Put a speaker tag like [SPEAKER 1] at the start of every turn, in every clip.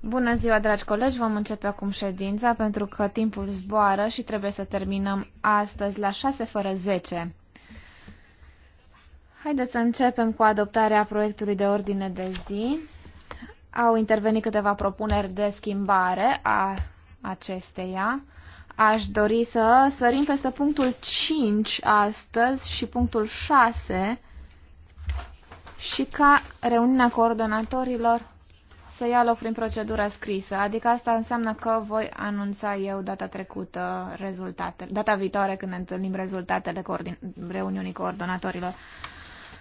[SPEAKER 1] Bună ziua, dragi colegi! Vom începe acum ședința pentru că timpul zboară și trebuie să terminăm astăzi la 6 fără 10. Haideți să începem cu adoptarea proiectului de ordine de zi. Au intervenit câteva propuneri de schimbare a acesteia. Aș dori să sărim peste punctul 5 astăzi și punctul 6 și ca reuniunea coordonatorilor să ia loc prin procedura scrisă. Adică asta înseamnă că voi anunța eu data trecută rezultatele, data viitoare când ne întâlnim rezultatele coordin- reuniunii coordonatorilor.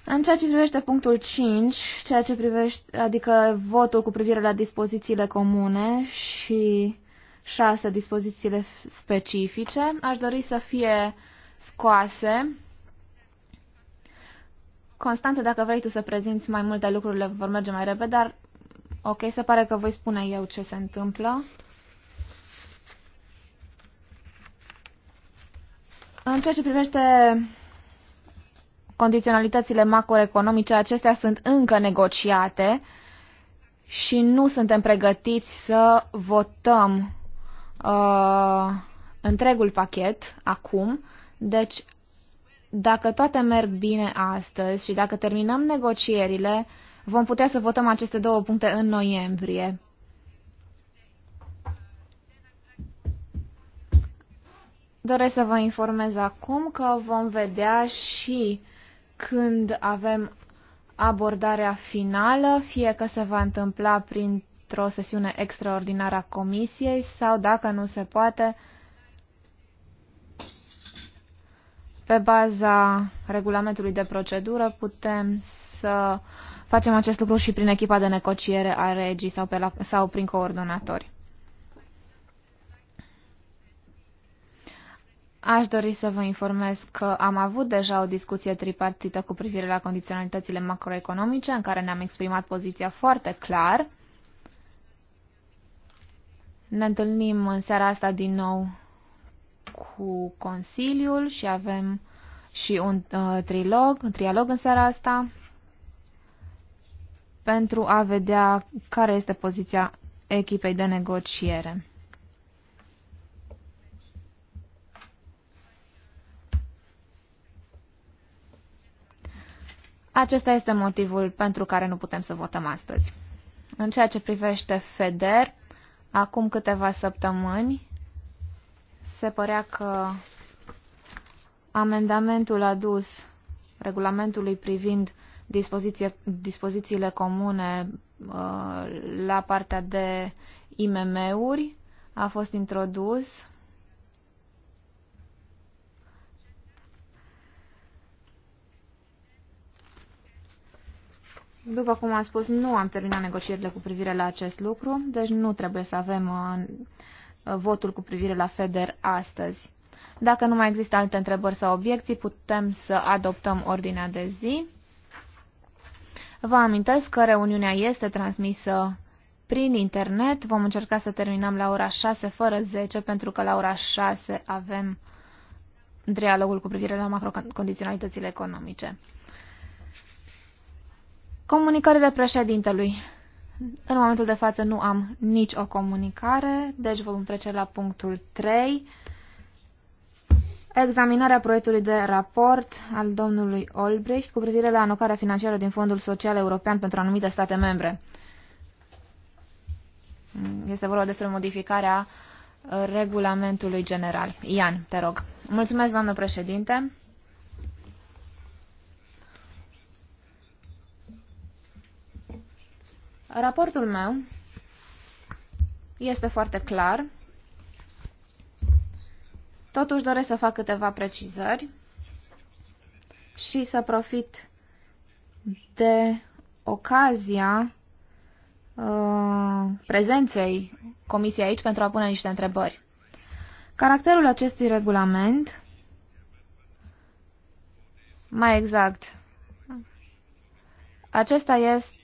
[SPEAKER 1] În ceea ce privește punctul 5, ceea ce privește, adică votul cu privire la dispozițiile comune și 6 dispozițiile specifice, aș dori să fie scoase Constanță, dacă vrei tu să prezinți mai multe lucrurile, vor merge mai repede, dar ok, se pare că voi spune eu ce se întâmplă. În ceea ce privește condiționalitățile macroeconomice, acestea sunt încă negociate și nu suntem pregătiți să votăm uh, întregul pachet acum, deci dacă toate merg bine astăzi și dacă terminăm negocierile, vom putea să votăm aceste două puncte în noiembrie. Doresc să vă informez acum că vom vedea și când avem abordarea finală, fie că se va întâmpla printr-o sesiune extraordinară a comisiei sau, dacă nu se poate, Pe baza regulamentului de procedură putem să facem acest lucru și prin echipa de negociere a regii sau, pe la, sau prin coordonatori. Aș dori să vă informez că am avut deja o discuție tripartită cu privire la condiționalitățile macroeconomice, în care ne-am exprimat poziția foarte clar. Ne întâlnim în seara asta din nou cu Consiliul și avem și un uh, trilog, un trialog în seara asta pentru a vedea care este poziția echipei de negociere. Acesta este motivul pentru care nu putem să votăm astăzi. În ceea ce privește FEDER, acum câteva săptămâni se părea că amendamentul adus regulamentului privind dispozițiile comune uh, la partea de IMM-uri a fost introdus. După cum am spus, nu am terminat negocierile cu privire la acest lucru, deci nu trebuie să avem uh, votul cu privire la FEDER astăzi. Dacă nu mai există alte întrebări sau obiecții, putem să adoptăm ordinea de zi. Vă amintesc că reuniunea este transmisă prin internet. Vom încerca să terminăm la ora 6 fără 10, pentru că la ora 6 avem dialogul cu privire la macrocondiționalitățile economice. Comunicările președintelui. În momentul de față nu am nici o comunicare, deci vom trece la punctul 3. Examinarea proiectului de raport al domnului Olbricht cu privire la anocarea financiară din Fondul Social European pentru anumite state membre. Este vorba despre modificarea regulamentului general. Ian, te rog. Mulțumesc, doamnă președinte. Raportul meu este foarte clar. Totuși doresc să fac câteva precizări și să profit de ocazia uh, prezenței comisiei aici pentru a pune niște întrebări. Caracterul acestui regulament, mai exact, acesta este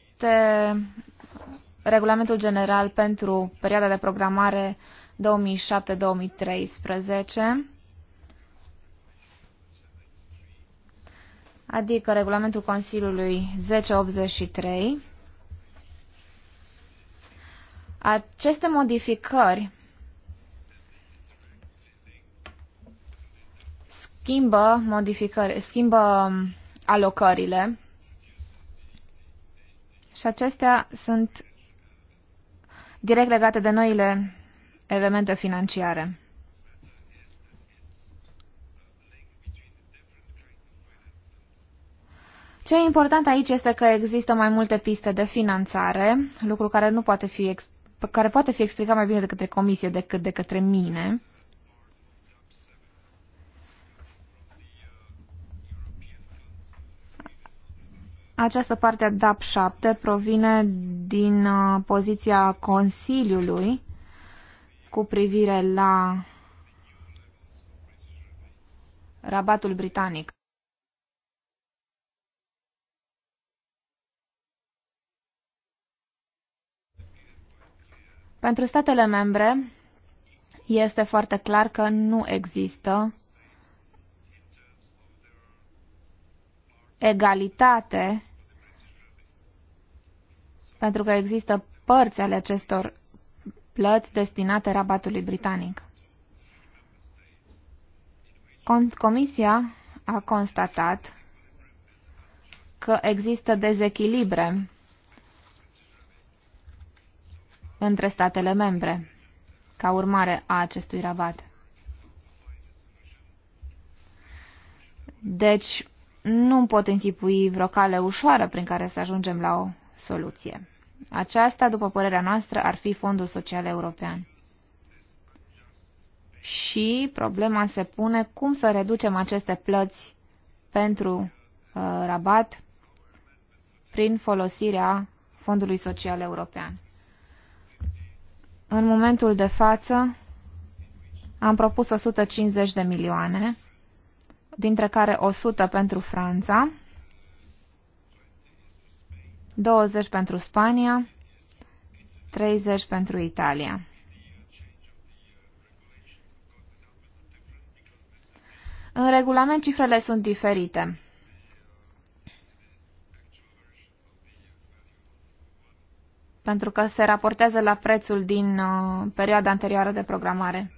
[SPEAKER 1] regulamentul general pentru perioada de programare 2007-2013, adică regulamentul Consiliului 1083. Aceste modificări schimbă modificări, schimbă alocările și acestea sunt direct legate de noile elemente financiare. Ce e important aici este că există mai multe piste de finanțare, lucru care nu poate fi care poate fi explicat mai bine de către comisie decât de către mine. Această parte a DAP 7 provine din uh, poziția Consiliului cu privire la rabatul britanic. Pentru statele membre este foarte clar că nu există egalitate, pentru că există părți ale acestor plăți destinate rabatului britanic. Comisia a constatat că există dezechilibre între statele membre, ca urmare a acestui rabat. Deci, nu pot închipui vreo cale ușoară prin care să ajungem la o soluție. Aceasta, după părerea noastră, ar fi Fondul Social European. Și problema se pune cum să reducem aceste plăți pentru uh, rabat prin folosirea Fondului Social European. În momentul de față am propus 150 de milioane dintre care 100 pentru Franța, 20 pentru Spania, 30 pentru Italia. În regulament cifrele sunt diferite. pentru că se raportează la prețul din uh, perioada anterioară de programare.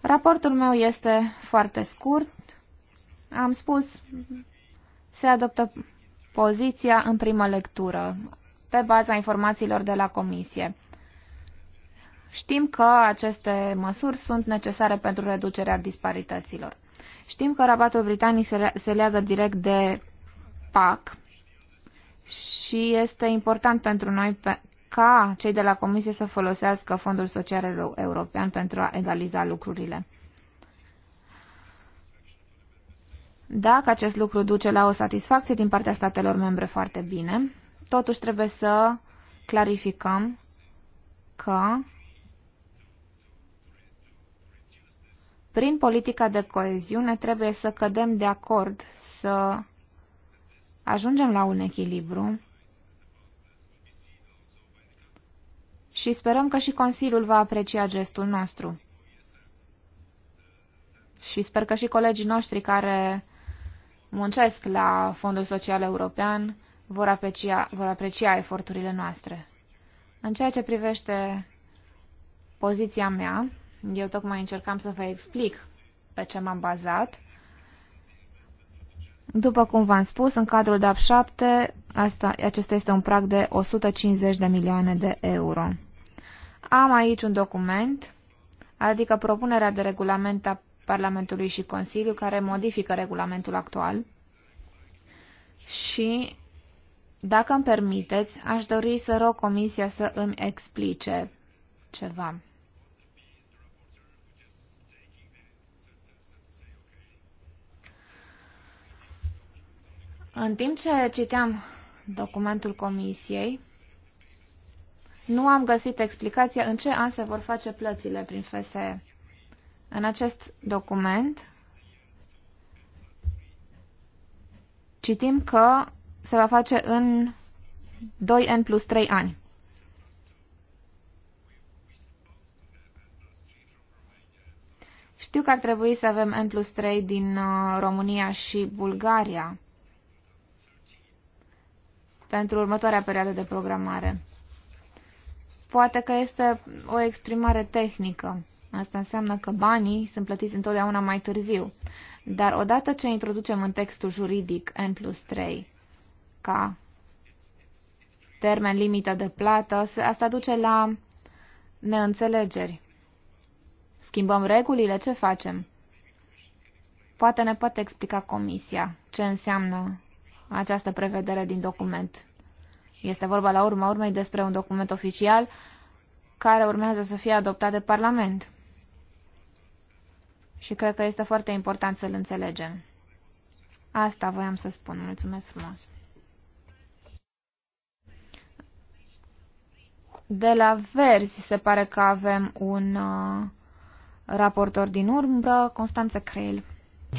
[SPEAKER 1] Raportul meu este foarte scurt. Am spus, se adoptă poziția în primă lectură, pe baza informațiilor de la Comisie. Știm că aceste măsuri sunt necesare pentru reducerea disparităților. Știm că rabatul britanic se, le- se leagă direct de PAC și este important pentru noi pe- ca cei de la Comisie să folosească Fondul Social European pentru a egaliza lucrurile. Dacă acest lucru duce la o satisfacție din partea statelor membre, foarte bine. Totuși trebuie să clarificăm că prin politica de coeziune trebuie să cădem de acord, să ajungem la un echilibru și sperăm că și Consiliul va aprecia gestul nostru. Și sper că și colegii noștri care muncesc la Fondul Social European vor aprecia, vor aprecia eforturile noastre. În ceea ce privește poziția mea, eu tocmai încercam să vă explic pe ce m-am bazat. După cum v-am spus, în cadrul DAP 7, asta, acesta este un prag de 150 de milioane de euro. Am aici un document, adică propunerea de regulament a Parlamentului și Consiliu care modifică regulamentul actual. Și, dacă îmi permiteți, aș dori să rog Comisia să îmi explice ceva. În timp ce citeam documentul Comisiei, nu am găsit explicația în ce an se vor face plățile prin FSE. În acest document citim că se va face în 2N plus 3 ani. Știu că ar trebui să avem N plus 3 din uh, România și Bulgaria pentru următoarea perioadă de programare. Poate că este o exprimare tehnică. Asta înseamnă că banii sunt plătiți întotdeauna mai târziu. Dar odată ce introducem în textul juridic N plus 3 ca termen limită de plată, asta duce la neînțelegeri. Schimbăm regulile? Ce facem? Poate ne poate explica comisia ce înseamnă această prevedere din document. Este vorba la urma urmei despre un document oficial care urmează să fie adoptat de Parlament. Și cred că este foarte important să-l înțelegem. Asta voiam să spun. Mulțumesc frumos! De la Verzi se pare că avem un uh, raportor din urmă, Constanță Creil.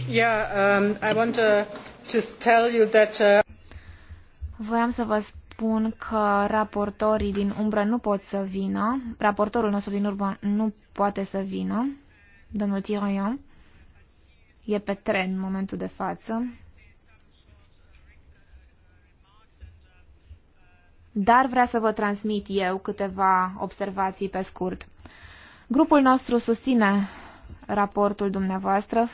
[SPEAKER 1] Yeah, um, I want to just tell you that, uh... Voiam să vă spun spun că raportorii din umbră nu pot să vină, raportorul nostru din urmă nu poate să vină, domnul Tiroion, e pe tren în momentul de față, dar vrea să vă transmit eu câteva observații pe scurt. Grupul nostru susține raportul dumneavoastră,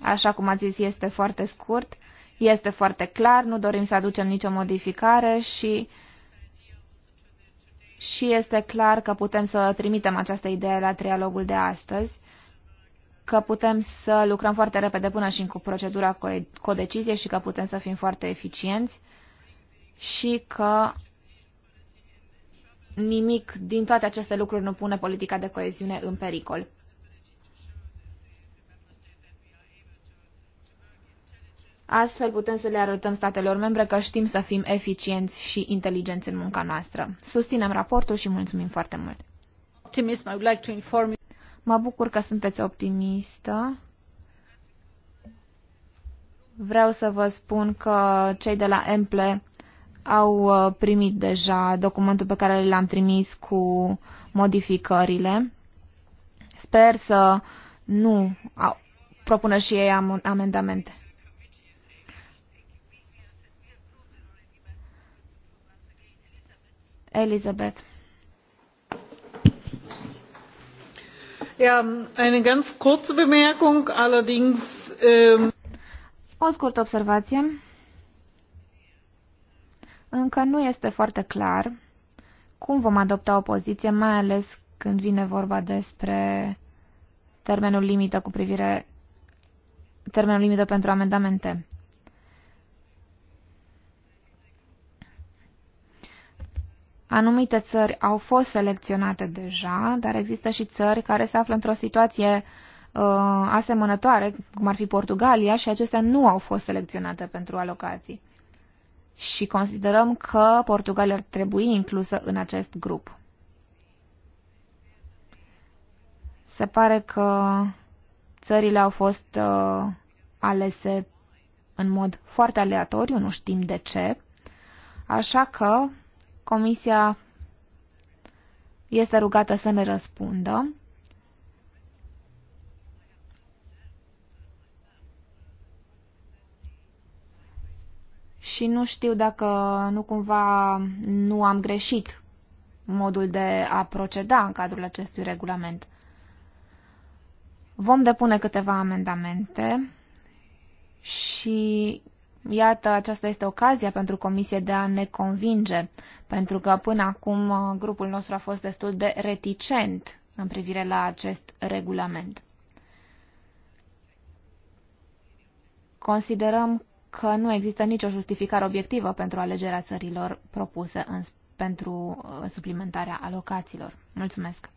[SPEAKER 1] așa cum ați zis, este foarte scurt este foarte clar, nu dorim să aducem nicio modificare și, și este clar că putem să trimitem această idee la trialogul de astăzi, că putem să lucrăm foarte repede până și cu procedura codecizie și că putem să fim foarte eficienți și că nimic din toate aceste lucruri nu pune politica de coeziune în pericol. Astfel putem să le arătăm statelor membre că știm să fim eficienți și inteligenți în munca noastră. Susținem raportul și mulțumim foarte mult. Optimism, I would like to inform you. Mă bucur că sunteți optimistă. Vreau să vă spun că cei de la Emple au uh, primit deja documentul pe care l-am trimis cu modificările. Sper să nu propună și ei amendamente. Elisabeth. Ja, eine ganz kurze Bemerkung, allerdings. Ähm o scurtă observație. Încă nu este foarte clar cum vom adopta o poziție, mai ales când vine vorba despre termenul limită cu privire termenul limită pentru amendamente. Anumite țări au fost selecționate deja, dar există și țări care se află într-o situație uh, asemănătoare, cum ar fi Portugalia, și acestea nu au fost selecționate pentru alocații. Și considerăm că Portugalia ar trebui inclusă în acest grup. Se pare că țările au fost uh, alese în mod foarte aleatoriu, nu știm de ce, așa că Comisia este rugată să ne răspundă. Și nu știu dacă nu cumva nu am greșit modul de a proceda în cadrul acestui regulament. Vom depune câteva amendamente și Iată, aceasta este ocazia pentru Comisie de a ne convinge, pentru că până acum uh, grupul nostru a fost destul de reticent în privire la acest regulament. Considerăm că nu există nicio justificare obiectivă pentru alegerea țărilor propuse în, pentru uh, suplimentarea alocațiilor. Mulțumesc.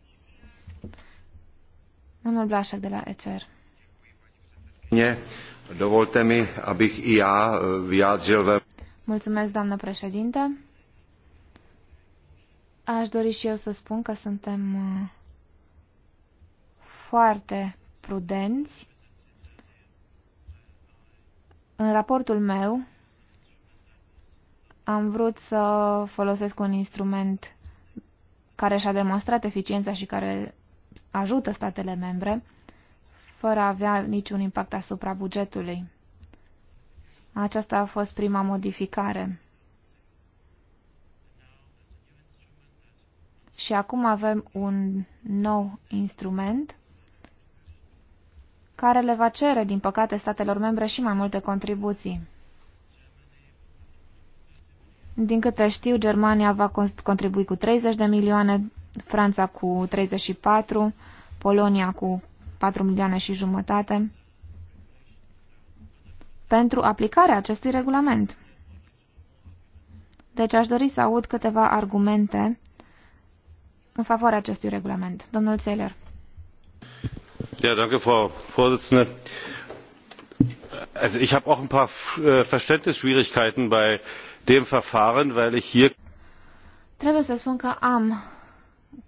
[SPEAKER 1] Domnul Blașac de la ECR.
[SPEAKER 2] Yeah. Dovolte mi, abych i já eh, vyjádřil ve...
[SPEAKER 1] Mulțumesc, doamnă președinte. Aș dori și eu să spun că suntem eh, foarte prudenți. În raportul meu am vrut să folosesc un instrument care și-a demonstrat eficiența și care ajută statele membre fără a avea niciun impact asupra bugetului. Aceasta a fost prima modificare. Și acum avem un nou instrument care le va cere, din păcate, statelor membre și mai multe contribuții. Din câte știu, Germania va contribui cu 30 de milioane, Franța cu 34, Polonia cu 4 milioane și jumătate pentru aplicarea acestui regulament. Deci aș dori să aud câteva argumente în favoarea acestui regulament. Domnul Zeller.
[SPEAKER 3] Ja, danke, Frau Vorsitzende. Also ich habe auch ein paar äh, Verständnisschwierigkeiten bei dem Verfahren, weil ich hier
[SPEAKER 1] Trebuie să spun că am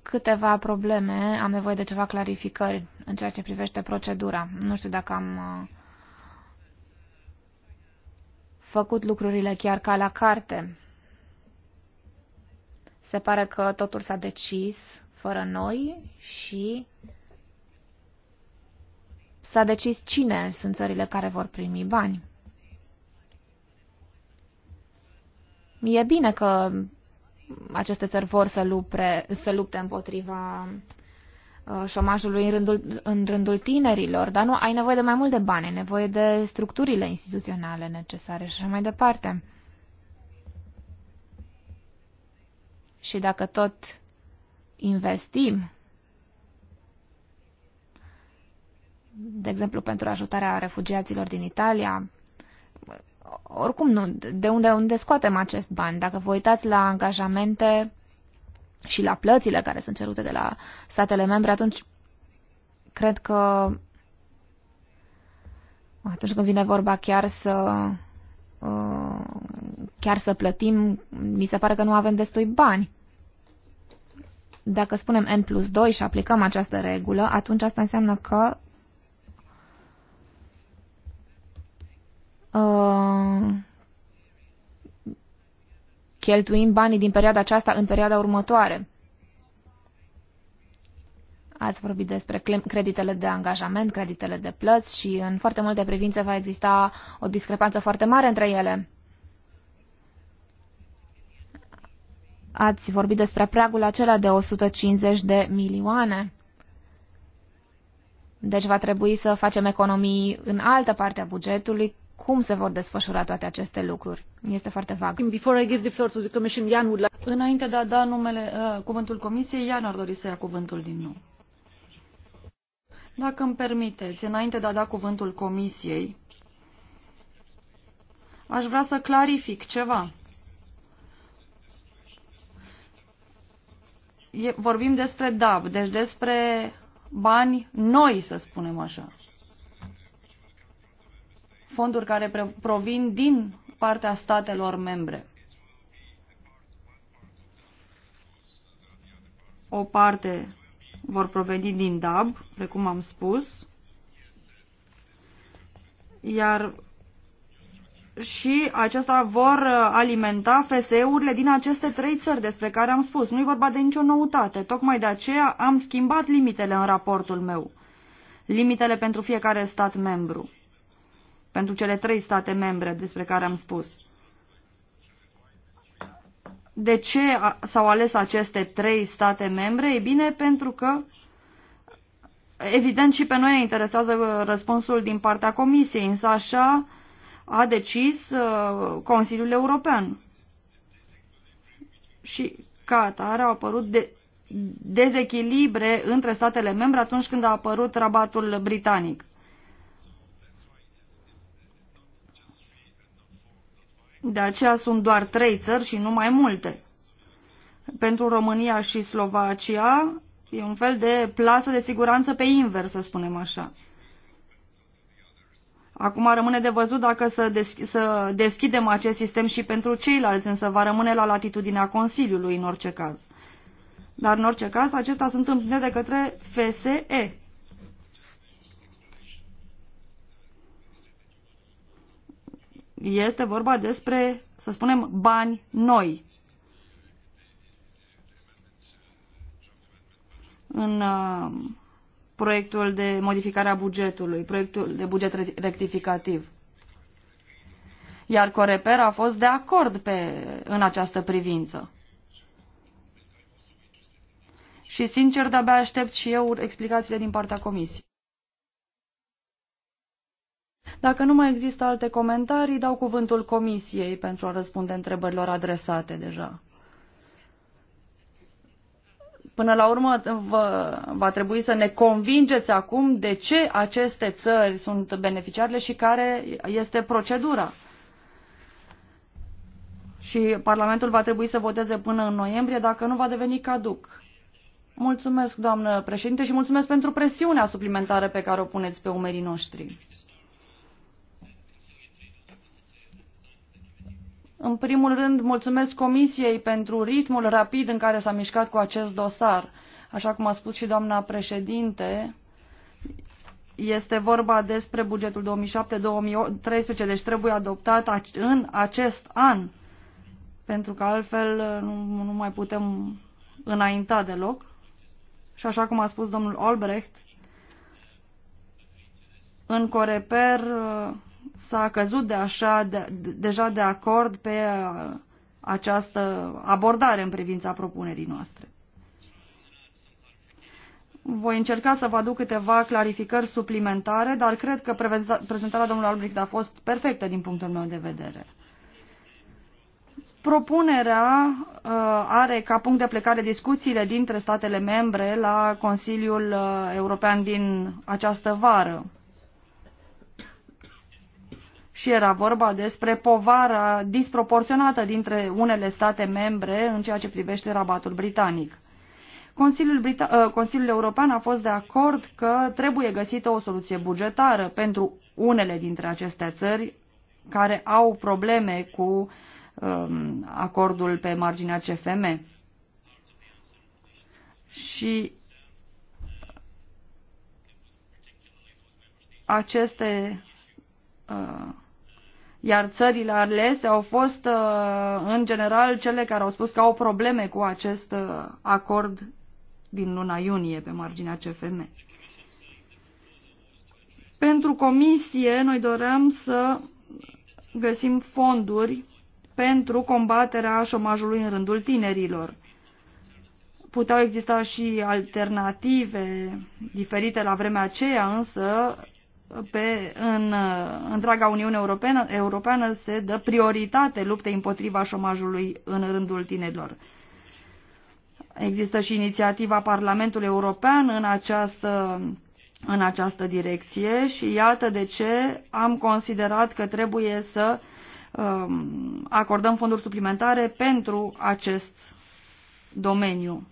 [SPEAKER 1] câteva probleme, am nevoie de ceva clarificări în ceea ce privește procedura. Nu știu dacă am uh, făcut lucrurile chiar ca la carte. Se pare că totul s-a decis fără noi și s-a decis cine sunt țările care vor primi bani. E bine că aceste țări vor să, lupre, să lupte împotriva uh, șomajului în rândul, în rândul tinerilor, dar nu, ai nevoie de mai mult de bani, ai nevoie de structurile instituționale necesare și așa mai departe. Și dacă tot investim, de exemplu pentru ajutarea refugiaților din Italia, oricum nu, de unde, unde scoatem acest bani? Dacă vă uitați la angajamente și la plățile care sunt cerute de la statele membre, atunci cred că atunci când vine vorba chiar să uh, chiar să plătim, mi se pare că nu avem destui bani. Dacă spunem N plus 2 și aplicăm această regulă, atunci asta înseamnă că Uh, cheltuim banii din perioada aceasta în perioada următoare. Ați vorbit despre creditele de angajament, creditele de plăți și în foarte multe privințe va exista o discrepanță foarte mare între ele. Ați vorbit despre pragul acela de 150 de milioane. Deci va trebui să facem economii în altă parte a bugetului cum se vor desfășura toate aceste lucruri. Este foarte vag. Before I give the floor to the commission, Jan would like... Înainte de
[SPEAKER 3] a da numele, uh, cuvântul comisiei, Ian ar dori să ia cuvântul din nou. Dacă îmi permiteți, înainte de a da cuvântul comisiei, aș vrea să clarific ceva. E, vorbim despre DAB, deci despre bani noi, să spunem așa fonduri care provin din partea statelor membre. O parte vor proveni din DAB, precum am spus, iar și acesta vor uh, alimenta FSE-urile din aceste trei țări despre care am spus. Nu-i vorba de nicio noutate. Tocmai de aceea am schimbat limitele în raportul meu. Limitele pentru fiecare stat membru pentru cele trei state membre despre care am spus. De ce s-au ales aceste trei state membre? E bine, pentru că, evident, și pe noi ne interesează răspunsul din partea Comisiei, însă așa a decis uh, Consiliul European. Și ca atare au apărut de dezechilibre între statele membre atunci când a apărut rabatul britanic. De aceea sunt doar trei țări și nu mai multe. Pentru România și Slovacia e un fel de plasă de siguranță pe invers, să spunem așa. Acum rămâne de văzut dacă să, deschi- să deschidem acest sistem și pentru ceilalți, însă va rămâne la latitudinea Consiliului în orice caz. Dar în orice caz, acestea sunt întâmplinite de către FSE. Este vorba despre, să spunem, bani noi. În uh, proiectul de modificare a bugetului, proiectul de buget rectificativ. Iar Coreper a fost de acord pe, în această privință. Și sincer, de-abia aștept și eu explicațiile din partea comisiei. Dacă nu mai există alte comentarii, dau cuvântul Comisiei pentru a răspunde întrebărilor adresate deja. Până la urmă, vă, va trebui să ne convingeți acum de ce aceste țări sunt beneficiarele și care este procedura. Și Parlamentul va trebui să voteze până în noiembrie, dacă nu va deveni caduc. Mulțumesc, doamnă președinte, și mulțumesc pentru presiunea suplimentară pe care o puneți pe umerii noștri. În primul rând, mulțumesc Comisiei pentru ritmul rapid în care s-a mișcat cu acest dosar. Așa cum a spus și doamna președinte, este vorba despre bugetul 2007-2013, deci trebuie adoptat în acest an, pentru că altfel nu, nu mai putem înainta deloc. Și așa cum a spus domnul Albrecht, în Coreper s-a căzut de așa, de, deja de acord pe uh, această abordare în privința propunerii noastre. Voi încerca să vă aduc câteva clarificări suplimentare, dar cred că prezentarea domnului Albrecht a fost perfectă din punctul meu de vedere. Propunerea uh, are ca punct de plecare discuțiile dintre statele membre la Consiliul uh, European din această vară și era vorba despre povara disproporționată dintre unele state membre în ceea ce privește rabatul britanic. Consiliul, Brita- uh, Consiliul European a fost de acord că trebuie găsită o soluție bugetară pentru unele dintre aceste țări care au probleme cu um, acordul pe marginea CFM. Și aceste uh, iar țările alese au fost uh, în general cele care au spus că au probleme cu acest uh, acord din luna iunie pe marginea CFM. Pentru comisie, noi doream să găsim fonduri pentru combaterea șomajului în rândul tinerilor. Puteau exista și alternative diferite la vremea aceea, însă pe, în uh, întreaga Uniune Europeană, Europeană se dă prioritate luptei împotriva șomajului în rândul tinerilor. Există și inițiativa Parlamentului European în această, în această direcție și iată de ce am considerat că trebuie să um, acordăm fonduri suplimentare pentru acest domeniu.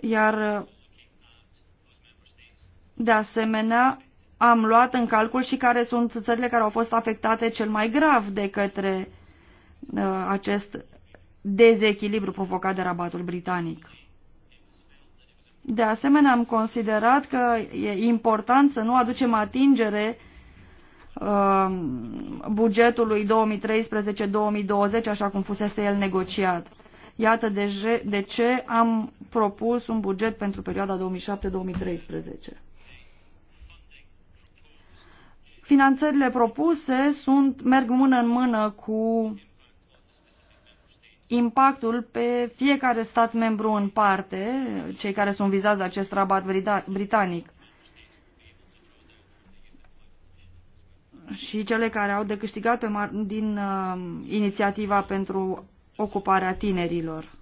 [SPEAKER 3] Iar de asemenea, am luat în calcul și care sunt țările care au fost afectate cel mai grav de către uh, acest dezechilibru provocat de rabatul britanic. De asemenea, am considerat că e important să nu aducem atingere uh, bugetului 2013-2020, așa cum fusese el negociat. Iată de ce am propus un buget pentru perioada 2007-2013. Finanțările propuse sunt, merg mână în mână cu impactul pe fiecare stat membru în parte, cei care sunt vizați de acest rabat britanic. și cele care au de câștigat pe mar- din uh, inițiativa pentru ocuparea tinerilor.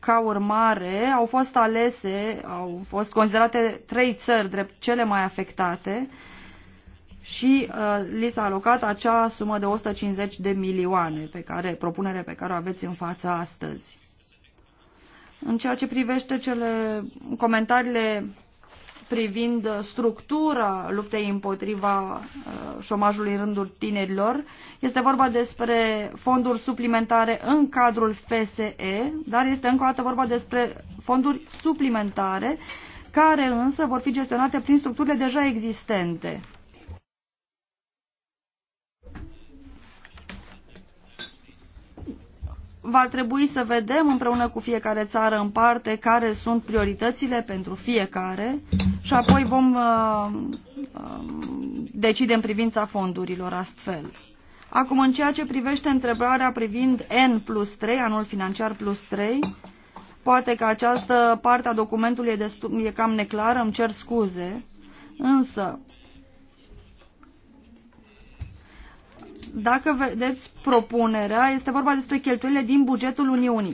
[SPEAKER 3] Ca urmare, au fost alese, au fost considerate trei țări drept cele mai afectate, uh, și uh, li s-a alocat acea sumă de 150 de milioane pe care, propunere pe care o aveți în față astăzi. În ceea ce privește cele comentariile privind structura luptei împotriva uh, șomajului în rândul tinerilor. Este vorba despre fonduri suplimentare în cadrul FSE, dar este încă o dată vorba despre fonduri suplimentare care însă vor fi gestionate prin structurile deja existente. va trebui să vedem împreună cu fiecare țară în parte care sunt prioritățile pentru fiecare și apoi vom uh, uh, decide în privința fondurilor astfel. Acum, în ceea ce privește întrebarea privind N plus 3, anul financiar plus 3, poate că această parte a documentului e, destul, e cam neclară, îmi cer scuze, însă Dacă vedeți propunerea, este vorba despre cheltuielile din bugetul Uniunii.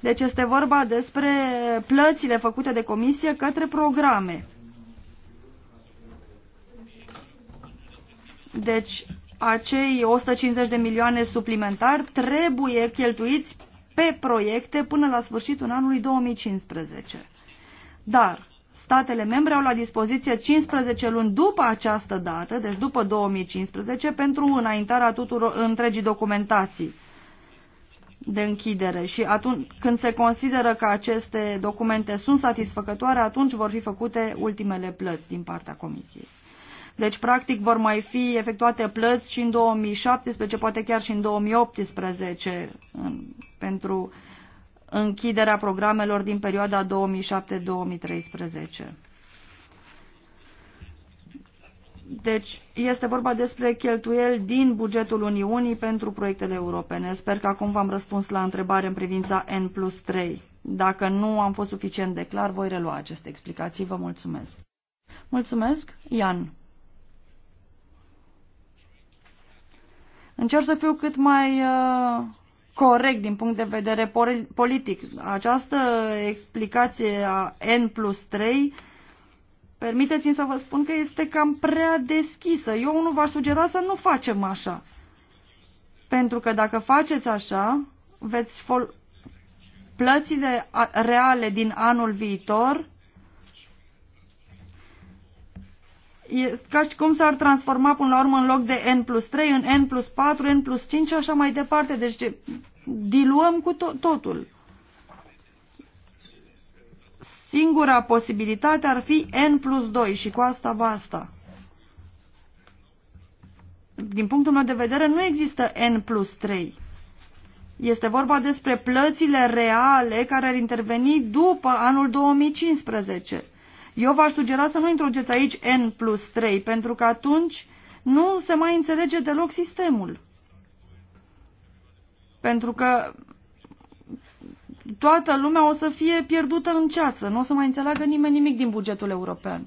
[SPEAKER 3] Deci este vorba despre plățile făcute de comisie către programe. Deci acei 150 de milioane suplimentari trebuie cheltuiți pe proiecte până la sfârșitul anului 2015. Dar statele membre au la dispoziție 15 luni după această dată, deci după 2015, pentru înaintarea tuturor întregii documentații de închidere și atunci când se consideră că aceste documente sunt satisfăcătoare, atunci vor fi făcute ultimele plăți din partea Comisiei. Deci, practic, vor mai fi efectuate plăți și în 2017, poate chiar și în 2018, în, pentru uh, închiderea programelor din perioada 2007-2013. Deci este vorba despre cheltuieli din bugetul Uniunii pentru proiectele europene. Sper că acum v-am răspuns la întrebare în privința N plus 3. Dacă nu am fost suficient de clar, voi relua aceste explicații. Vă mulțumesc. Mulțumesc, Ian. Încerc să fiu cât mai uh, corect din punct de vedere politic. Această explicație a N plus 3 Permiteți-mi să vă spun că este cam prea deschisă. Eu nu v-aș sugera să nu facem așa. Pentru că dacă faceți așa, veți fol... plățile reale din anul viitor E ca și cum s-ar transforma până la urmă în loc de N plus 3, în N plus 4, N plus 5 și așa mai departe. Deci diluăm cu to totul. Singura posibilitate ar fi N plus 2 și cu asta basta. Din punctul meu de vedere nu există N plus 3. Este vorba despre plățile reale care ar interveni după anul 2015. Eu v-aș sugera să nu introduceți aici N plus 3, pentru că atunci nu se mai înțelege deloc sistemul. Pentru că toată lumea o să fie pierdută în ceață, nu o să mai înțeleagă nimeni nimic din bugetul european.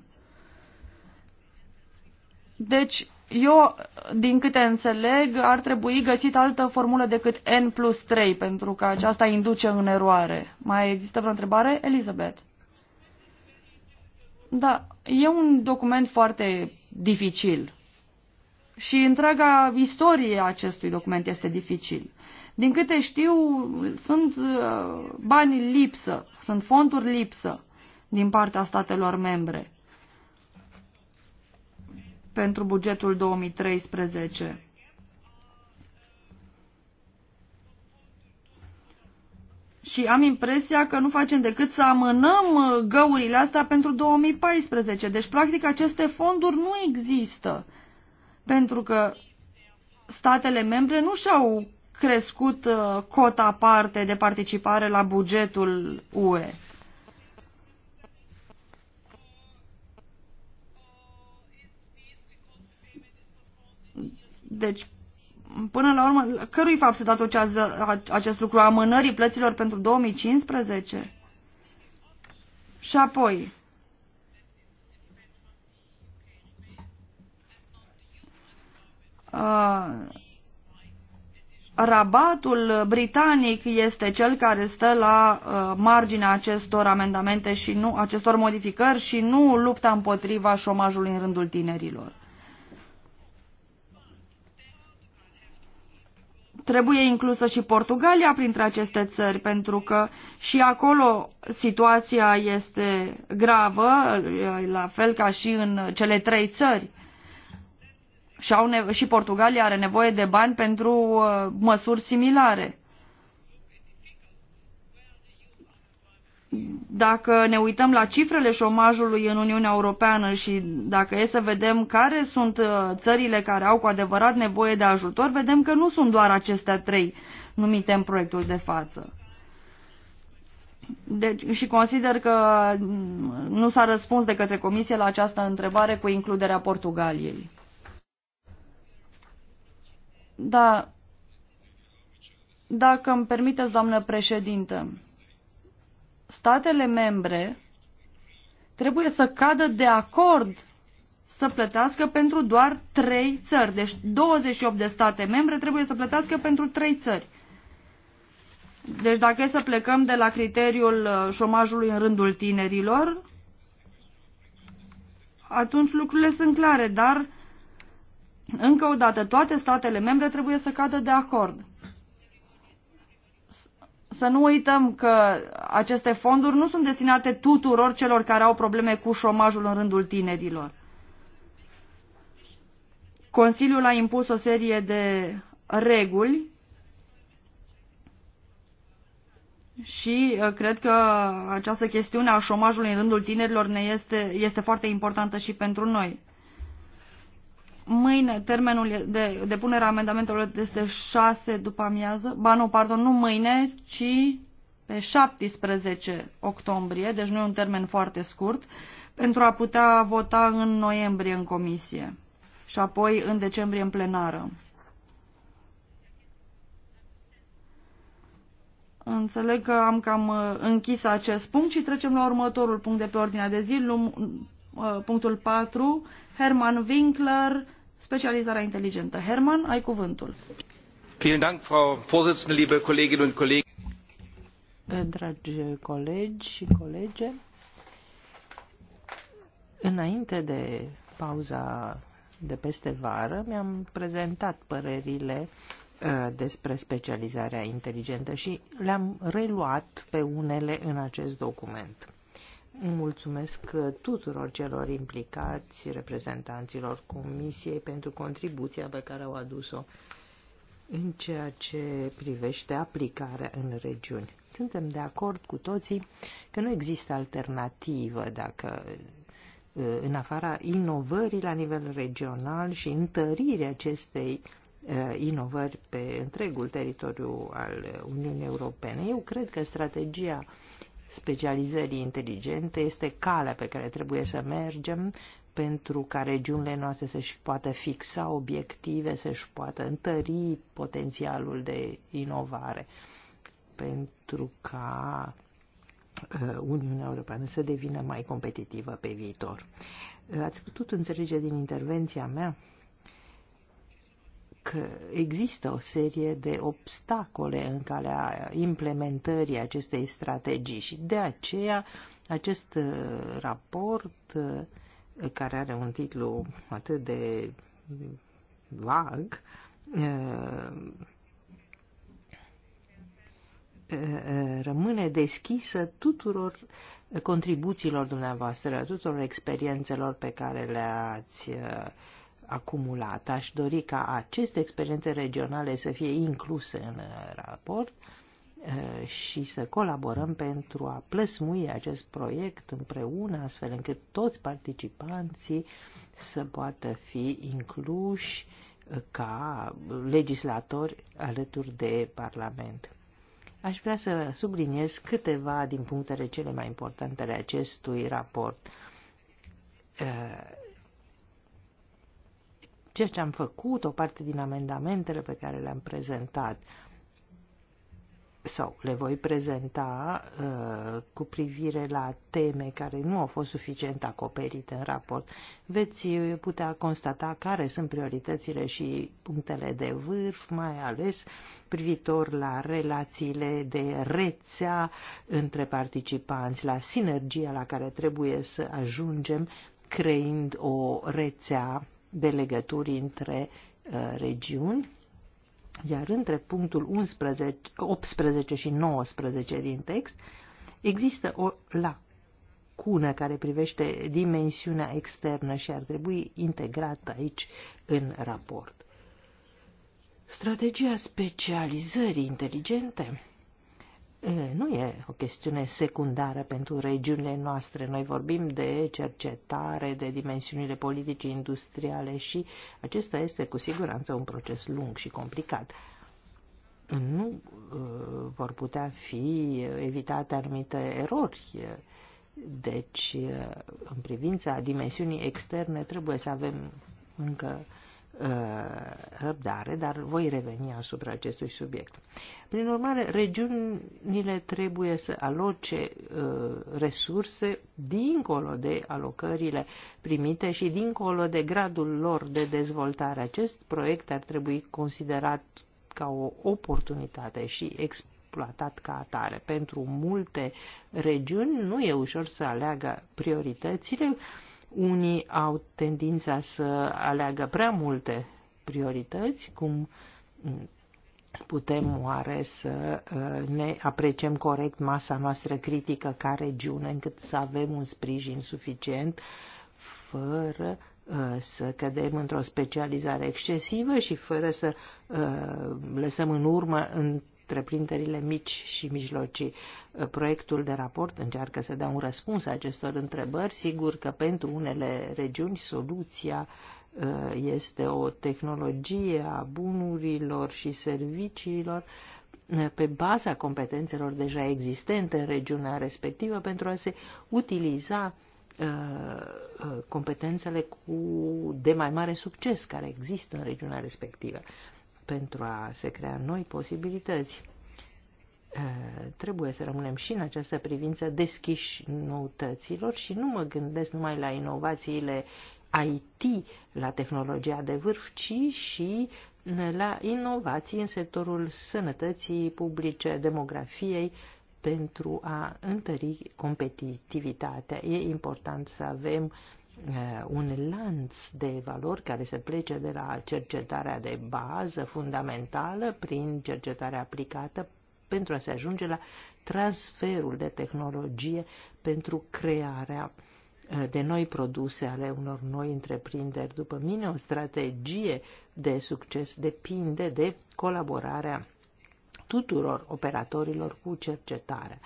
[SPEAKER 3] Deci, eu, din câte înțeleg, ar trebui găsit altă formulă decât N plus 3, pentru că aceasta induce în eroare. Mai există vreo întrebare? Elizabeth. Da, e un document foarte dificil. Și întreaga istorie a acestui document este dificil. Din câte știu, sunt uh, bani lipsă, sunt fonduri lipsă din partea statelor membre pentru bugetul 2013. și am impresia că nu facem decât să amânăm uh, găurile astea pentru 2014. Deci, practic, aceste fonduri nu există, pentru că statele membre nu și-au crescut uh, cota parte de participare la bugetul UE. Deci, până la urmă, cărui fapt se datorează acest lucru? Amânării plăților pentru 2015? Și apoi, Uh, rabatul britanic este cel care stă la uh, marginea acestor amendamente și nu acestor modificări și nu lupta împotriva șomajului în rândul tinerilor. Trebuie inclusă și Portugalia printre aceste țări, pentru că și acolo situația este gravă, la fel ca și în cele trei țări. Și, au și Portugalia are nevoie de bani pentru uh, măsuri similare. Dacă ne uităm la cifrele șomajului în Uniunea Europeană și dacă e să vedem care sunt uh, țările care au cu adevărat nevoie de ajutor, vedem că nu sunt doar acestea trei numite în proiectul de față. Deci, și consider că mm, nu s-a răspuns de către Comisie la această întrebare cu includerea Portugaliei. Da, dacă îmi permiteți, doamnă președinte, statele membre trebuie să cadă de acord să plătească pentru doar trei țări. Deci 28 de state membre trebuie să plătească pentru trei țări. Deci dacă e să plecăm de la criteriul uh, șomajului în rândul tinerilor, atunci lucrurile sunt clare, dar încă o dată toate statele membre trebuie să cadă de acord. Să nu uităm că aceste fonduri nu sunt destinate tuturor celor care au probleme cu șomajul în rândul tinerilor. Consiliul a impus o serie de reguli și uh, cred că această chestiune a șomajului în rândul tinerilor ne este, este foarte importantă și pentru noi. Mâine termenul de depunere a amendamentelor este 6 după amiază. Ba nu, pardon, nu mâine, ci pe 17 octombrie, deci nu e un termen foarte scurt, pentru a putea vota în noiembrie în comisie și apoi în decembrie în plenară. Înțeleg că am cam uh, închis acest punct și trecem la următorul punct de pe ordinea de zi, uh, punctul 4, Herman Winkler, specializarea inteligentă. Herman, ai cuvântul.
[SPEAKER 2] Eh, dragi colegi și colege, înainte de pauza de peste vară, mi-am prezentat părerile eh, despre specializarea inteligentă și le-am reluat pe unele în acest document. Mulțumesc tuturor celor implicați, reprezentanților Comisiei, pentru contribuția pe care au adus-o în ceea ce privește aplicarea în regiuni. Suntem de acord cu toții că nu există alternativă dacă uh, în afara inovării la nivel regional și întăririi acestei uh, inovări pe întregul teritoriu al Uniunii Europene. Eu cred că strategia specializării inteligente este calea pe care trebuie să mergem pentru ca regiunile noastre să-și poată fixa obiective, să-și poată întări potențialul de inovare, pentru ca uh, Uniunea Europeană să devină mai competitivă pe viitor. Ați putut înțelege din intervenția mea există o serie de obstacole în calea implementării acestei strategii și de aceea acest uh, raport, uh, care are un titlu atât de vag, uh, rămâne deschisă tuturor contribuțiilor dumneavoastră, tuturor experiențelor pe care le-ați acumulat. Aș dori ca aceste experiențe regionale să fie incluse în uh, raport uh, și să colaborăm pentru a plăsmui acest proiect împreună, astfel încât toți participanții să poată fi incluși uh, ca legislatori alături de Parlament. Aș vrea să subliniez câteva din punctele cele mai importante ale acestui raport ceea ce am făcut, o parte din amendamentele pe care le-am prezentat sau le voi prezenta uh, cu privire la teme care nu au fost suficient acoperite în raport, veți putea constata care sunt prioritățile și punctele de vârf, mai ales privitor la relațiile de rețea între participanți, la sinergia la care trebuie să ajungem creând o rețea de legături între uh, regiuni, iar între punctul 11, 18 și 19 din text există o lacună care privește dimensiunea externă și ar trebui integrată aici în raport. Strategia specializării inteligente nu e o chestiune secundară pentru regiunile noastre. Noi vorbim de cercetare, de dimensiunile politice industriale și acesta este cu siguranță un proces lung și complicat. Nu vor putea fi evitate anumite erori. Deci, în privința dimensiunii externe, trebuie să avem încă Uh, răbdare, dar voi reveni asupra acestui subiect. Prin urmare, regiunile trebuie să aloce uh, resurse dincolo de alocările primite și dincolo de gradul lor de dezvoltare. Acest proiect ar trebui considerat ca o oportunitate și exploatat ca atare. Pentru multe regiuni nu e ușor să aleagă prioritățile, uh, unii au tendința să aleagă prea multe priorități, cum putem oare să uh, ne apreciem corect masa noastră critică ca regiune, încât să avem un sprijin suficient fără uh, să cădem într-o specializare excesivă și fără să uh, lăsăm în urmă în întreprinderile mici și mijlocii. Uh, proiectul de raport încearcă să dea un răspuns acestor întrebări. Sigur că pentru unele regiuni soluția uh, este o tehnologie a bunurilor și serviciilor uh, pe baza competențelor deja existente în regiunea respectivă pentru a se utiliza competențele cu de mai mare succes care există în regiunea respectivă pentru a se crea noi posibilități. Uh, trebuie să rămânem și în această privință deschiși noutăților și nu mă gândesc numai la inovațiile IT, la tehnologia de vârf, ci și la inovații în sectorul sănătății publice, demografiei, pentru a întări competitivitatea. E important să avem Eh, un lanț de valori care se plece de la cercetarea de bază fundamentală prin cercetarea aplicată pentru a se ajunge la transferul de tehnologie pentru crearea eh, de noi produse ale unor noi întreprinderi. După mine, o strategie de succes depinde de colaborarea tuturor operatorilor cu cercetare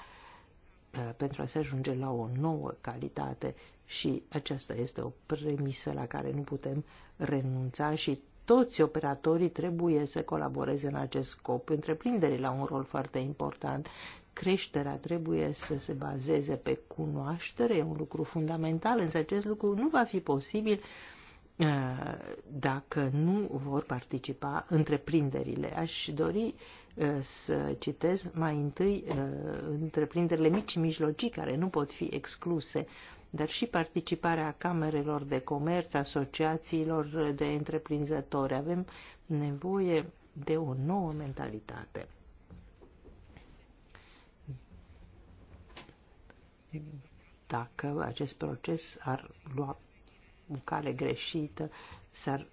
[SPEAKER 2] eh, pentru a se ajunge la o nouă calitate și aceasta este o premisă la care nu putem renunța și toți operatorii trebuie să colaboreze în acest scop. Întreprinderile au un rol foarte important. Creșterea trebuie să se bazeze pe cunoaștere, e un lucru fundamental, însă acest lucru nu va fi posibil uh, dacă nu vor participa întreprinderile. Aș dori uh, să citez mai întâi uh, întreprinderile mici și mijlocii care nu pot fi excluse dar și participarea camerelor de comerț, asociațiilor de întreprinzători. Avem nevoie de o nouă mentalitate. Dacă acest proces ar lua o cale greșită, s-ar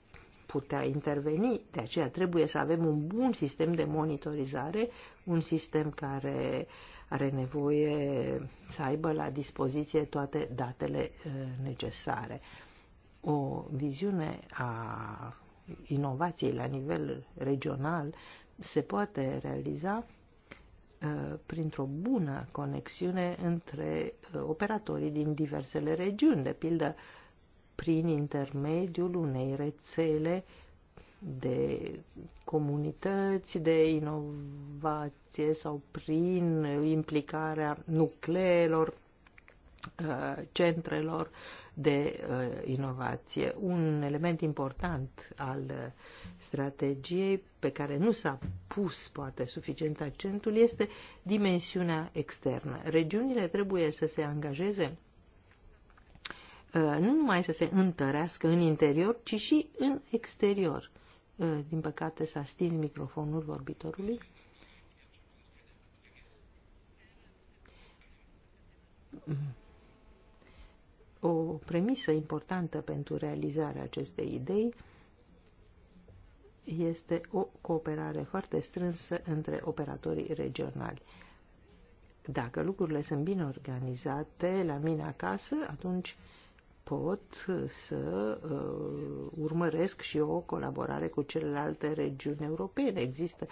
[SPEAKER 2] putea interveni. De aceea trebuie să avem un bun sistem de monitorizare, un sistem care uh, are nevoie să aibă la dispoziție toate datele eh, necesare. O viziune a inovației la nivel regional se poate realiza eh, printr-o bună conexiune între eh, operatorii din diversele regiuni, de pildă prin intermediul unei rețele de comunități, de inovație sau prin implicarea nucleelor, uh, centrelor de uh, inovație. Un element important al uh, strategiei pe care nu s-a pus poate suficient accentul este dimensiunea externă. Regiunile trebuie să se angajeze nu numai să se întărească în interior, ci și în exterior. Ă, din păcate s-a stins microfonul vorbitorului. Mm-hmm. O premisă importantă pentru realizarea acestei idei este o cooperare foarte strânsă între operatorii regionali. Dacă lucrurile sunt bine organizate la mine acasă, atunci uh, pot să uh, urmăresc și o colaborare cu celelalte regiuni europene. Există,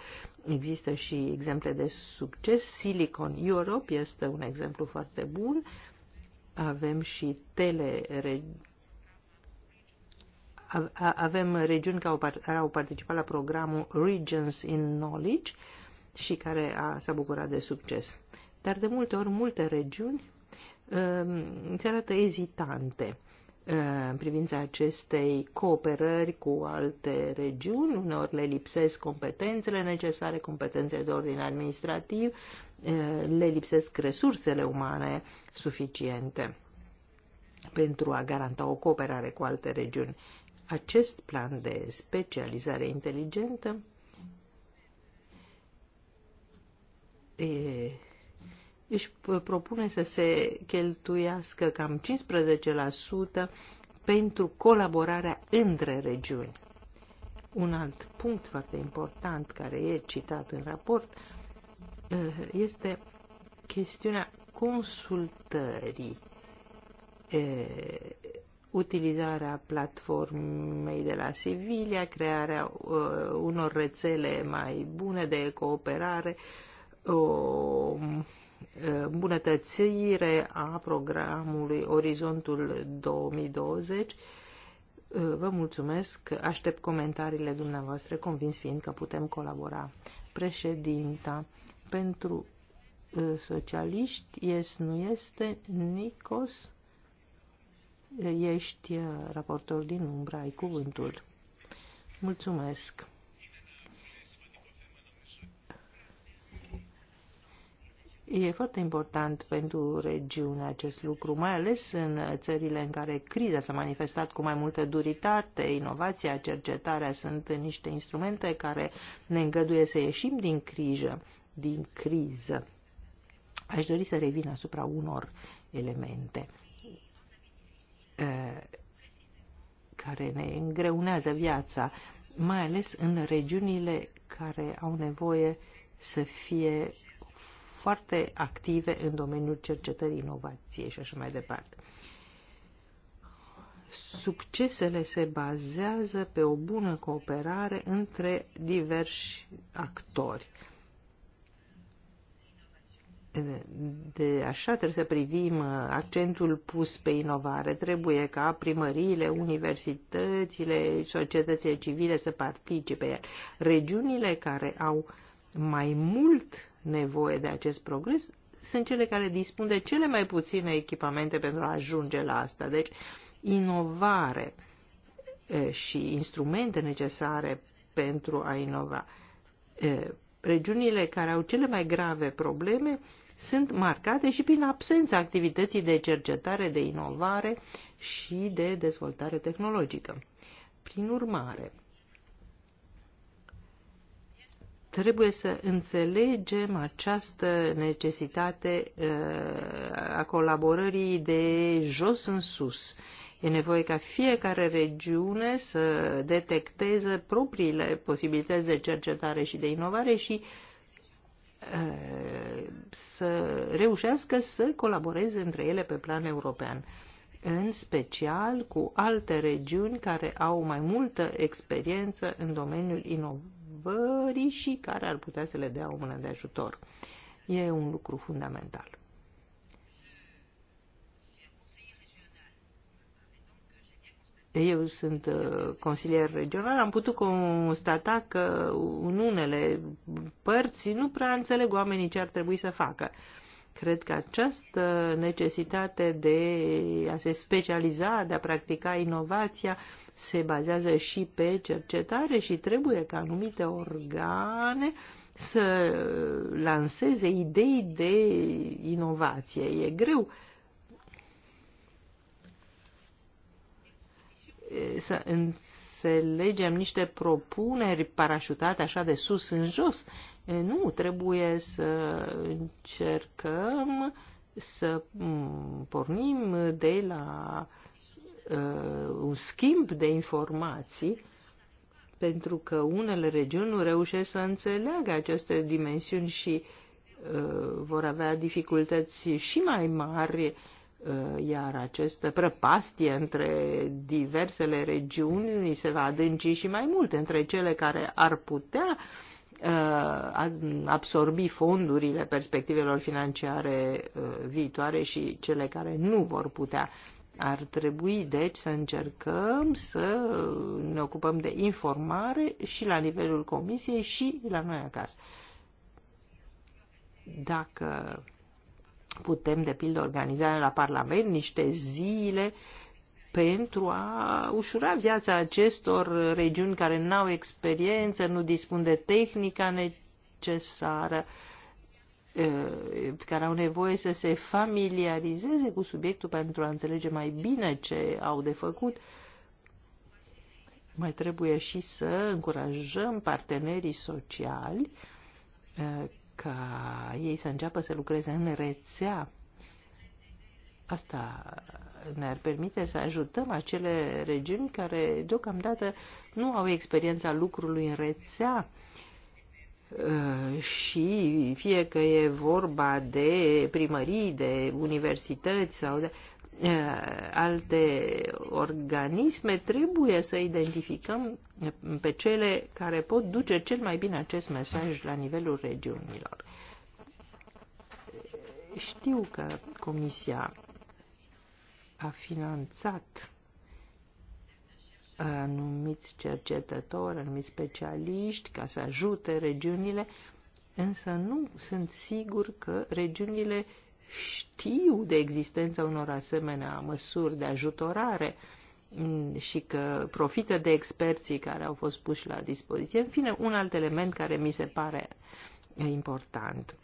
[SPEAKER 2] există și exemple de succes. Silicon Europe este un exemplu foarte bun. Avem și tele avem regiuni care au participat la programul Regions in Knowledge și care s-a bucurat de succes. Dar de multe ori, multe regiuni um, se arată ezitante Uh, în privința acestei cooperări cu alte regiuni. Uneori le lipsesc competențele necesare, competențele de ordin administrativ, uh, le lipsesc resursele umane suficiente pentru a garanta o cooperare cu alte regiuni. Acest plan de specializare inteligentă e își propune să se cheltuiască cam 15% pentru colaborarea între regiuni. Un alt punct foarte important care e citat în raport eh, este chestiunea consultării, eh, utilizarea platformei de la Sevilla, crearea eh, unor rețele mai bune de cooperare, îmbunătățire a programului Orizontul 2020. Vă mulțumesc, aștept comentariile dumneavoastră, convins fiind că putem colabora. Președinta, pentru ă, socialiști, yes, nu este Nicos, ești ă, raportor din umbra, ai cuvântul. Mulțumesc. E foarte important pentru regiune acest lucru, mai ales în țările în care criza s-a manifestat cu mai multă duritate, inovația, cercetarea sunt niște instrumente care ne îngăduie să ieșim din criză. Din criză. Aș dori să revin asupra unor elemente care ne îngreunează viața, mai ales în regiunile care au nevoie să fie foarte active în domeniul cercetării, inovației și așa mai departe. Succesele se bazează pe o bună cooperare între diversi actori. De așa trebuie să privim uh, accentul pus pe inovare. Trebuie ca primăriile, universitățile, societățile civile să participe, regiunile care au uh, mai mult nevoie de acest progres sunt cele care dispun de cele mai puține echipamente pentru a ajunge la asta. Deci, inovare și instrumente necesare pentru a inova. Regiunile care au cele mai grave probleme sunt marcate și prin absența activității de cercetare, de inovare și de dezvoltare tehnologică. Prin urmare, trebuie să înțelegem această necesitate uh, a colaborării de jos în sus. E nevoie ca fiecare regiune să detecteze propriile posibilități de cercetare și de inovare și uh, să reușească să colaboreze între ele pe plan european, în special cu alte regiuni care au mai multă experiență în domeniul inovării întrebării și care ar putea să le dea o mână de ajutor. E un lucru fundamental. Eu sunt uh, consilier regional, am putut constata că în unele părți nu prea înțeleg oamenii ce ar trebui să facă. Uh, Cred că această necesitate de a se specializa, de a practica inovația, se bazează și pe cercetare și trebuie ca anumite organe să lanseze idei de inovație. E greu să înțelegem niște propuneri parașutate așa de sus în jos nu, trebuie să încercăm să pornim de la uh, un schimb de informații pentru că unele regiuni nu reușesc să înțeleagă aceste dimensiuni și uh, vor avea dificultăți și mai mari, uh, iar această prăpastie între diversele regiuni se va adânci și mai mult, între cele care ar putea uh, Uh, absorbi fondurile perspectivelor financiare uh, viitoare și cele care nu vor putea. Ar trebui, deci, să încercăm să ne ocupăm de informare și la nivelul comisiei și la noi acasă. Dacă putem, de pildă, organiza la Parlament niște zile uh, pentru a ușura viața acestor regiuni care nu au experiență, nu dispun de tehnica necesară, care au nevoie să se familiarizeze cu subiectul pentru a înțelege mai bine ce au de făcut. Mai trebuie și să încurajăm partenerii sociali ca ei să înceapă să lucreze în rețea. Asta ne-ar permite să ajutăm acele regiuni care deocamdată nu au experiența lucrului în rețea uh, și fie că e vorba de primării, de universități sau de uh, alte organisme, trebuie să identificăm pe cele care pot duce cel mai bine acest mesaj la nivelul regiunilor. Știu că Comisia a finanțat anumiți cercetători, anumiți specialiști ca să ajute regiunile, însă nu sunt sigur că regiunile știu de existența unor asemenea măsuri de ajutorare și că profită de experții care au fost puși la dispoziție. În fine, un alt element care mi se pare important.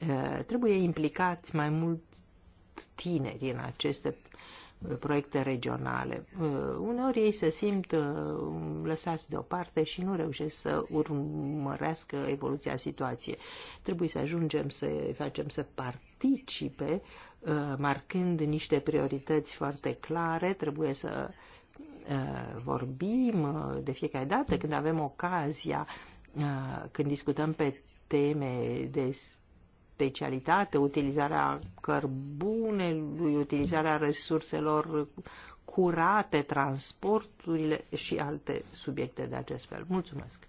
[SPEAKER 2] Eh, trebuie implicați mai mulți tineri în aceste uh, proiecte regionale. Uh, uneori ei se simt uh, lăsați deoparte și nu reușesc să urmărească evoluția situației. Trebuie să ajungem să facem să participe, marcând niște priorități foarte clare, trebuie să vorbim de fiecare dată când avem ocazia, când discutăm pe teme de specialitate, utilizarea cărbunelui, utilizarea resurselor curate, transporturile și alte subiecte de acest fel. Mulțumesc!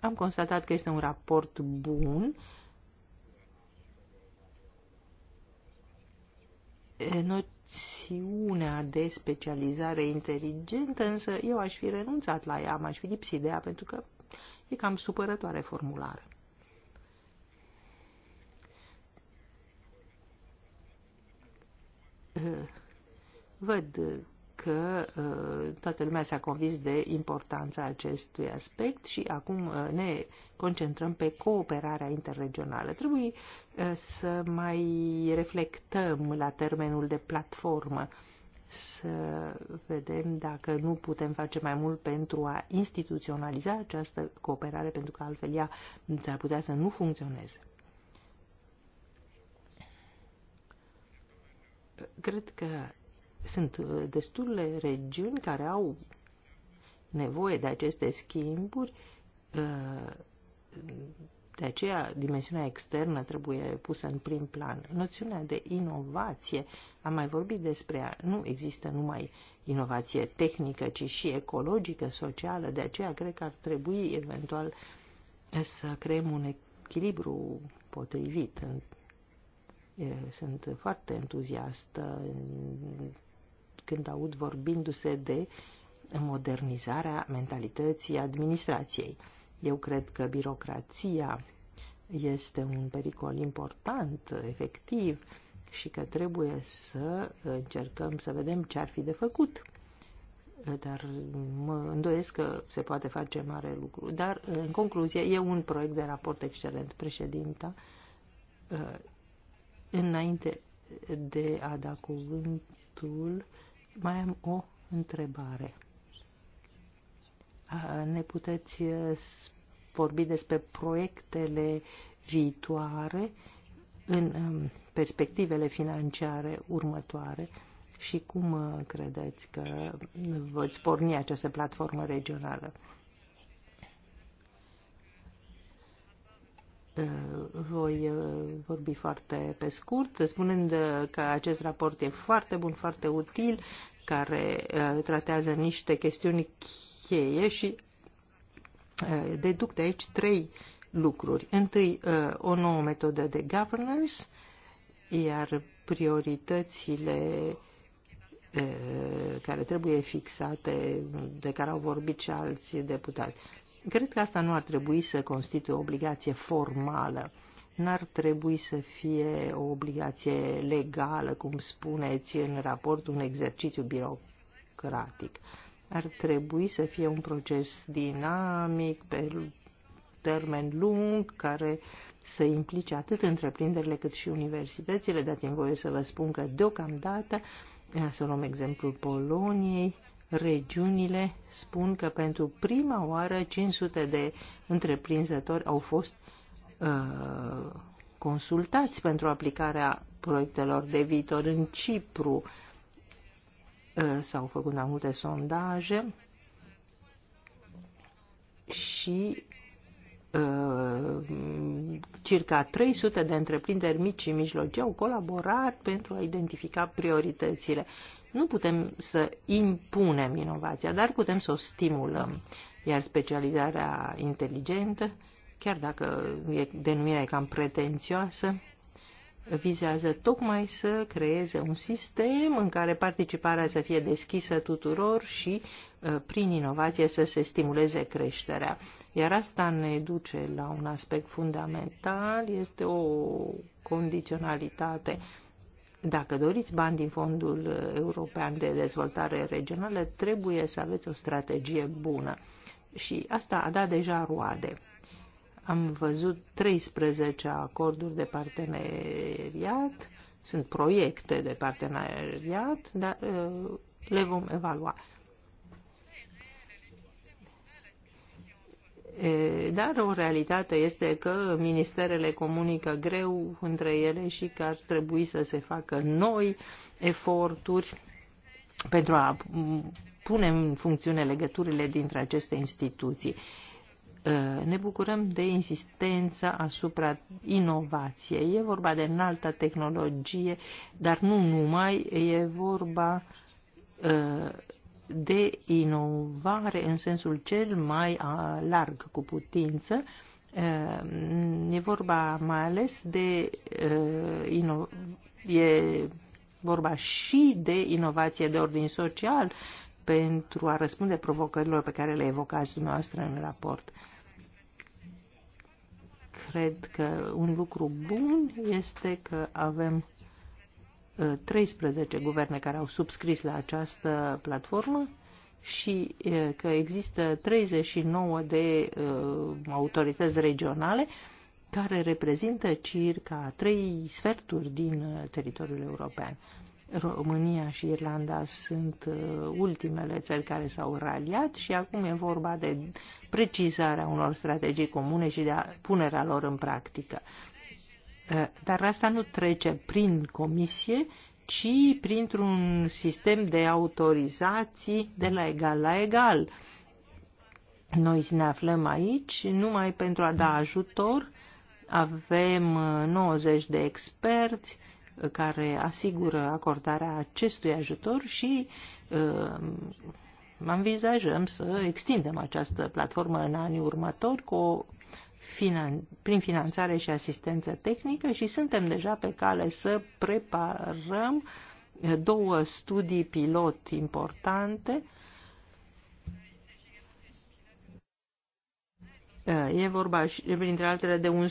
[SPEAKER 2] Am constatat că este un raport bun. Noi noțiunea de specializare inteligentă, însă eu aș fi renunțat la ea, m-aș fi lipsit de ea, pentru că e cam supărătoare formulară. Văd că uh, toată lumea s-a convins de importanța acestui aspect și acum uh, ne concentrăm pe cooperarea interregională. Trebuie uh, să mai reflectăm la termenul de platformă, să vedem dacă nu putem face mai mult pentru a instituționaliza această cooperare, pentru că altfel ea s-ar putea să nu funcționeze. Cred că sunt uh, destule regiuni care au nevoie de aceste schimburi, uh, de aceea dimensiunea externă trebuie pusă în prim plan. Noțiunea de inovație, am mai vorbit despre ea, nu există numai inovație tehnică, ci și ecologică, socială, de aceea cred că ar trebui eventual să creăm un echilibru potrivit. Sunt foarte entuziastă când aud vorbindu-se de modernizarea mentalității administrației. Eu cred că birocrația este un pericol important, efectiv, și că trebuie să încercăm să vedem ce ar fi de făcut. Dar mă îndoiesc că se poate face mare lucru. Dar, în concluzie, e un proiect de raport excelent, președinta. Ă, înainte de a da cuvântul, mai am o întrebare. Ne puteți vorbi despre proiectele viitoare în perspectivele financiare următoare și cum credeți că voți porni această platformă regională? Eh, voi eh, vorbi foarte pe scurt, spunând eh, că acest raport e foarte bun, foarte util, care tratează niște chestiuni cheie și deduc de aici trei lucruri. Întâi, o nouă metodă de governance, iar prioritățile care trebuie fixate, de care au vorbit și alți deputați. Cred că asta nu ar trebui să constituie o obligație formală. N-ar trebui să fie o obligație legală, cum spuneți, în raport un exercițiu birocratic. Ar trebui să fie un proces dinamic, pe termen lung, care să implice atât întreprinderile cât și universitățile. Dați-mi voie să vă spun că deocamdată, să luăm exemplul Poloniei, regiunile spun că pentru prima oară 500 de întreprinzători au fost uh, consultați pentru aplicarea proiectelor de viitor în Cipru. Uh, s-au făcut mai multe sondaje și uh, circa 300 de întreprinderi mici și mijlocii au colaborat pentru a identifica prioritățile nu putem să impunem inovația, dar putem să o stimulăm. Iar specializarea inteligentă, chiar dacă e, denumirea e cam pretențioasă, vizează tocmai să creeze un sistem în care participarea să fie deschisă tuturor și uh, prin inovație să se stimuleze creșterea. Iar asta ne duce la un aspect fundamental, este o condiționalitate dacă doriți bani din Fondul European de Dezvoltare Regională, trebuie să aveți o strategie bună. Și asta a dat deja roade. Am văzut 13 acorduri de parteneriat, sunt proiecte de parteneriat, dar uh, le vom evalua. Dar o realitate este că ministerele comunică greu între ele și că ar trebui să se facă noi eforturi pentru a pune în funcțiune legăturile dintre aceste instituții. Ne bucurăm de insistența asupra inovației. E vorba de înaltă tehnologie, dar nu numai, e vorba de inovare în sensul cel mai larg cu putință. E vorba mai ales de e vorba și de inovație de ordin social pentru a răspunde provocărilor pe care le evocați dumneavoastră în raport. Cred că un lucru bun este că avem 13 guverne care au subscris la această platformă și că există 39 de autorități regionale care reprezintă circa trei sferturi din teritoriul european. România și Irlanda sunt ultimele țări care s-au raliat și acum e vorba de precizarea unor strategii comune și de punerea lor în practică. Dar asta nu trece prin comisie, ci printr-un sistem de autorizații de la egal la egal. Noi ne aflăm aici numai pentru a da ajutor. Avem 90 de experți care asigură acordarea acestui ajutor și uh, învizajăm să extindem această platformă în anii următori cu o finan prin finanțare și asistență tehnică și suntem deja pe cale să preparăm eh, două studii pilot importante. Eh, e vorba, printre altele, de un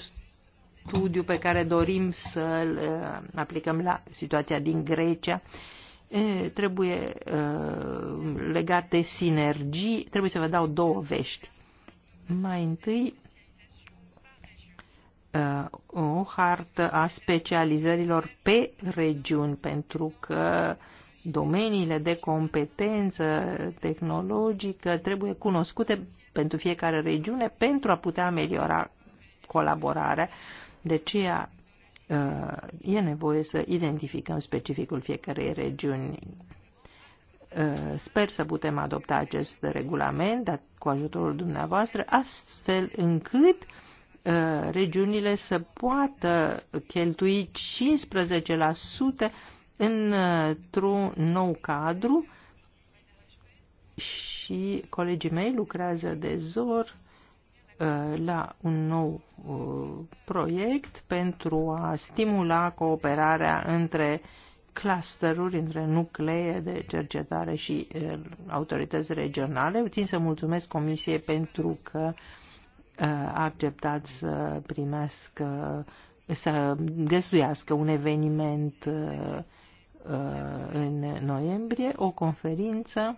[SPEAKER 2] studiu pe care dorim să-l eh, aplicăm la situația din Grecia. Trebuie e, legate sinergii. Trebuie să vă dau două vești. Mai întâi, Uh, o hartă a specializărilor pe regiuni, pentru că domeniile de competență tehnologică trebuie cunoscute pentru fiecare regiune pentru a putea ameliora colaborarea. De aceea uh, e nevoie să identificăm specificul fiecarei regiuni. Uh, sper să putem adopta acest regulament cu ajutorul dumneavoastră, astfel încât uh, Uh, regiunile să poată cheltui 15% într-un nou cadru și colegii mei lucrează de zor uh, la un nou uh, proiect pentru a stimula cooperarea între clusteruri, între nuclee de cercetare și autorități regionale. Țin să mulțumesc Comisiei pentru că a uh, acceptat să primească, să găsuiască un eveniment uh, uh, în noiembrie, o conferință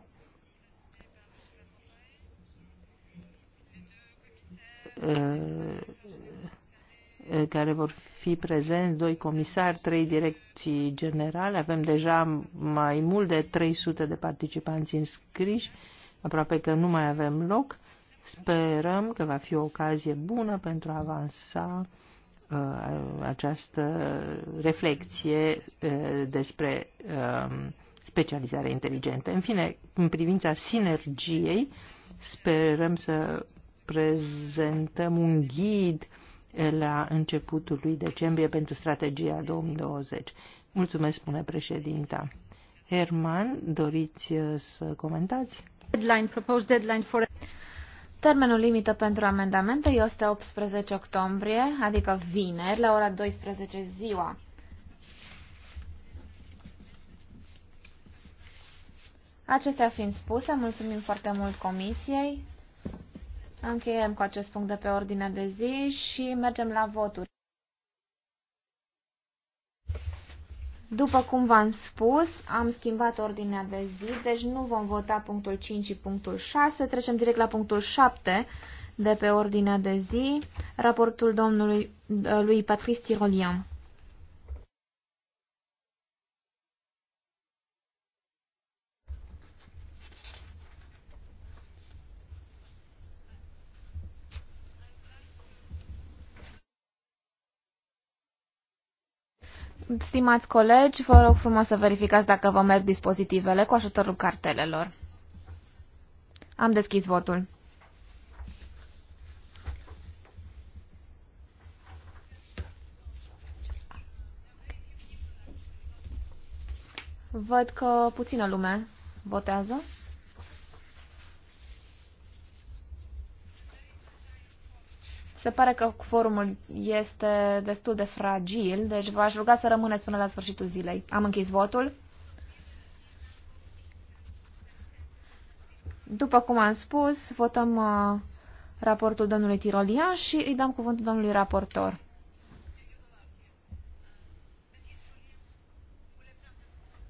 [SPEAKER 2] care vor fi prezenți doi comisari, trei direcții generale. Avem deja mai mult de 300 de participanți înscriși, aproape că nu mai avem loc. Sperăm că va fi o ocazie bună pentru a avansa uh, această reflexie uh, despre um, specializare inteligentă. În fine, în privința sinergiei, sperăm să prezentăm un ghid la începutul lui decembrie pentru strategia 2020. Mulțumesc, spune președinta. Herman, doriți uh, să comentați?
[SPEAKER 1] Deadline, proposed deadline for... Termenul limită pentru amendamente este 18 octombrie, adică vineri, la ora 12 ziua. Acestea fiind spuse, mulțumim foarte mult comisiei. Încheiem cu acest punct de pe ordinea de zi și mergem la voturi. După cum v-am spus, am schimbat ordinea de zi, deci nu vom vota punctul 5 și punctul 6. Trecem direct la punctul 7 de pe ordinea de zi, raportul domnului lui Patrice Tirolian. Stimați colegi, vă rog frumos să verificați dacă vă merg dispozitivele cu ajutorul cartelelor. Am deschis votul. Văd că puțină lume votează. Se pare că forumul este destul de fragil, deci v-aș ruga să rămâneți până la sfârșitul zilei. Am închis votul. După cum am spus, votăm uh, raportul domnului Tirolian și îi dăm cuvântul domnului raportor.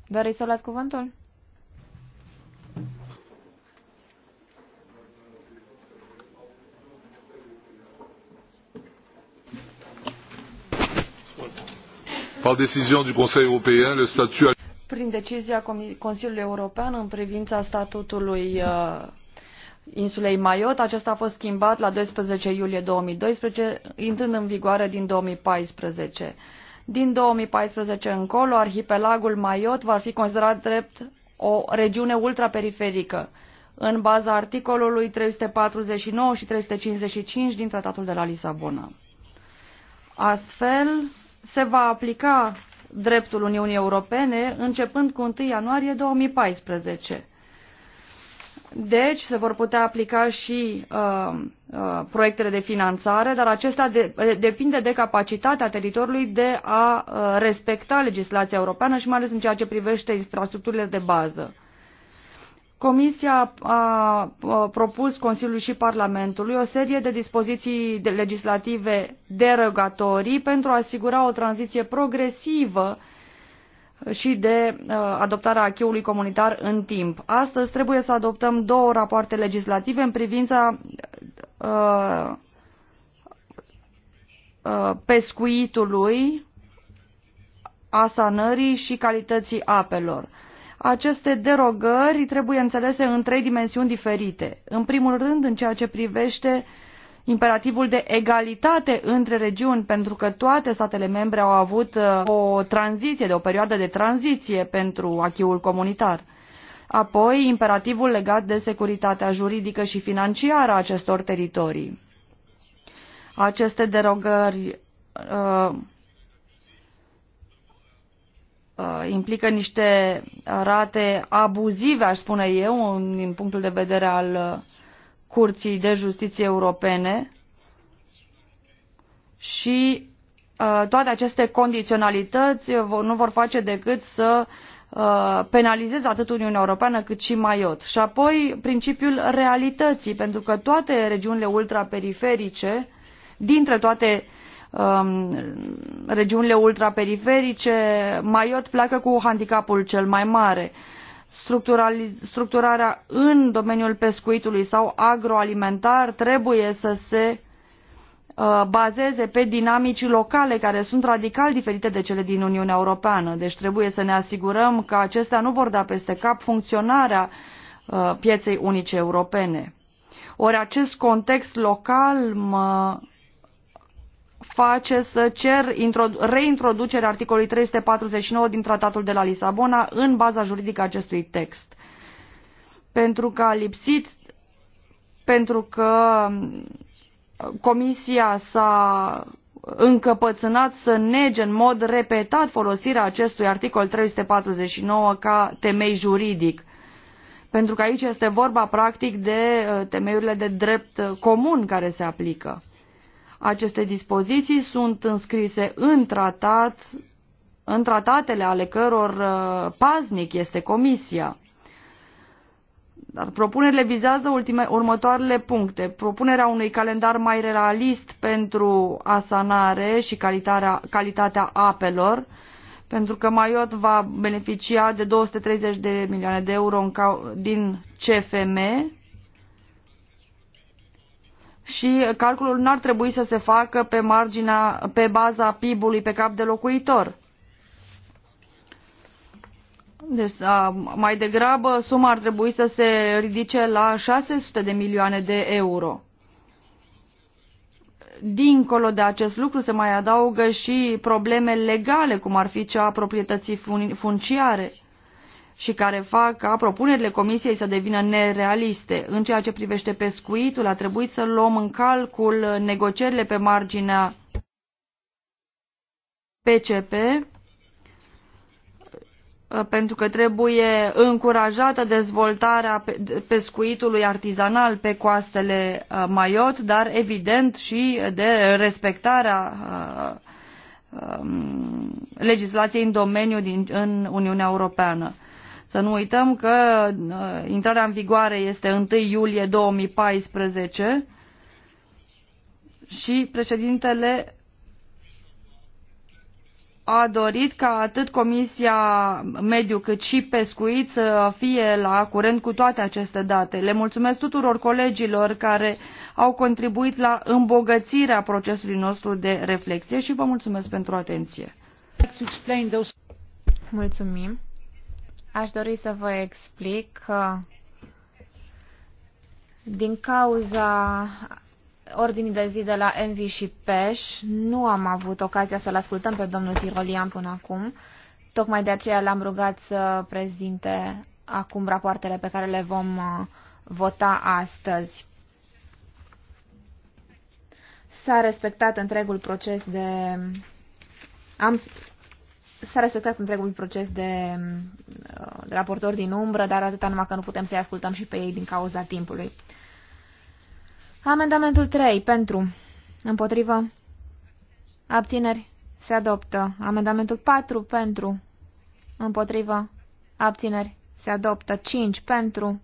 [SPEAKER 1] Doriți să luați cuvântul?
[SPEAKER 2] Par du Conseil européen, le statut
[SPEAKER 3] prin decizia Consiliului European în privința statutului uh, insulei Maiot. Acesta a fost schimbat la 12 iulie 2012, intrând în vigoare din 2014. Din 2014 încolo, arhipelagul Maiot va fi considerat drept o regiune ultraperiferică, în baza articolului 349 și 355 din Tratatul de la Lisabona. Astfel, se va aplica dreptul Uniunii Europene începând cu 1 ianuarie 2014. Deci se vor putea aplica și uh, uh, proiectele de finanțare, dar acesta de, uh, depinde de capacitatea teritoriului de a uh, respecta legislația europeană și mai ales în ceea ce privește infrastructurile de bază. Comisia a propus Consiliului și Parlamentului o serie de dispoziții legislative derogatorii pentru a asigura o tranziție progresivă și de adoptarea acheului comunitar în timp. Astăzi trebuie să adoptăm două rapoarte legislative în privința pescuitului, a sanării și calității apelor. Aceste derogări trebuie înțelese în trei dimensiuni diferite. În primul rând, în ceea ce privește imperativul de egalitate între regiuni, pentru că toate statele membre au avut uh, o tranziție, de o perioadă de tranziție pentru achiul comunitar. Apoi, imperativul legat de securitatea juridică și financiară a acestor teritorii. Aceste derogări uh, Uh, implică niște rate abuzive, aș spune eu, din punctul de vedere al uh, Curții de Justiție Europene și uh, toate aceste condiționalități nu vor face decât să penalizeze atât Uniunea Europeană cât și Maiot. Și apoi principiul realității, pentru că toate regiunile ultraperiferice, dintre toate Um, regiunile ultraperiferice, Maiot pleacă cu handicapul cel mai mare. Structurarea în domeniul pescuitului sau agroalimentar trebuie să se uh, bazeze pe dinamici locale care sunt radical diferite de cele din Uniunea Europeană. Deci trebuie să ne asigurăm că acestea nu vor da peste cap funcționarea uh, pieței unice europene. Ori acest context local mă face să cer reintroducerea articolului 349 din Tratatul de la Lisabona în baza juridică a acestui text. Pentru că a lipsit, pentru că um, Comisia s-a încăpățânat să nege în mod repetat folosirea acestui articol 349 ca temei juridic. Pentru că aici este vorba practic de uh, temeiurile de drept uh, comun care se aplică. Aceste dispoziții sunt înscrise în tratat, în tratatele ale căror uh, paznic este Comisia. Dar propunerile vizează ultime, următoarele puncte. Propunerea unui calendar mai realist pentru asanare și calitatea, calitatea apelor, pentru că Maiot va beneficia de 230 de milioane de euro în ca, din CFM, și calculul n-ar trebui să se facă pe, marginea, pe baza PIB-ului pe cap de locuitor. Deci, mai degrabă, suma ar trebui să se ridice la 600 de milioane de euro. Dincolo de acest lucru se mai adaugă și probleme legale, cum ar fi cea a proprietății funciare și care fac ca propunerile Comisiei să devină nerealiste. În ceea ce privește pescuitul, a trebuit să luăm în calcul negocierile pe marginea PCP, pentru că trebuie încurajată dezvoltarea pescuitului artizanal pe coastele uh, Maiot, dar evident și de respectarea uh, um, legislației în domeniu din, în Uniunea Europeană. Să nu uităm că uh, intrarea în vigoare este 1 iulie 2014 și președintele a dorit ca atât Comisia Mediu cât și Pescuit să fie la curent cu toate aceste date. Le mulțumesc tuturor colegilor care au contribuit la îmbogățirea procesului nostru de reflexie și vă mulțumesc pentru atenție.
[SPEAKER 1] Mulțumim. Aș dori să vă explic că din cauza ordinii de zi de la Envi și Peș, nu am avut ocazia să-l ascultăm pe domnul Tirolian până acum. Tocmai de aceea l-am rugat să prezinte acum rapoartele pe care le vom uh, vota astăzi. S-a respectat întregul proces de... Am S-a respectat întregul proces de, uh, de raportor din umbră, dar atâta numai că nu putem să-i ascultăm și pe ei din cauza timpului. Amendamentul 3. Pentru. Împotrivă. Abțineri. Se adoptă. Amendamentul 4. Pentru. Împotrivă. Abțineri. Se adoptă. 5. Pentru.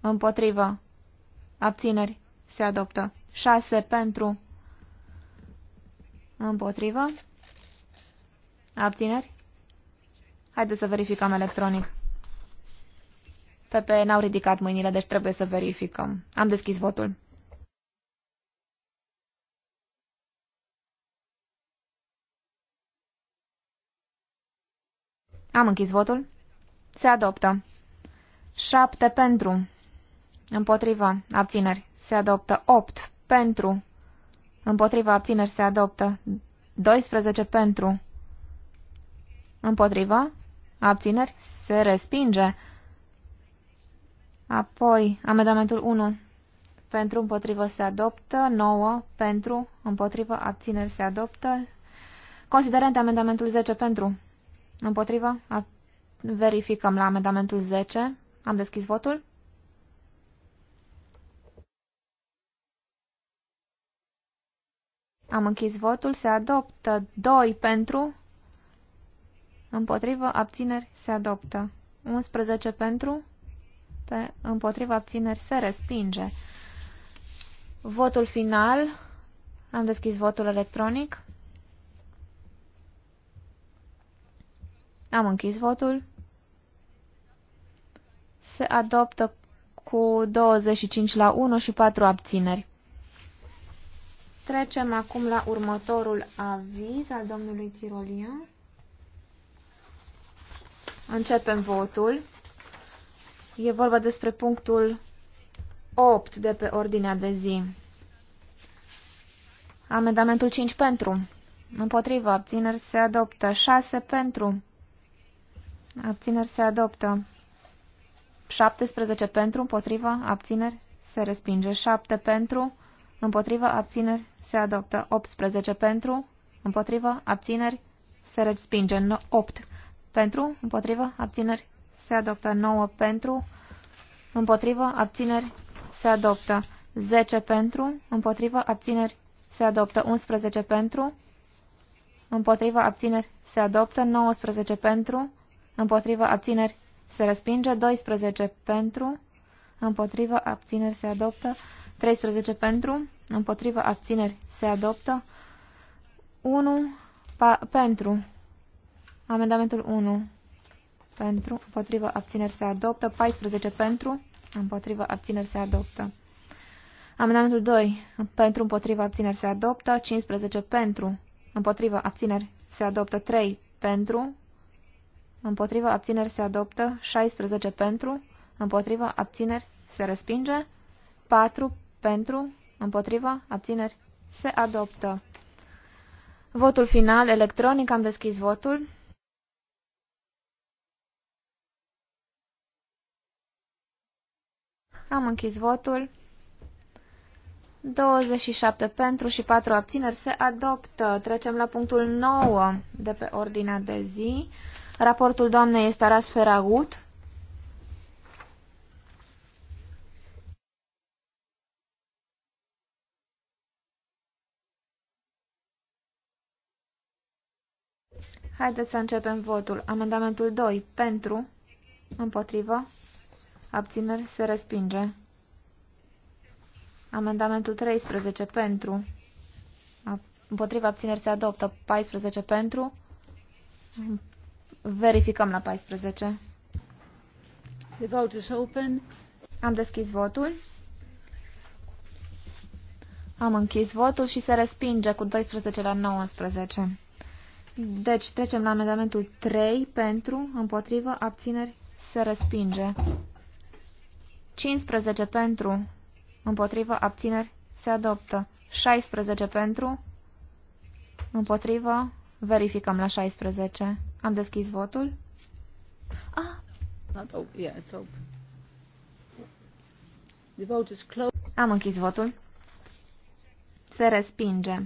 [SPEAKER 1] Împotrivă. Abțineri. Se adoptă. 6. Pentru. Împotrivă. Abțineri? Haideți să verificăm electronic. Pepe, n-au ridicat mâinile, deci trebuie să verificăm. Am deschis votul. Am închis votul. Se adoptă. 7 pentru. Împotriva. Abțineri. Se adoptă. 8 pentru. Împotriva abțineri se adoptă. 12 pentru. Împotriva? Abțineri? Se respinge. Apoi, amendamentul 1. Pentru împotrivă se adoptă. 9. Pentru împotrivă abțineri se adoptă. Considerente amendamentul 10 pentru. Împotrivă? A... Verificăm la amendamentul 10. Am deschis votul. Am închis votul. Se adoptă 2 pentru, Împotrivă abțineri se adoptă. 11 pentru. Pe, împotrivă abțineri se respinge. Votul final. Am deschis votul electronic. Am închis votul. Se adoptă cu 25 la 1 și 4 abțineri. Trecem acum la următorul aviz al domnului Tirolian. Începem votul. E vorba despre punctul 8 de pe ordinea de zi. Amendamentul 5 pentru. Împotriva. Abțineri se adoptă. 6 pentru. Abțineri se adoptă. 17 pentru. Împotriva. Abțineri se respinge. 7 pentru. Împotriva. Abțineri se adoptă. 18 pentru. Împotriva. Abțineri se respinge. 8 pentru, împotrivă, abțineri, se adoptă. 9 pentru, împotrivă, abțineri, se adoptă. 10 pentru, împotrivă, abțineri, se adoptă. 11 pentru, împotrivă, abțineri, se adoptă. 19 pentru, împotrivă, abțineri, se respinge. 12 pentru, împotrivă, abțineri, se adoptă. 13 pentru, împotrivă, abțineri, se adoptă. 1 pentru, Amendamentul 1 pentru, împotrivă, abțineri se adoptă. 14 pentru, împotrivă, abțineri se adoptă. Amendamentul 2 pentru, împotrivă, abțineri se adoptă. 15 pentru, împotrivă, abțineri se adoptă. 3 pentru, împotrivă, abțineri se adoptă. 16 pentru, împotrivă, abțineri se respinge. 4 pentru, împotrivă, abțineri se adoptă. Votul final electronic, am deschis votul. Am închis votul. 27 pentru și 4 abțineri se adoptă. Trecem la punctul 9 de pe ordinea de zi. Raportul doamnei este Aras Feragut. Haideți să începem votul. Amendamentul 2. Pentru. Împotrivă. Abțineri se respinge. Amendamentul 13 pentru. Împotriva abțineri se adoptă. 14 pentru. Verificăm la 14. The vote is open. Am deschis votul. Am închis votul și se respinge cu 12 la 19. Deci trecem la amendamentul 3 pentru, împotrivă, abțineri, se respinge. 15 pentru, împotrivă, abțineri, se adoptă. 16 pentru, împotrivă, verificăm la 16. Am deschis votul. Ah! Not open. Yeah, it's open. The vote is closed. Am închis votul. Se respinge.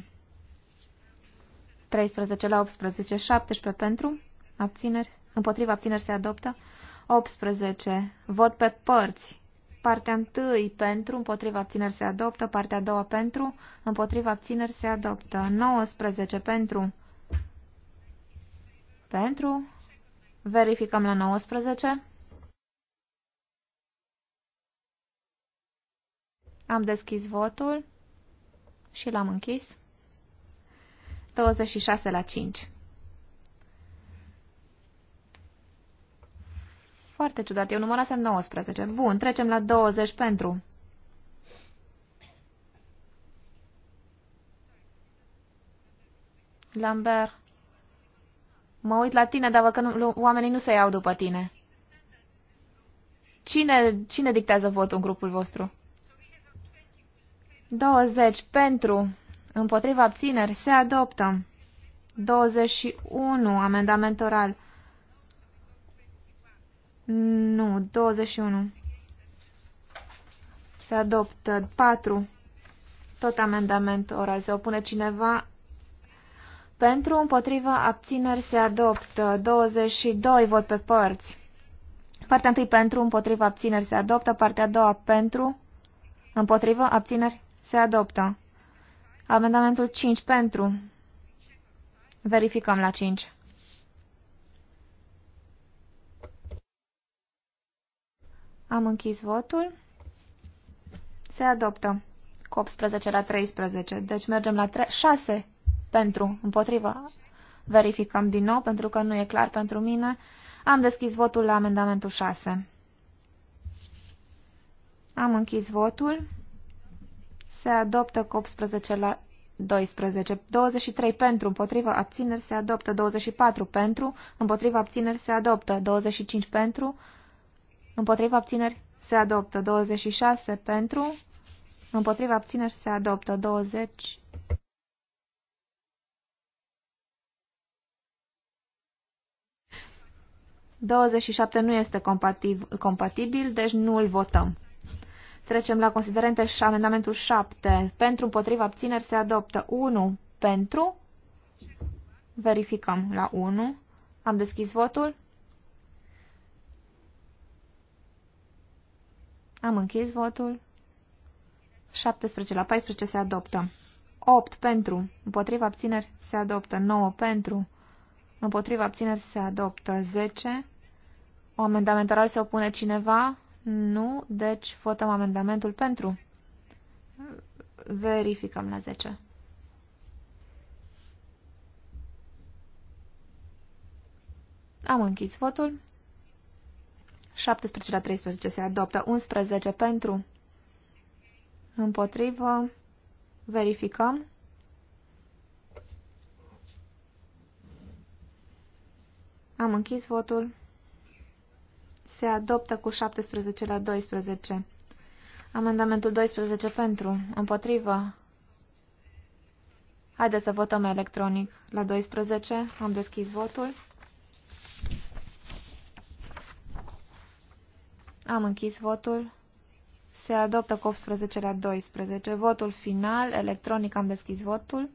[SPEAKER 1] 13 la 18, 17 pentru, abțineri, împotriva abțineri se adoptă, 18, vot pe părți, Partea întâi pentru, împotriva abțineri se adoptă. Partea a doua pentru, împotriva abțineri se adoptă. 19 pentru, pentru, verificăm la 19. Am deschis votul și l-am închis. 26 la 5. Foarte ciudat. Eu numărasem 19. Bun, trecem la 20 pentru. Lambert. Mă uit la tine, dar văd că nu, oamenii nu se iau după tine. Cine, cine dictează votul în grupul vostru? 20 pentru, împotriva abțineri, se adoptă. 21, amendament oral. Nu, 21. Se adoptă 4. Tot amendament ora. Se opune cineva pentru, împotrivă, abțineri se adoptă. 22 vot pe părți. Partea 1 pentru, împotrivă, abțineri se adoptă. Partea a doua pentru, împotrivă, abțineri se adoptă. Amendamentul 5 pentru. Verificăm la 5. Am închis votul. Se adoptă cu 18 la 13. Deci mergem la 3, 6 pentru, împotrivă. Verificăm din nou pentru că nu e clar pentru mine. Am deschis votul la amendamentul 6. Am închis votul. Se adoptă cu 18 la 12. 23 pentru, împotriva abțineri se adoptă. 24 pentru, împotriva abțineri se adoptă. 25 pentru, Împotriva abțineri se adoptă 26 pentru. Împotriva abțineri se adoptă 20. ...27 nu este compativ, compatibil, deci nu îl votăm. Trecem la considerente și amendamentul 7. Pentru împotriva abțineri se adoptă 1 pentru. Verificăm la 1. Am deschis votul. Am închis votul. 17 la 14 se adoptă. 8 pentru, împotriva abțineri se adoptă. 9 pentru, împotriva abțineri se adoptă. 10. O amendament oral se opune cineva? Nu, deci votăm amendamentul pentru. Verificăm la 10. Am închis votul. 17 la 13 se adoptă. 11 pentru. Împotrivă. Verificăm. Am închis votul. Se adoptă cu 17 la 12. Amendamentul 12 pentru. Împotrivă. Haideți să votăm electronic. La 12 am deschis votul. Am închis votul. Se adoptă cu 18 la 12. Votul final, electronic, am deschis votul.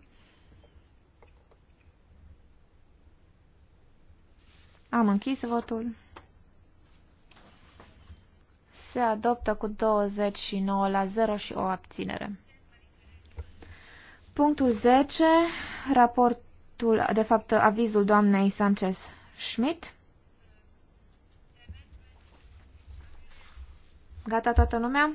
[SPEAKER 1] Am închis votul. Se adoptă cu 29 la 0 și o abținere. Punctul 10, raportul, de fapt avizul doamnei Sanchez Schmidt. Gata toată lumea?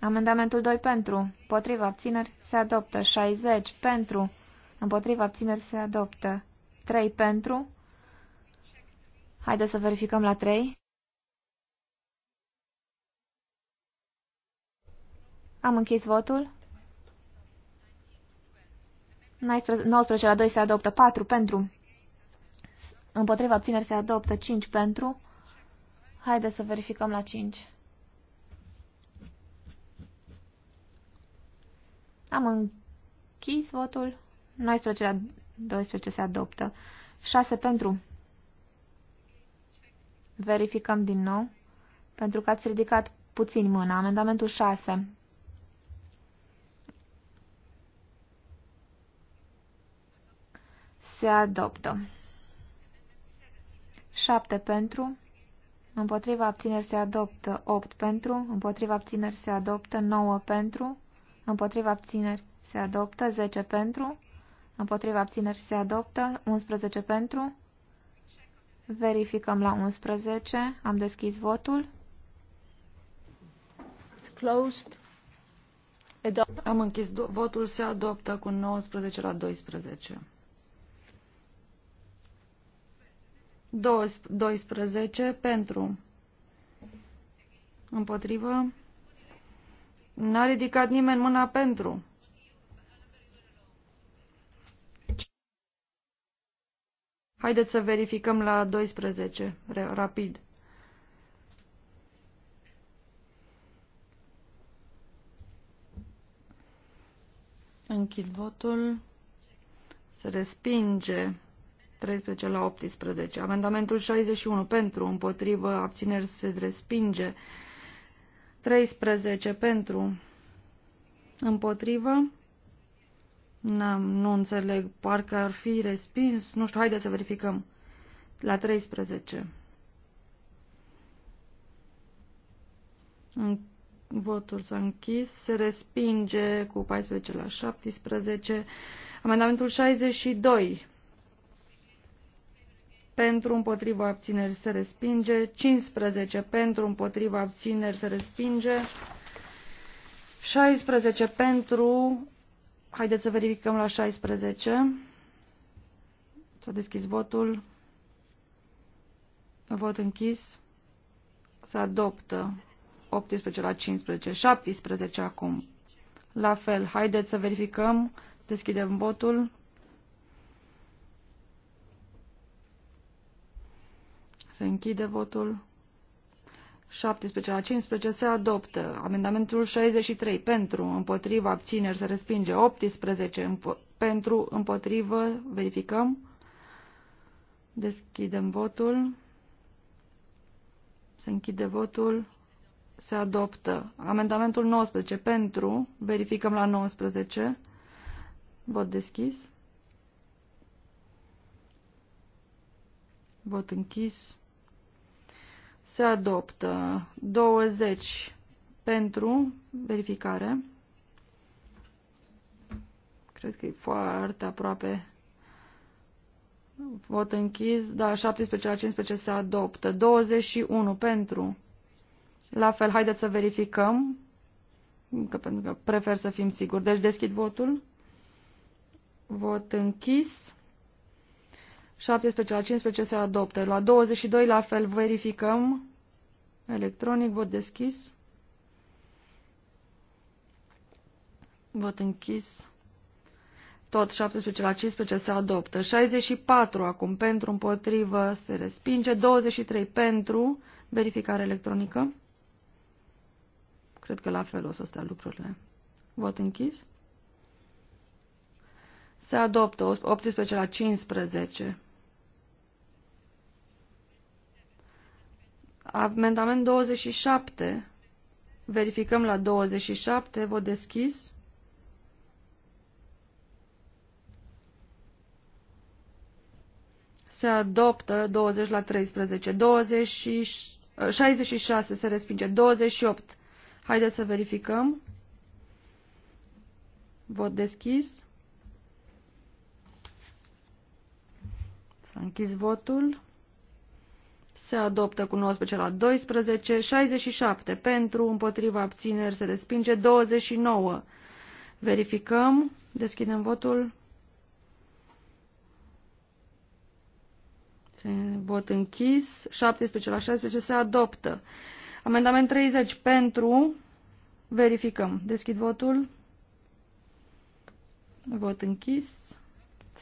[SPEAKER 1] Amendamentul 2 pentru, împotriva abțineri se adoptă. 60 pentru, împotriva abțineri se adoptă. 3 pentru. Haideți să verificăm la 3. Am închis votul. 19 la 2 se adoptă. 4 pentru. Împotriva abțineri se adoptă. 5 pentru. Haideți să verificăm la 5. Am închis votul. 19 la 12 se adoptă. 6 pentru. Verificăm din nou. Pentru că ați ridicat puțin mâna. Amendamentul 6. Se adoptă. 7 pentru. Împotriva abțineri se adoptă 8 pentru. Împotriva abțineri se adoptă 9 pentru împotriva abțineri se adoptă, 10 pentru, împotriva abțineri se adoptă, 11 pentru, verificăm la 11, am deschis votul. Closed.
[SPEAKER 3] Am închis votul, se adoptă cu 19 la 12. 12 pentru, împotrivă, N-a ridicat nimeni mâna pentru. Haideți să verificăm la 12, rapid. Închid votul. Se respinge 13 la 18. Amendamentul 61 pentru, împotrivă, abțineri se respinge. 13 pentru împotrivă. N-am, nu înțeleg, parcă ar fi respins. Nu știu, haideți să verificăm. La 13. Votul s-a închis. Se respinge cu 14 la 17. Amendamentul 62 pentru împotriva abțineri se respinge, 15 pentru împotriva abțineri se respinge, 16 pentru, haideți să verificăm la 16, s-a deschis votul, vot închis, se adoptă 18 la 15, 17 acum. La fel, haideți să verificăm, deschidem votul. Se închide votul. 17 la 15 se adoptă. Amendamentul 63 pentru, împotrivă, abțineri se respinge. 18 împo pentru, împotrivă, verificăm. Deschidem votul. Se închide votul. Se adoptă. Amendamentul 19 pentru, verificăm la 19. Vot deschis. Vot închis se adoptă 20 pentru verificare. Cred că e foarte aproape. Vot închis, da, 17 la 15 se adoptă. 21 pentru. La fel, haideți să verificăm, că, pentru că prefer să fim siguri. Deci deschid votul. Vot închis. 17 la 15 se adoptă. La 22 la fel verificăm. Electronic, vot deschis. Vot închis. Tot 17 la 15 se adoptă. 64 acum pentru, împotrivă, se respinge. 23 pentru, verificare electronică. Cred că la fel o să stea lucrurile. Vot închis. Se adoptă 18 la 15. Amendament 27. Verificăm la 27. Vă deschis. Se adoptă 20 la 13. 20 și 66 uh, se respinge. 28. Haideți să verificăm. Vot deschis. S-a închis votul se adoptă cu 19 la 12, 67 pentru, împotriva abțineri se respinge, 29. Verificăm, deschidem votul. Se vot închis, 17 la 16 se adoptă. Amendament 30 pentru, verificăm, deschid votul. Vot închis.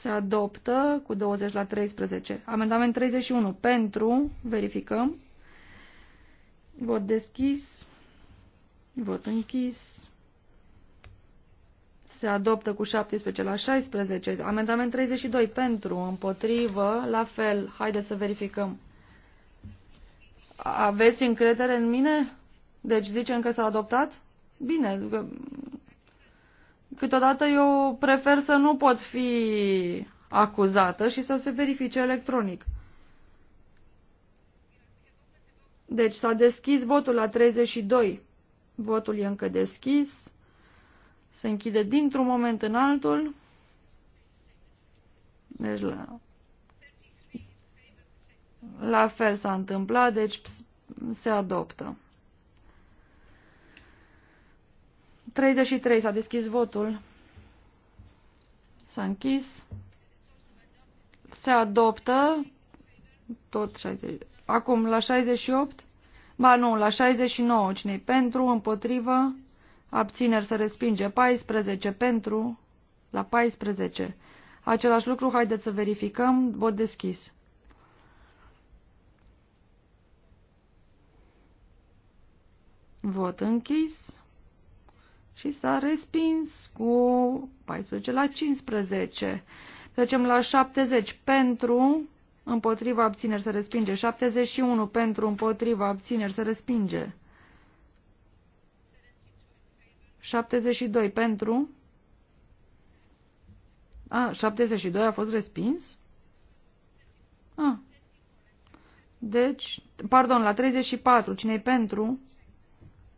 [SPEAKER 3] Se adoptă cu 20 la 13. Amendament 31. Pentru. Verificăm. Vot deschis. Vot închis. Se adoptă cu 17 la 16. Amendament 32. Pentru. Împotrivă. La fel. Haideți să verificăm. Aveți încredere în mine? Deci zicem că s-a adoptat? Bine, câteodată eu prefer să nu pot fi acuzată și să se verifice electronic. Deci s-a deschis votul la 32. Votul e încă deschis. Se închide dintr-un moment în altul. Deci la, la fel s-a întâmplat, deci se adoptă. 33. S-a deschis votul. S-a închis. Se adoptă. Tot 60. Acum, la 68. Ba nu, la 69. cine pentru? Împotrivă. Abțineri se respinge. 14 pentru. La 14. Același lucru, haideți să verificăm. Vot deschis. Vot închis și s-a respins cu 14 la 15. Trecem la 70 pentru, împotriva abțineri se respinge, 71 pentru, împotriva abțineri se respinge, 72 pentru, a, 72 a fost respins? A. Deci, pardon, la 34, cine pentru?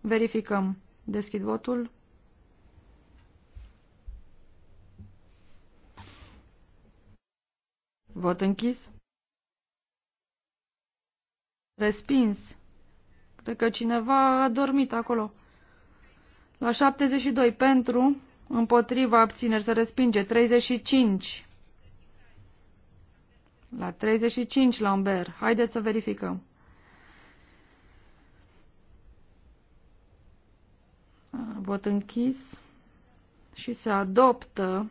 [SPEAKER 3] Verificăm. Deschid votul. Vot închis. Respins. Cred că cineva a dormit acolo. La 72 pentru, împotriva abțineri se respinge, 35. La 35, Lambert. Haideți să verificăm. Vot închis și se adoptă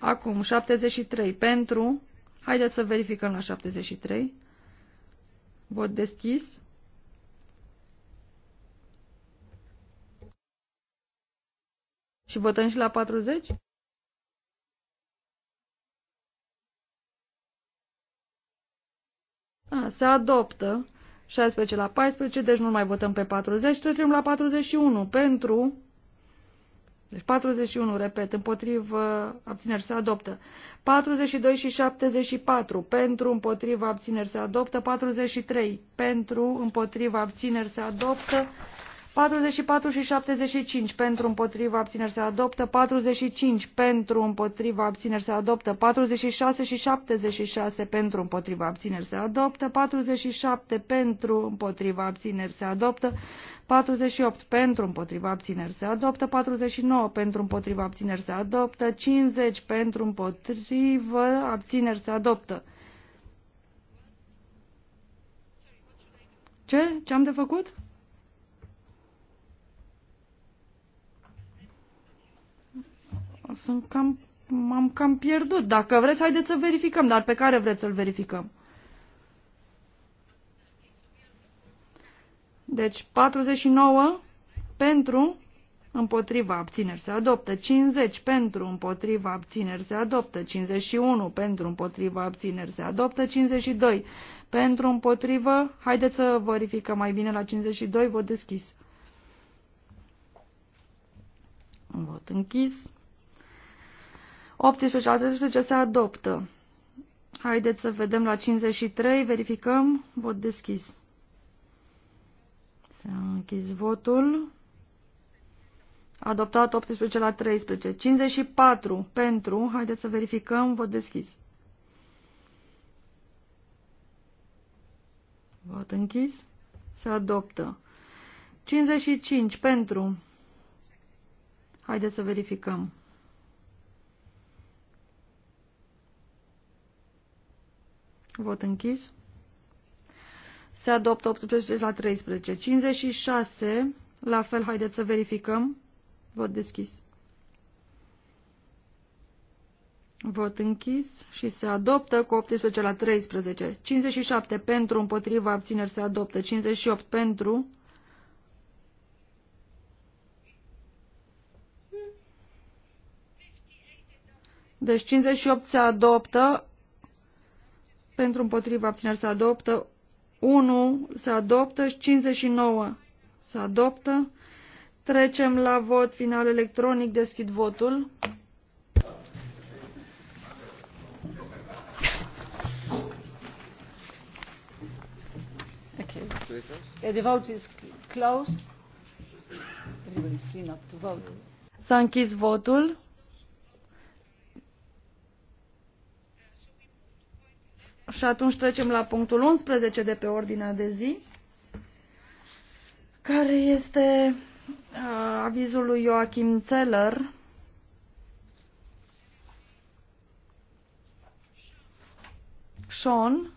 [SPEAKER 3] Acum, 73 pentru. Haideți să verificăm la 73. Vot deschis. Și votăm și la 40? A, se adoptă 16 la 14, deci nu mai votăm pe 40, trecem la 41 pentru deci 41, repet, împotrivă, abțineri se adoptă. 42 și 74, pentru, împotrivă, abțineri se adoptă. 43, pentru, împotrivă, abțineri se adoptă. 44 și 75 pentru împotriva abțineri se adoptă, 45 pentru împotriva abțineri se adoptă, 46 și 76 pentru împotriva abțineri se adoptă, 47 pentru împotriva abțineri se adoptă, 48 pentru împotriva abțineri se adoptă, 49 pentru împotriva abțineri se adoptă, 50 pentru împotriva abțineri se adoptă. Ce? Ce am de făcut? sunt cam, m-am cam pierdut. Dacă vreți, haideți să verificăm, dar pe care vreți să-l verificăm? Deci 49 pentru, împotriva abțineri se adoptă, 50 pentru, împotriva abțineri se adoptă, 51 pentru, împotriva abțineri se adoptă, 52 pentru, împotrivă, haideți să verificăm mai bine la 52, vot deschis. Vot închis. 18 la 13 se adoptă. Haideți să vedem la 53, verificăm, vot deschis. S-a închis votul. Adoptat 18 la 13. 54 pentru. Haideți să verificăm. Vot deschis. Vot închis. Se adoptă. 55 pentru. Haideți să verificăm. Vot închis. Se adoptă 18 la 13. 56. La fel, haideți să verificăm. Vot deschis. Vot închis și se adoptă cu 18 la 13. 57 pentru, împotriva, abțineri se adoptă. 58 pentru. Deci 58 se adoptă, pentru împotriva abțineri se adoptă, 1 se adoptă și 59 se adoptă. Trecem la vot final electronic, deschid votul. Okay.
[SPEAKER 2] The vote is closed. Everybody's to vote.
[SPEAKER 3] S-a închis votul. Și atunci trecem la punctul 11 de pe ordinea de zi, care este uh, avizul lui Joachim Zeller Sean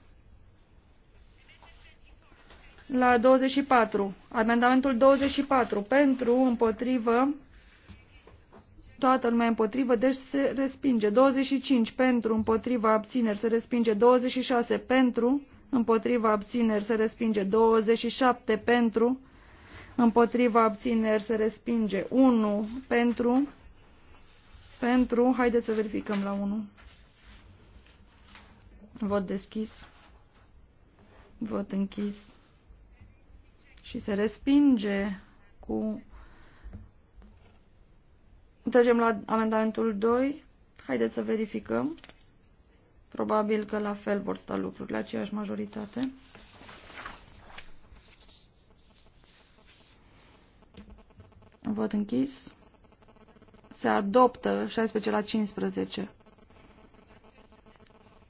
[SPEAKER 3] la 24. Amendamentul 24 pentru, împotrivă, toată lumea împotrivă, deci se respinge. 25 pentru, împotriva, abțineri, se respinge. 26 pentru, împotriva, abțineri, se respinge. 27 pentru, împotriva, abțineri, se respinge. 1 pentru, pentru, haideți să verificăm la 1. Vot deschis. Vot închis. Și se respinge cu Trecem la amendamentul 2. Haideți să verificăm. Probabil că la fel vor sta lucrurile, aceeași majoritate. Vot închis. Se adoptă 16 la 15.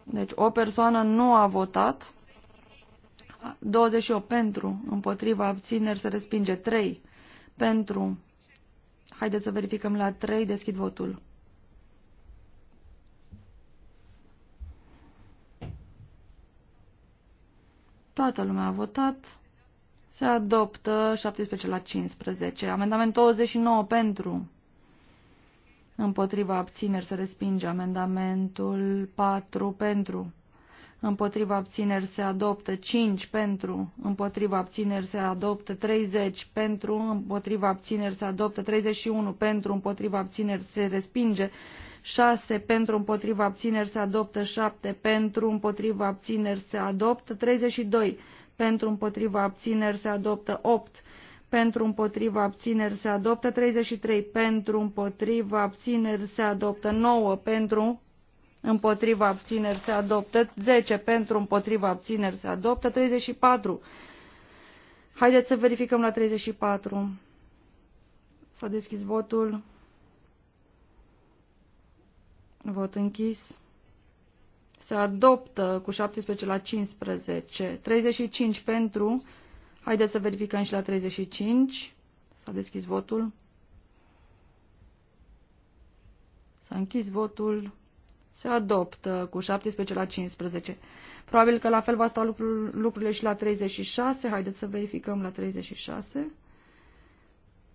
[SPEAKER 3] Deci o persoană nu a votat. 28 pentru, împotriva abțineri se respinge 3 pentru, Haideți să verificăm la 3, deschid votul. Toată lumea a votat. Se adoptă 17 la 15. Amendament 29 pentru. Împotriva abțineri se respinge amendamentul 4 pentru împotriva abțineri se adoptă 5 pentru, împotriva abțineri se adoptă 30 pentru, împotriva abțineri se adoptă 31 pentru, împotriva abțineri se respinge 6 pentru, împotriva abțineri se adoptă 7 pentru, împotriva abțineri se adoptă 32 pentru, împotriva abțineri se adoptă 8 pentru împotriva abțineri se adoptă 33 pentru împotriva abțineri se adoptă 9 pentru împotriva abțineri se adoptă, 10 pentru împotriva abțineri se adoptă, 34. Haideți să verificăm la 34. S-a deschis votul. Vot închis. Se adoptă cu 17 la 15. 35 pentru. Haideți să verificăm și la 35. S-a deschis votul. S-a închis votul se adoptă cu 17 la 15. Probabil că la fel va sta lucrul, lucrurile și la 36. Haideți să verificăm la 36.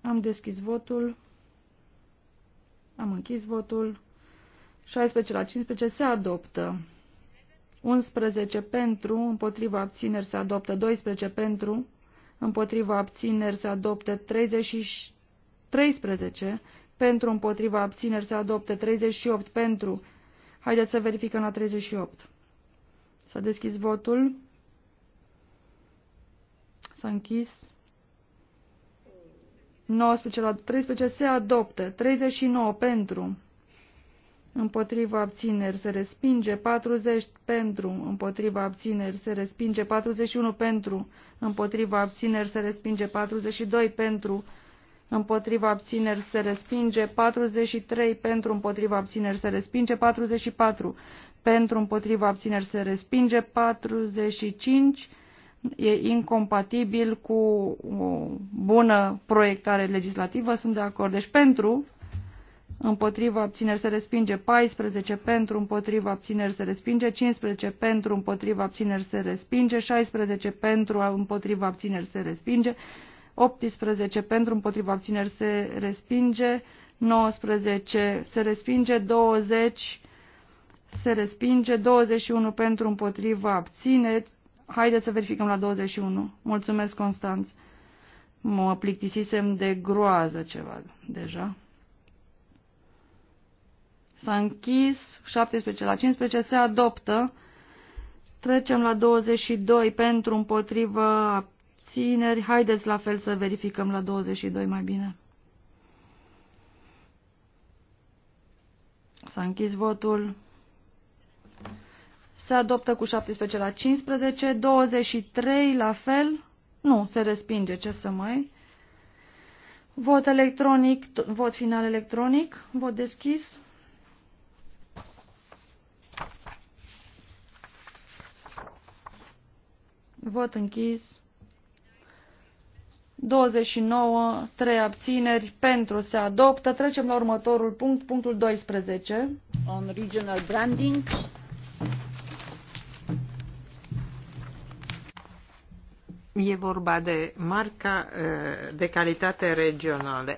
[SPEAKER 3] Am deschis votul. Am închis votul. 16 la 15 se adoptă. 11 pentru, împotriva abțineri se adoptă. 12 pentru, împotriva abțineri se adoptă. 30, 13 pentru, împotriva abțineri se adoptă. 38 pentru, Haideți să verificăm la 38. S-a deschis votul. S-a închis. 19 la 13 se adoptă. 39 pentru. Împotriva abțineri se respinge 40 pentru, împotriva abțineri se respinge 41 pentru, împotriva abțineri se respinge 42 pentru, împotriva abțineri se respinge, 43 pentru împotriva abțineri se respinge, 44 pentru împotriva abțineri se respinge, 45 e incompatibil cu o bună proiectare legislativă, sunt de acord. Deci pentru împotriva abțineri se respinge 14 pentru împotriva abțineri se respinge 15 pentru împotriva abțineri se respinge 16 pentru împotriva abțineri se respinge 18 pentru, împotriva abțineri se respinge, 19 se respinge, 20 se respinge, 21 pentru, împotriva abțineri. Haideți să verificăm la 21. Mulțumesc, Constanț. Mă plictisisem de groază ceva deja. S-a închis, 17 la 15, se adoptă. Trecem la 22 pentru împotrivă abțineri. Haideți la fel să verificăm la 22 mai bine. S-a închis votul. Se adoptă cu 17 la 15, 23 la fel. Nu, se respinge, ce să mai. Vot electronic, vot final electronic, vot deschis. Vot închis. 29, 3 abțineri, pentru se adoptă. Trecem la următorul punct, punctul 12. On regional branding.
[SPEAKER 2] E vorba de marca eh, de calitate regională.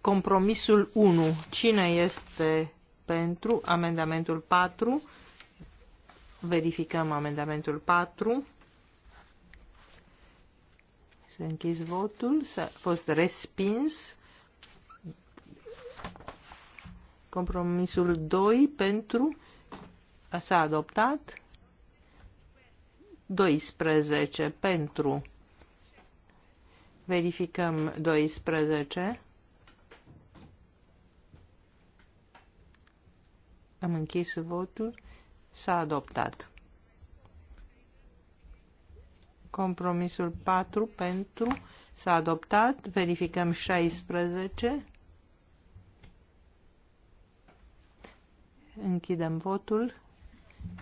[SPEAKER 2] Compromisul 1. Cine este pentru amendamentul 4? Verificăm amendamentul 4. S-a închis votul, s-a fost respins. Compromisul 2 pentru s-a adoptat. 12 pentru. Verificăm 12. Am închis votul. S-a adoptat. Compromisul 4 pentru s-a adoptat. Verificăm 16. Închidem votul.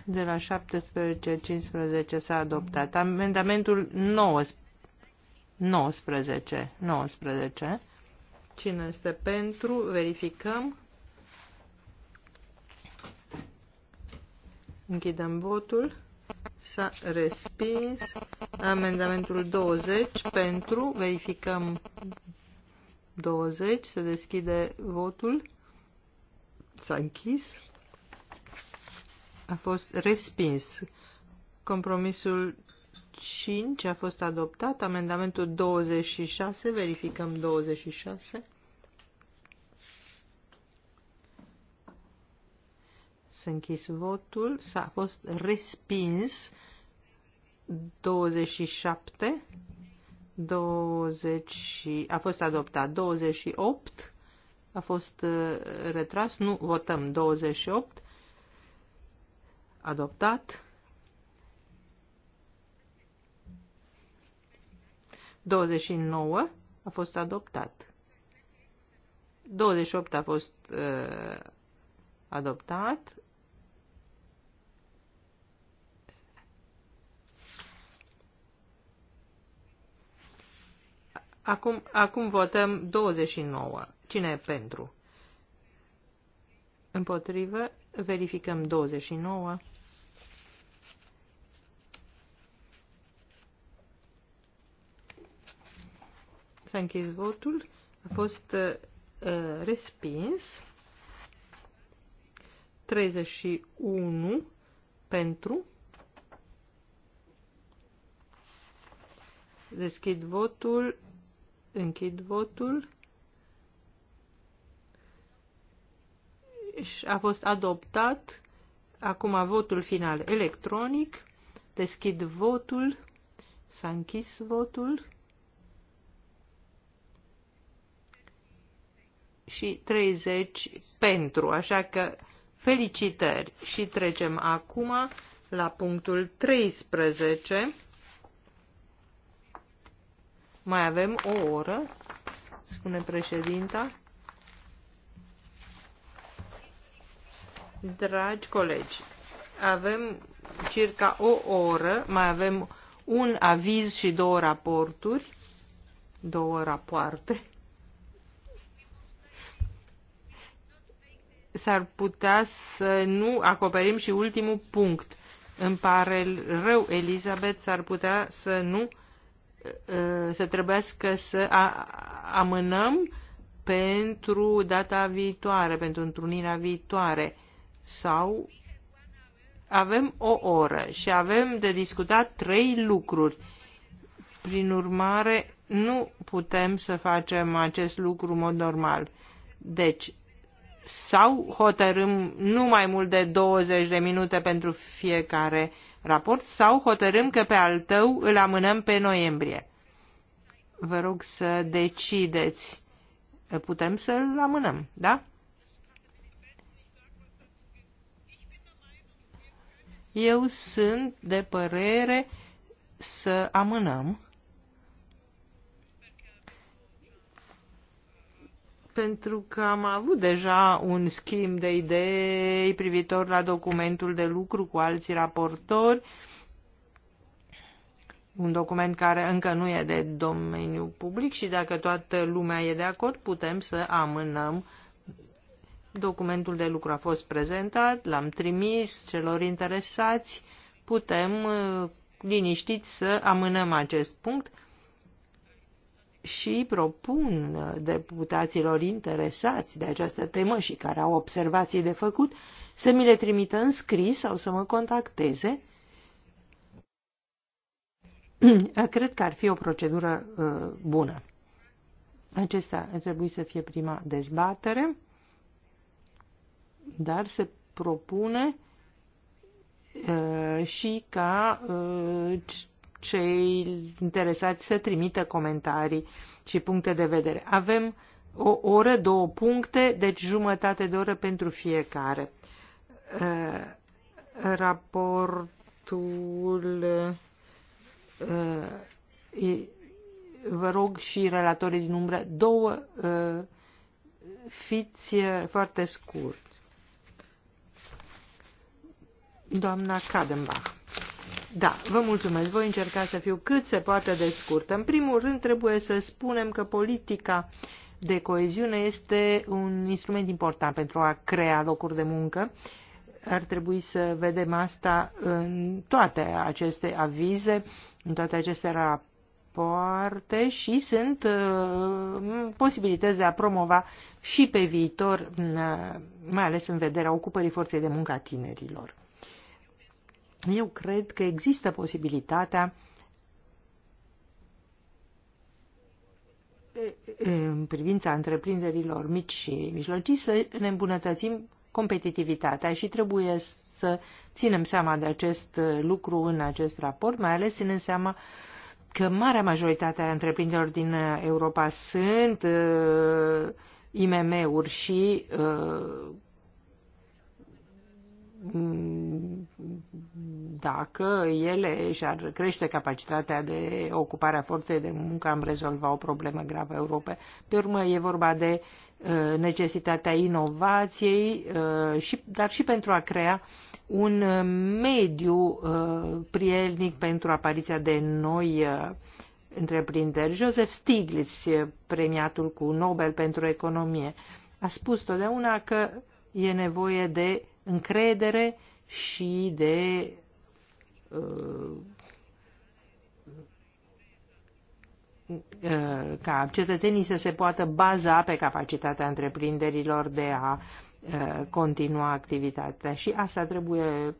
[SPEAKER 2] De la 17-15 s-a adoptat. Amendamentul 19. 19. Cine este pentru? Verificăm. Închidem votul. S-a respins. Amendamentul 20 pentru. Verificăm 20. Se deschide votul. S-a închis. A fost respins. Compromisul 5 a fost adoptat. Amendamentul 26. Verificăm 26. S-a închis votul, s-a fost respins 27, 20, a fost adoptat 28, a fost uh, retras, nu votăm 28, adoptat 29 a fost adoptat. 28 a fost uh, adoptat, Acum, acum votăm 29. Cine e pentru? Împotrivă. Verificăm 29. S-a închis votul. A fost uh, respins. 31 pentru. Deschid votul. Închid votul. Și a fost adoptat. Acum votul final electronic. Deschid votul. S-a închis votul. Și 30 pentru, așa că felicitări. Și trecem acum la punctul 13. Mai avem o oră, spune președinta. Dragi colegi, avem circa o oră, mai avem un aviz și două raporturi, două rapoarte. S-ar putea să nu acoperim și ultimul punct. Îmi pare rău, Elizabeth, s-ar putea să nu să trebuiască să amânăm pentru data viitoare, pentru întrunirea viitoare sau avem o oră și avem de discutat trei lucruri. Prin urmare, nu putem să facem acest lucru în mod normal. Deci, sau hotărâm nu mai mult de 20 de minute pentru fiecare uh, raport sau hotărâm că pe al tău îl amânăm pe noiembrie. Vă rog să decideți. Putem să-l amânăm, da? Eu sunt de părere să amânăm pentru că am avut deja un schimb de idei privitor la documentul de lucru cu alții raportori, un document care încă nu e de domeniu public și dacă toată lumea e de acord, putem să amânăm. Documentul de lucru a fost prezentat, l-am trimis celor interesați, putem uh, liniștiți să amânăm acest punct și propun uh, deputaților interesați de această temă și care au observații de făcut să mi le trimită în scris sau să mă contacteze. Cred că ar fi o procedură uh, bună. Acesta trebuie să fie prima dezbatere, dar se propune uh, și ca uh, cei interesați să trimită comentarii și puncte de vedere. Avem o oră, două puncte, deci jumătate de oră pentru fiecare. Uh, raportul uh, vă rog și relatorii din umbră, două uh, fiți foarte scurt. Doamna Kadenbach. Da, vă mulțumesc. Voi încerca să fiu cât se poate de scurt. În primul rând, trebuie să spunem că politica de coeziune este un instrument important pentru a crea locuri de muncă. Ar trebui să vedem asta în toate aceste avize, în toate aceste rapoarte și sunt uh, posibilități de a promova și pe viitor, uh, mai ales în vederea ocupării forței de muncă a tinerilor. Eu cred că există posibilitatea în privința întreprinderilor mici și mijlocii să ne îmbunătățim competitivitatea și trebuie să ținem seama de acest lucru în acest raport, mai ales ținând seama că marea majoritate a întreprinderilor din Europa sunt uh, IMM-uri și uh, dacă ele și-ar crește capacitatea de ocupare a forței de muncă, am rezolva o problemă gravă Europei. Pe urmă, e vorba de uh, necesitatea inovației, uh, dar și pentru a crea un uh, mediu prielnic pentru apariția de noi întreprinderi. Joseph Stiglitz, premiatul cu Nobel pentru economie, a spus totdeauna că e nevoie de încredere și de uh, uh, ca cetățenii să se poată baza pe capacitatea întreprinderilor de a uh, continua activitatea. Și asta trebuie,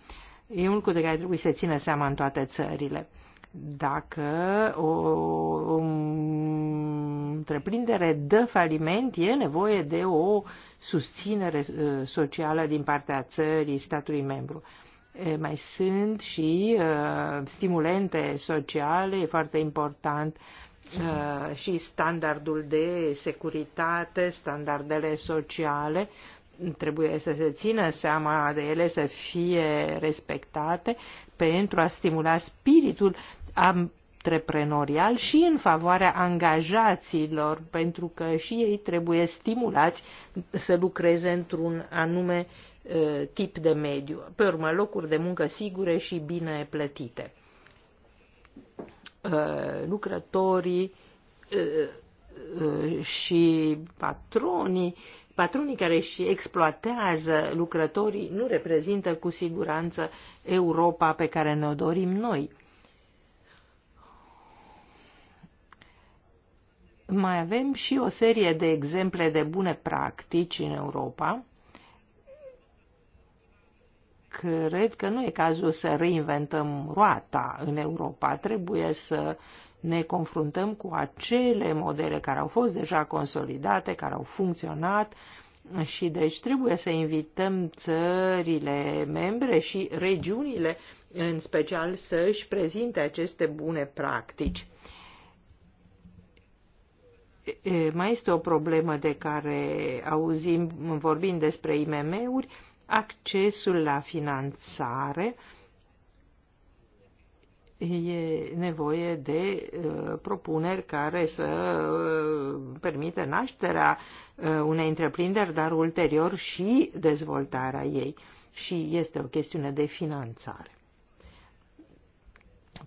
[SPEAKER 2] e un lucru de care trebuie să țină seama în toate țările dacă o, o întreprindere dă faliment, e nevoie de o susținere uh, socială din partea țării, statului membru. Mai sunt și uh, stimulente sociale, e foarte important uh, și standardul de securitate, standardele sociale, trebuie să se țină seama de ele, să fie respectate pentru a stimula spiritul antreprenorial și în favoarea angajaților, pentru că și ei trebuie stimulați să lucreze într-un anume tip de mediu. Pe urmă, locuri de muncă sigure și bine plătite. Lucrătorii și patronii, patronii care își exploatează lucrătorii nu reprezintă cu siguranță Europa pe care ne-o dorim noi. mai avem și o serie de exemple de bune practici în Europa. Cred că nu e cazul să reinventăm roata în Europa. Trebuie să ne confruntăm cu acele modele care au fost deja consolidate, care au funcționat și deci trebuie să invităm țările membre și regiunile în special să își prezinte aceste bune practici mai este o problemă de care auzim vorbind despre IMM-uri, accesul la finanțare e nevoie de propuneri care să permită nașterea unei întreprinderi, dar ulterior și dezvoltarea ei. Și este o chestiune de finanțare.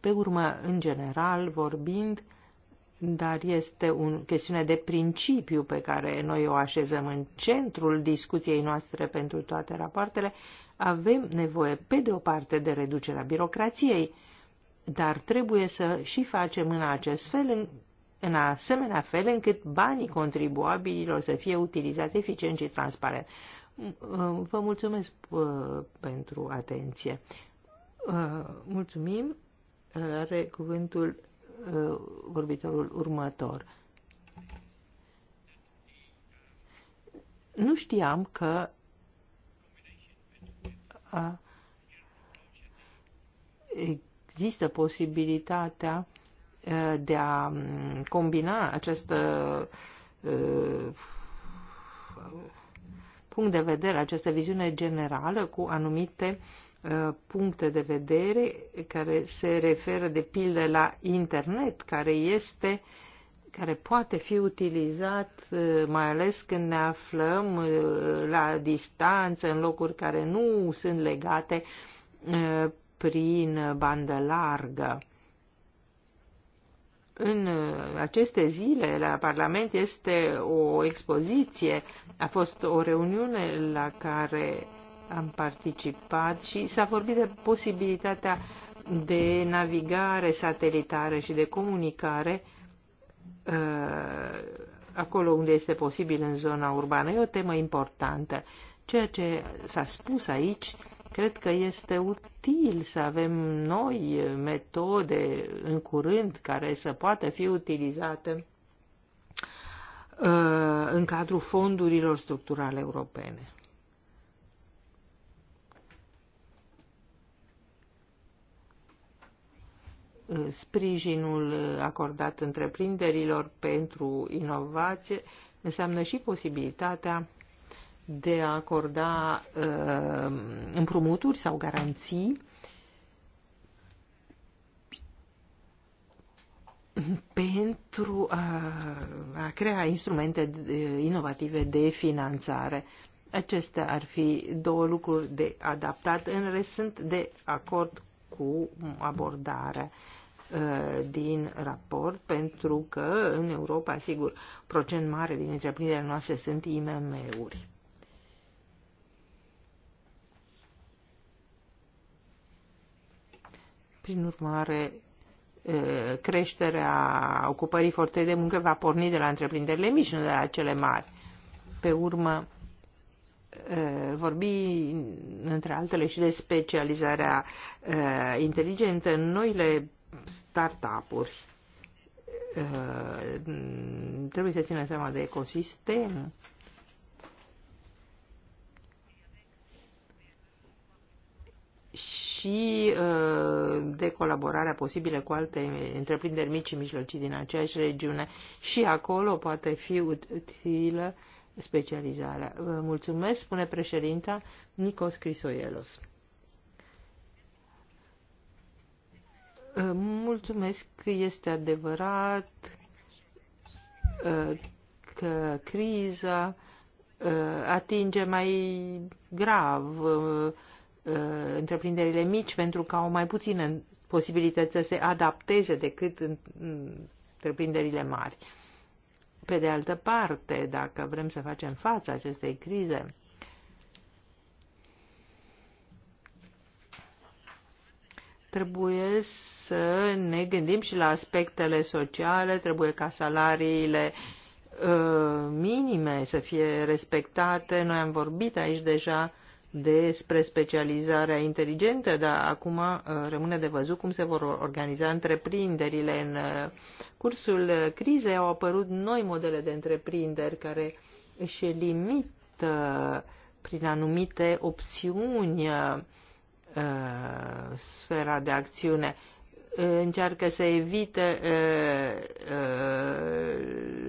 [SPEAKER 2] Pe urmă, în general, vorbind, dar este o chestiune de principiu pe care noi o așezăm în centrul discuției noastre pentru toate rapoartele. Avem nevoie, pe de o parte, de reducerea birocrației, dar trebuie să și facem în acest fel, în, în asemenea fel încât banii contribuabililor să fie utilizați eficient și transparent. Vă mulțumesc uh, pentru atenție. Uh, mulțumim. Are cuvântul Uh, vorbitorul următor. Nu știam că a, există posibilitatea uh, de a combina acest uh, punct de vedere, această viziune generală cu anumite uh, Uh, puncte de vedere care se referă de pildă la internet, care este care poate fi utilizat uh, mai ales când ne aflăm uh, la distanță, în locuri care nu sunt legate prin bandă largă. În aceste zile la Parlament este o expoziție, a fost o reuniune la care am participat și s-a vorbit de posibilitatea de navigare satelitară și de comunicare uh, acolo unde este posibil în zona urbană. E o temă importantă. Ceea ce s-a spus aici, cred că este util să avem noi metode în curând care să poată fi utilizate uh, în cadrul fondurilor structurale europene. sprijinul acordat întreprinderilor pentru inovație înseamnă și posibilitatea de a acorda uh, împrumuturi sau garanții pentru a, a crea instrumente inovative de finanțare. Acestea ar fi două lucruri de adaptat, în rest sunt de acord cu abordarea Uh, din raport, pentru că în Europa, sigur, procent mare din întreprinderile noastre sunt IMM-uri. Prin urmare, uh, creșterea ocupării forței de muncă va porni de la întreprinderile mici, nu de la cele mari. Pe urmă, uh, vorbi între altele și de specializarea inteligentă. Noile startup-uri. Uh, trebuie să țină seama de ecosistem. și uh, de colaborarea posibilă cu alte întreprinderi mici și mijlocii din aceeași regiune și acolo poate fi utilă specializarea. Mulțumesc, spune președinta Nicos Crisoielos. Mulțumesc că este adevărat ă, că criza ă, atinge mai grav ă, întreprinderile mici pentru că au mai puține posibilități să se adapteze decât întreprinderile mari. Pe de altă parte, dacă vrem să facem față acestei crize, Trebuie să ne gândim și la aspectele sociale, trebuie ca salariile ă, minime să fie respectate. Noi am vorbit aici deja despre specializarea inteligentă, dar acum ă, rămâne de văzut cum se vor organiza întreprinderile. În ă, cursul crizei au apărut noi modele de întreprinderi care își limită prin anumite opțiuni uh, sfera de acțiune încearcă să evite uh, uh,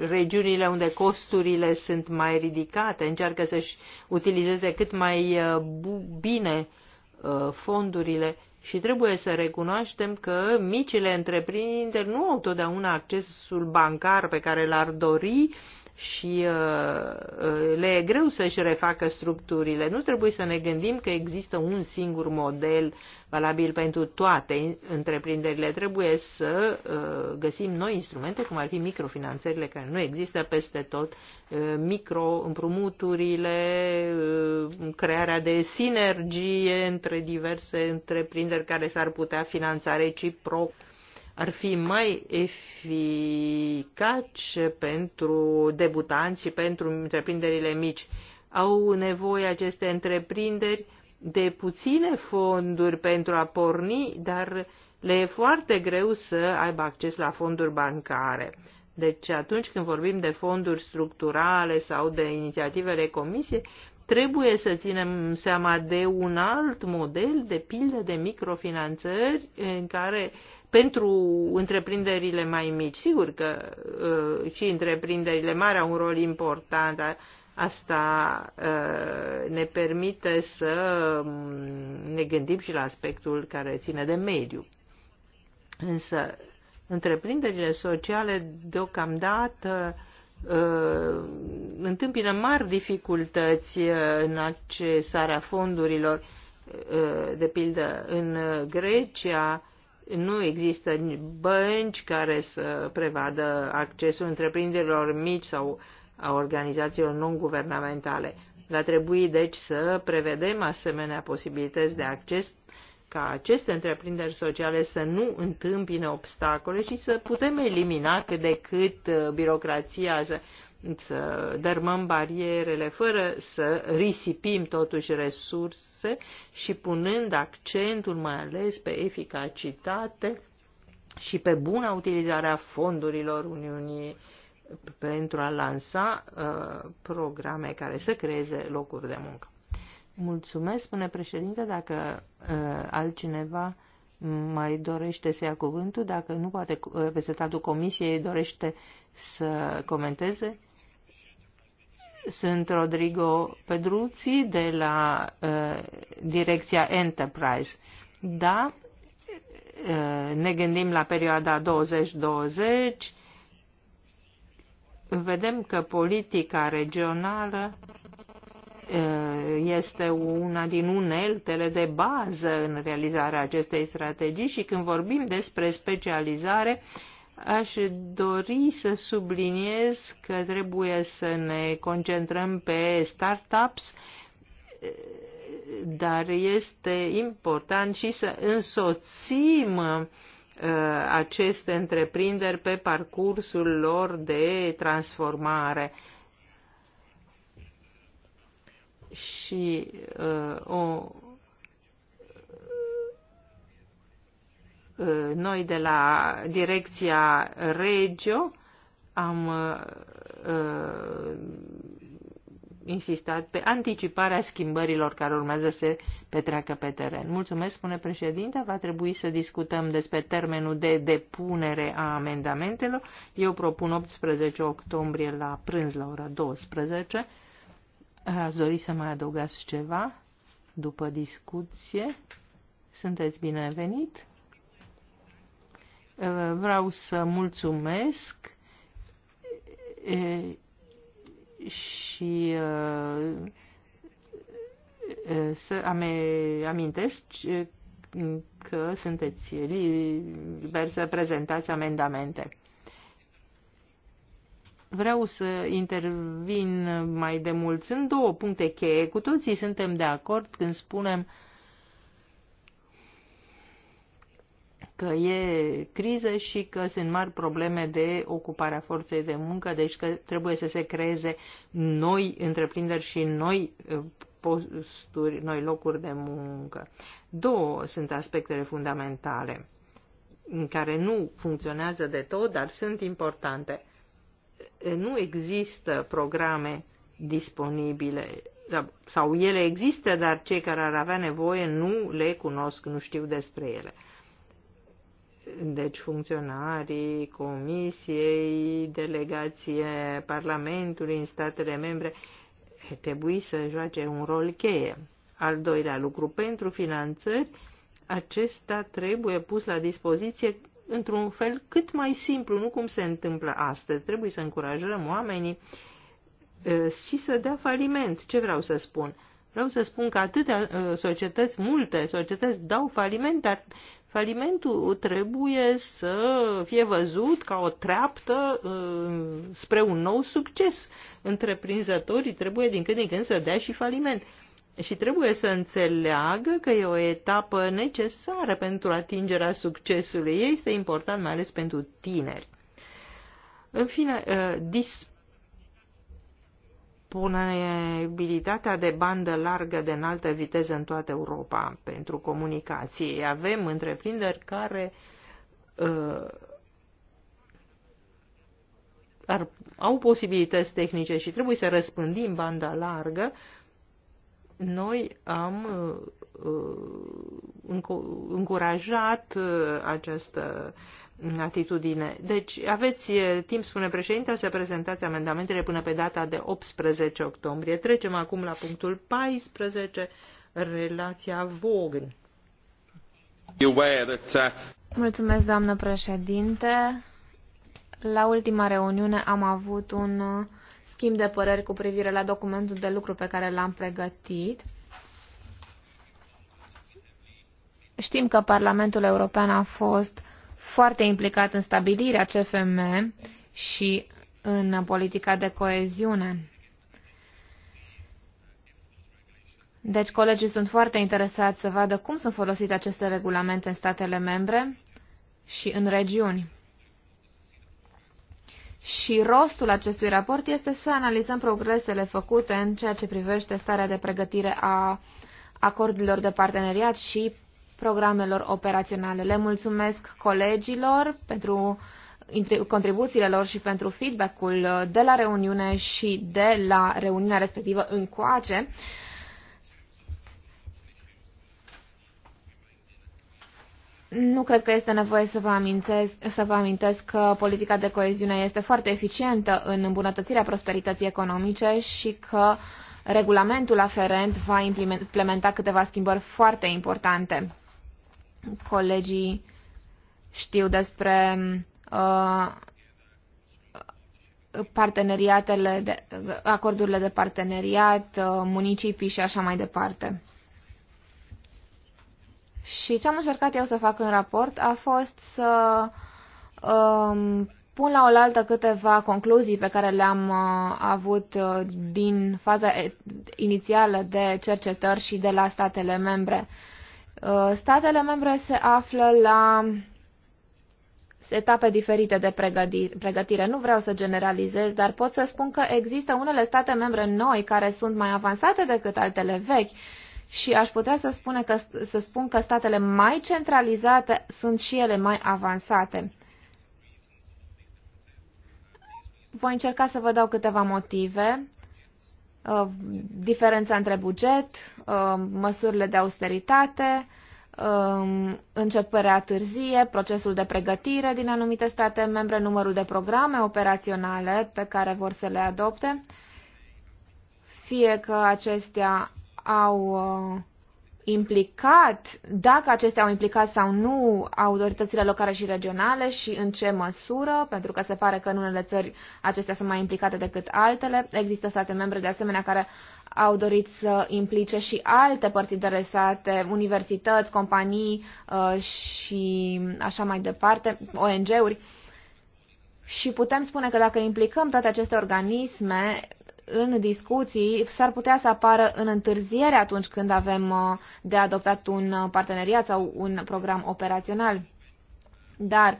[SPEAKER 2] regiunile unde costurile sunt mai ridicate, încearcă să-și utilizeze cât mai uh, bine uh, fondurile și trebuie să recunoaștem că micile întreprinderi nu au totdeauna accesul bancar pe care l-ar dori și uh, uh, le e greu să-și refacă structurile. Nu trebuie să ne gândim că există un singur model valabil pentru toate întreprinderile. Trebuie să uh, găsim noi instrumente, cum ar fi microfinanțările care nu există peste tot, microîmprumuturile, crearea de sinergie între diverse întreprinderi care s-ar putea finanța reciproc ar fi mai eficace pentru debutanți și pentru întreprinderile mici. Au nevoie aceste întreprinderi de puține fonduri pentru a porni, dar le e foarte greu să aibă acces la fonduri bancare. Deci atunci când vorbim de fonduri structurale sau de inițiativele comisie, trebuie să ținem seama de un alt model de pildă de microfinanțări în care pentru întreprinderile mai mici. Sigur că uh, și întreprinderile mari au un rol important, dar asta uh, ne permite să um, ne gândim și la aspectul care ține de mediu. Însă, întreprinderile sociale deocamdată uh, întâmpină mari dificultăți uh, în accesarea fondurilor, uh, de pildă în Grecia, nu există bănci care să prevadă accesul întreprinderilor mici sau a organizațiilor non-guvernamentale. Va trebui, deci, să prevedem asemenea posibilități de acces ca aceste întreprinderi sociale să nu întâmpine obstacole și să putem elimina cât de cât uh, birocrația să dărmăm barierele fără să risipim totuși resurse și punând accentul mai ales pe eficacitate și pe buna utilizare a fondurilor Uniunii pentru a lansa uh, programe care să creeze locuri de muncă. Mulțumesc, spune președinte, dacă uh, altcineva mai dorește să ia cuvântul, dacă nu poate reprezentantul comisiei dorește să comenteze. Sunt Rodrigo Pedruzzi de la uh, direcția Enterprise. Da, uh, ne gândim la perioada 2020. Vedem că politica regională uh, este una din uneltele de bază în realizarea acestei strategii și când vorbim despre specializare, Aș dori să subliniez că trebuie să ne concentrăm pe startups, dar este important și să însoțim uh, aceste întreprinderi pe parcursul lor de transformare. Și uh, o Eh, noi de la direcția Regio am eh, insistat pe anticiparea schimbărilor care urmează să se petreacă pe teren. Mulțumesc, spune președinte, va trebui să discutăm despre termenul de depunere a amendamentelor. Eu propun 18 octombrie la prânz la ora 12. Ați dori să mai adăugați ceva după discuție? Sunteți binevenit? vreau să mulțumesc și să amintesc că sunteți liberi să prezentați amendamente. Vreau să intervin mai de mult. Sunt două puncte cheie. Cu toții suntem de acord când spunem uh, că e criză și că sunt mari probleme de ocupare forței de muncă, deci că trebuie să se creeze noi întreprinderi și noi uh, posturi, noi locuri de muncă. Două sunt aspectele fundamentale în care nu funcționează de tot, dar sunt importante. Uh, nu există programe disponibile da, sau ele există, dar cei care ar avea nevoie nu le cunosc, nu știu despre ele deci funcționarii Comisiei, delegație Parlamentului în statele membre, trebuie să joace un rol cheie. Al doilea lucru, pentru finanțări, acesta trebuie pus la dispoziție într-un fel cât mai simplu, nu cum se întâmplă astăzi. Trebuie să încurajăm oamenii și să dea faliment. Ce vreau să spun? Vreau să spun că atâtea societăți, multe societăți dau faliment, dar Falimentul trebuie să fie văzut ca o treaptă uh, spre un nou succes. Întreprinzătorii trebuie din când în când să dea și faliment. Și trebuie să înțeleagă că e o etapă necesară pentru atingerea succesului. Este important mai ales pentru tineri. În fine, uh, dispar disponibilitatea de bandă largă de înaltă viteză în toată Europa pentru comunicație. Avem întreprinderi care uh, ar, au posibilități tehnice și trebuie să răspândim banda largă. Noi am uh, încurajat uh, această uh, atitudine. Deci aveți eh, timp, spune președinte, să prezentați amendamentele până pe data de 18 octombrie. Trecem acum la punctul 14, relația
[SPEAKER 1] Vogn. Uh, Mulțumesc, doamnă președinte. La ultima reuniune am avut un uh, schimb de păreri cu privire la documentul de lucru pe care l-am pregătit. Știm că Parlamentul European a fost uh, foarte implicat în stabilirea CFM și în politica de coeziune. Deci colegii sunt foarte interesați să vadă cum sunt folosite aceste regulamente în statele membre și în regiuni. Și rostul acestui raport este să analizăm progresele făcute în ceea ce privește starea de pregătire a acordurilor de parteneriat și programelor operaționale. Le mulțumesc colegilor pentru contribuțiile lor și pentru feedback-ul uh, de la reuniune și de la reuniunea respectivă încoace. Nu cred că este nevoie să vă, amintesc, să vă amintesc că politica de coeziune este foarte eficientă în îmbunătățirea prosperității economice și că regulamentul aferent va implementa câteva schimbări foarte importante. Colegii știu despre uh, parteneriatele, de, acordurile de parteneriat, uh, municipii și așa mai departe. Și ce am încercat eu să fac în raport a fost să um, pun la oaltă câteva concluzii pe care le-am uh, avut uh, din faza inițială de cercetări și de la statele membre. Uh, Uh, statele membre se află la etape diferite de pregătire. Nu vreau să generalizez, dar pot să spun că există unele state membre noi care sunt mai avansate decât altele vechi și aș putea să, spune că, să spun că statele mai centralizate sunt și ele mai avansate. Voi încerca să vă dau câteva motive Uh, diferența între buget, uh, măsurile de austeritate, um, începerea târzie, procesul de pregătire din anumite state membre, numărul de programe operaționale pe care vor să le adopte, fie că acestea au uh, implicat, dacă acestea au implicat sau nu autoritățile locale și regionale și în ce măsură, pentru că se pare că în unele țări acestea sunt mai implicate decât altele. Există state membre de asemenea care au dorit să implice și alte părți interesate, universități, companii uh, și așa mai departe, ONG-uri. Și putem spune că dacă implicăm toate aceste organisme, în discuții s-ar putea să apară în întârziere atunci când avem uh, de adoptat un uh, parteneriat sau un program operațional. Dar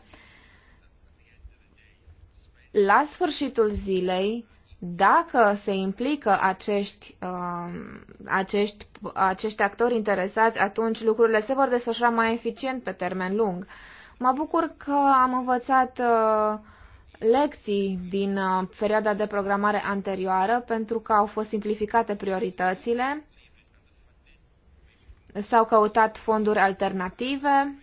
[SPEAKER 1] la sfârșitul zilei, dacă se implică acești, uh, acești, acești actori interesați, atunci lucrurile se vor desfășura mai eficient pe termen lung. Mă bucur că am învățat uh, lecții din uh, perioada de programare anterioară pentru că au fost simplificate prioritățile, s-au căutat fonduri alternative.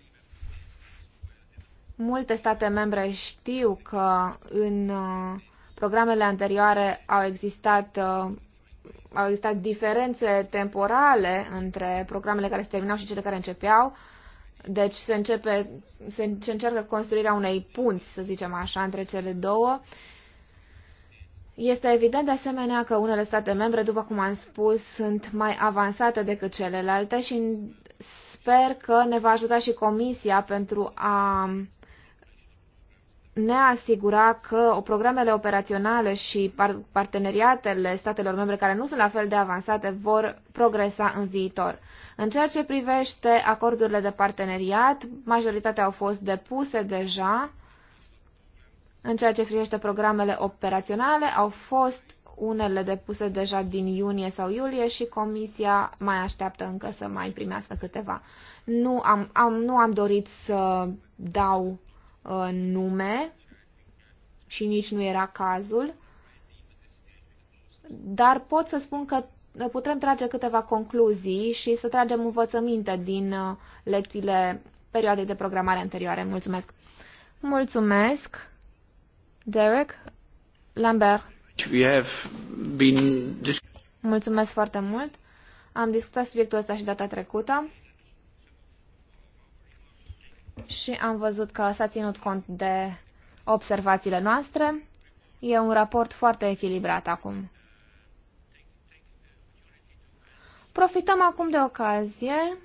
[SPEAKER 1] Multe state membre știu că în uh, programele anterioare au existat uh, au existat diferențe temporale între programele care se terminau și cele care începeau. Deci se, începe, se, se încearcă construirea unei punți, să zicem așa, între cele două. Este evident de asemenea că unele state membre, după cum am spus, sunt mai avansate decât celelalte și sper că ne va ajuta și Comisia pentru a ne asigura că programele operaționale și par parteneriatele statelor membre care nu sunt la fel de avansate vor progresa în viitor. În ceea ce privește acordurile de parteneriat, majoritatea au fost depuse deja. În ceea ce privește programele operaționale, au fost unele depuse deja din iunie sau iulie și comisia mai așteaptă încă să mai primească câteva. Nu am, am, nu am dorit să dau Uh, nume și nici nu era cazul, dar pot să spun că uh, putem trage câteva concluzii și să tragem învățăminte din uh, lecțiile perioadei de programare anterioare. Mulțumesc! Mulțumesc, Derek Lambert.
[SPEAKER 3] We have been...
[SPEAKER 1] Mulțumesc foarte mult. Am discutat subiectul ăsta și data trecută și am văzut că s-a ținut cont de observațiile noastre. E un raport foarte echilibrat acum. Profităm acum de ocazie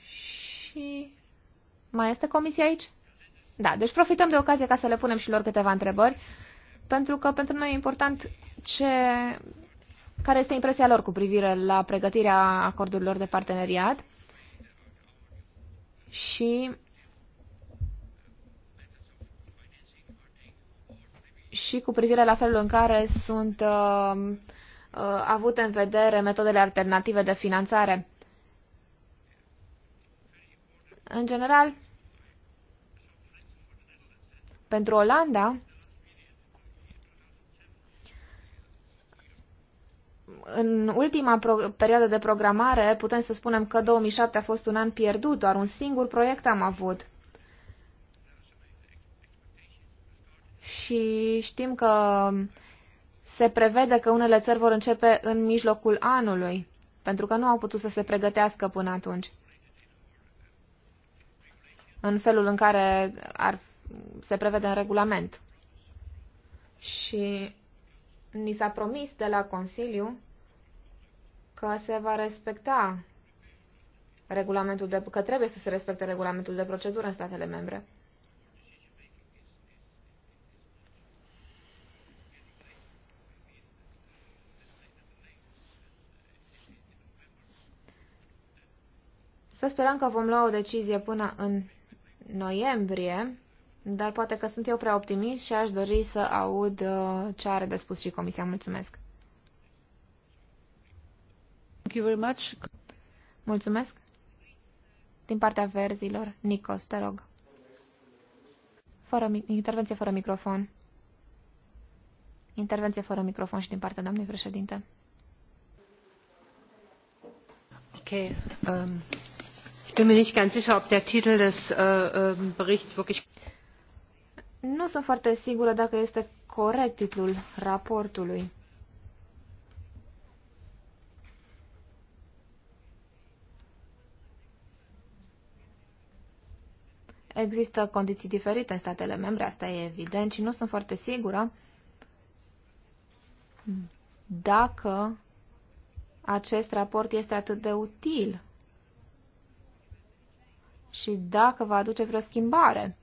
[SPEAKER 1] și... Mai este comisia aici? Da, deci profităm de ocazie ca să le punem și lor câteva întrebări, pentru că pentru noi e important ce... care este impresia lor cu privire la pregătirea acordurilor de parteneriat și și cu privire la felul în care sunt uh, uh, avute în vedere metodele alternative de finanțare. În general, pentru Olanda, în ultima perioadă de programare, putem să spunem că 2007 a fost un an pierdut, doar un singur proiect am avut. și știm că se prevede că unele țări vor începe în mijlocul anului, pentru că nu au putut să se pregătească până atunci. În felul în care ar, se prevede în regulament. Și ni s-a promis de la Consiliu că se va respecta regulamentul de, că trebuie să se respecte regulamentul de procedură în statele membre. Să sperăm că vom lua o decizie până în noiembrie, dar poate că sunt eu prea optimist și aș dori să aud uh, ce are de spus și Comisia. Mulțumesc! Thank you very much. Mulțumesc! Din partea verzilor, Nicos, te rog. Fără, intervenție fără microfon. Intervenție fără microfon și din partea doamnei președinte. Ok. Um... Nu sunt foarte sigură dacă este corect titlul raportului. Există condiții diferite în statele membre, asta e evident, și nu sunt foarte sigură dacă acest raport este atât de util și dacă va aduce vreo schimbare.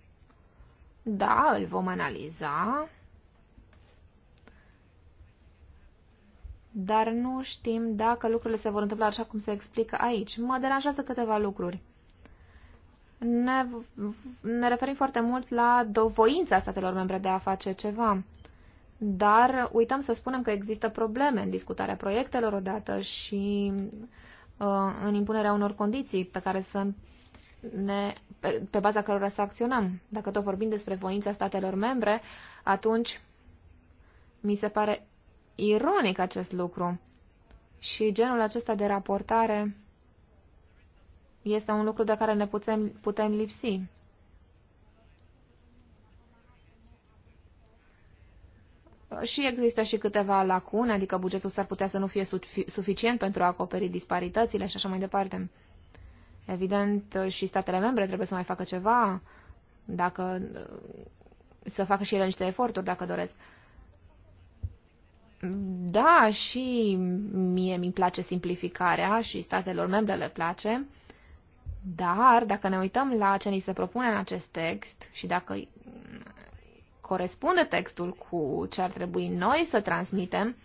[SPEAKER 1] Da, îl vom analiza, dar nu știm dacă lucrurile se vor întâmpla așa cum se explică aici. Mă deranjează câteva lucruri. Ne, ne referim foarte mult la dovoința statelor membre de a face ceva, dar uităm să spunem că există probleme în discutarea proiectelor odată și uh, în impunerea unor condiții pe care sunt ne, pe, pe baza cărora să acționăm. Dacă tot vorbim despre voința statelor membre, atunci mi se pare ironic acest lucru. Și genul acesta de raportare este un lucru de care ne putem, putem lipsi. Și există și câteva lacune, adică bugetul s-ar putea să nu fie suficient pentru a acoperi disparitățile și așa mai departe. Evident, și statele membre trebuie să mai facă ceva, dacă să facă și ele niște eforturi, dacă doresc. Da, și mie mi place simplificarea și statelor membre le place, dar dacă ne uităm la ce ni se propune în acest text și dacă corespunde textul cu ce ar trebui noi să transmitem,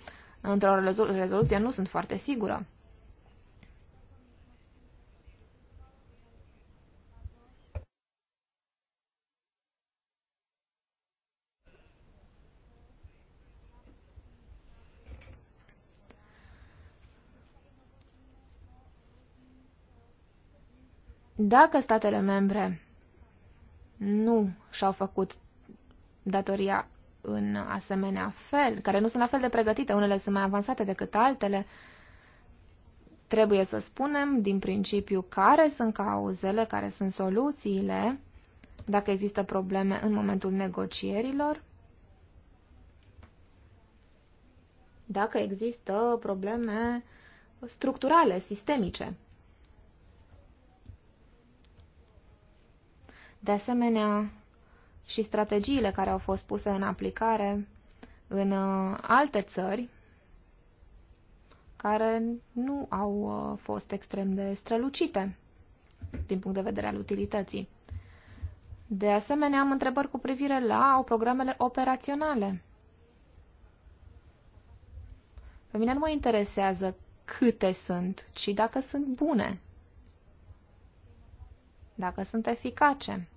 [SPEAKER 1] într-o rezoluție nu sunt foarte sigură. Dacă statele membre nu și-au făcut datoria în asemenea fel, care nu sunt la fel de pregătite, unele sunt mai avansate decât altele, trebuie să spunem din principiu care sunt cauzele, care sunt soluțiile, dacă există probleme în momentul negocierilor, dacă există probleme structurale, sistemice. De asemenea, și strategiile care au fost puse în aplicare în uh, alte țări care nu au uh, fost extrem de strălucite din punct de vedere al utilității. De asemenea, am întrebări cu privire la programele operaționale. Pe mine nu mă interesează câte sunt, ci dacă sunt bune, dacă sunt eficace.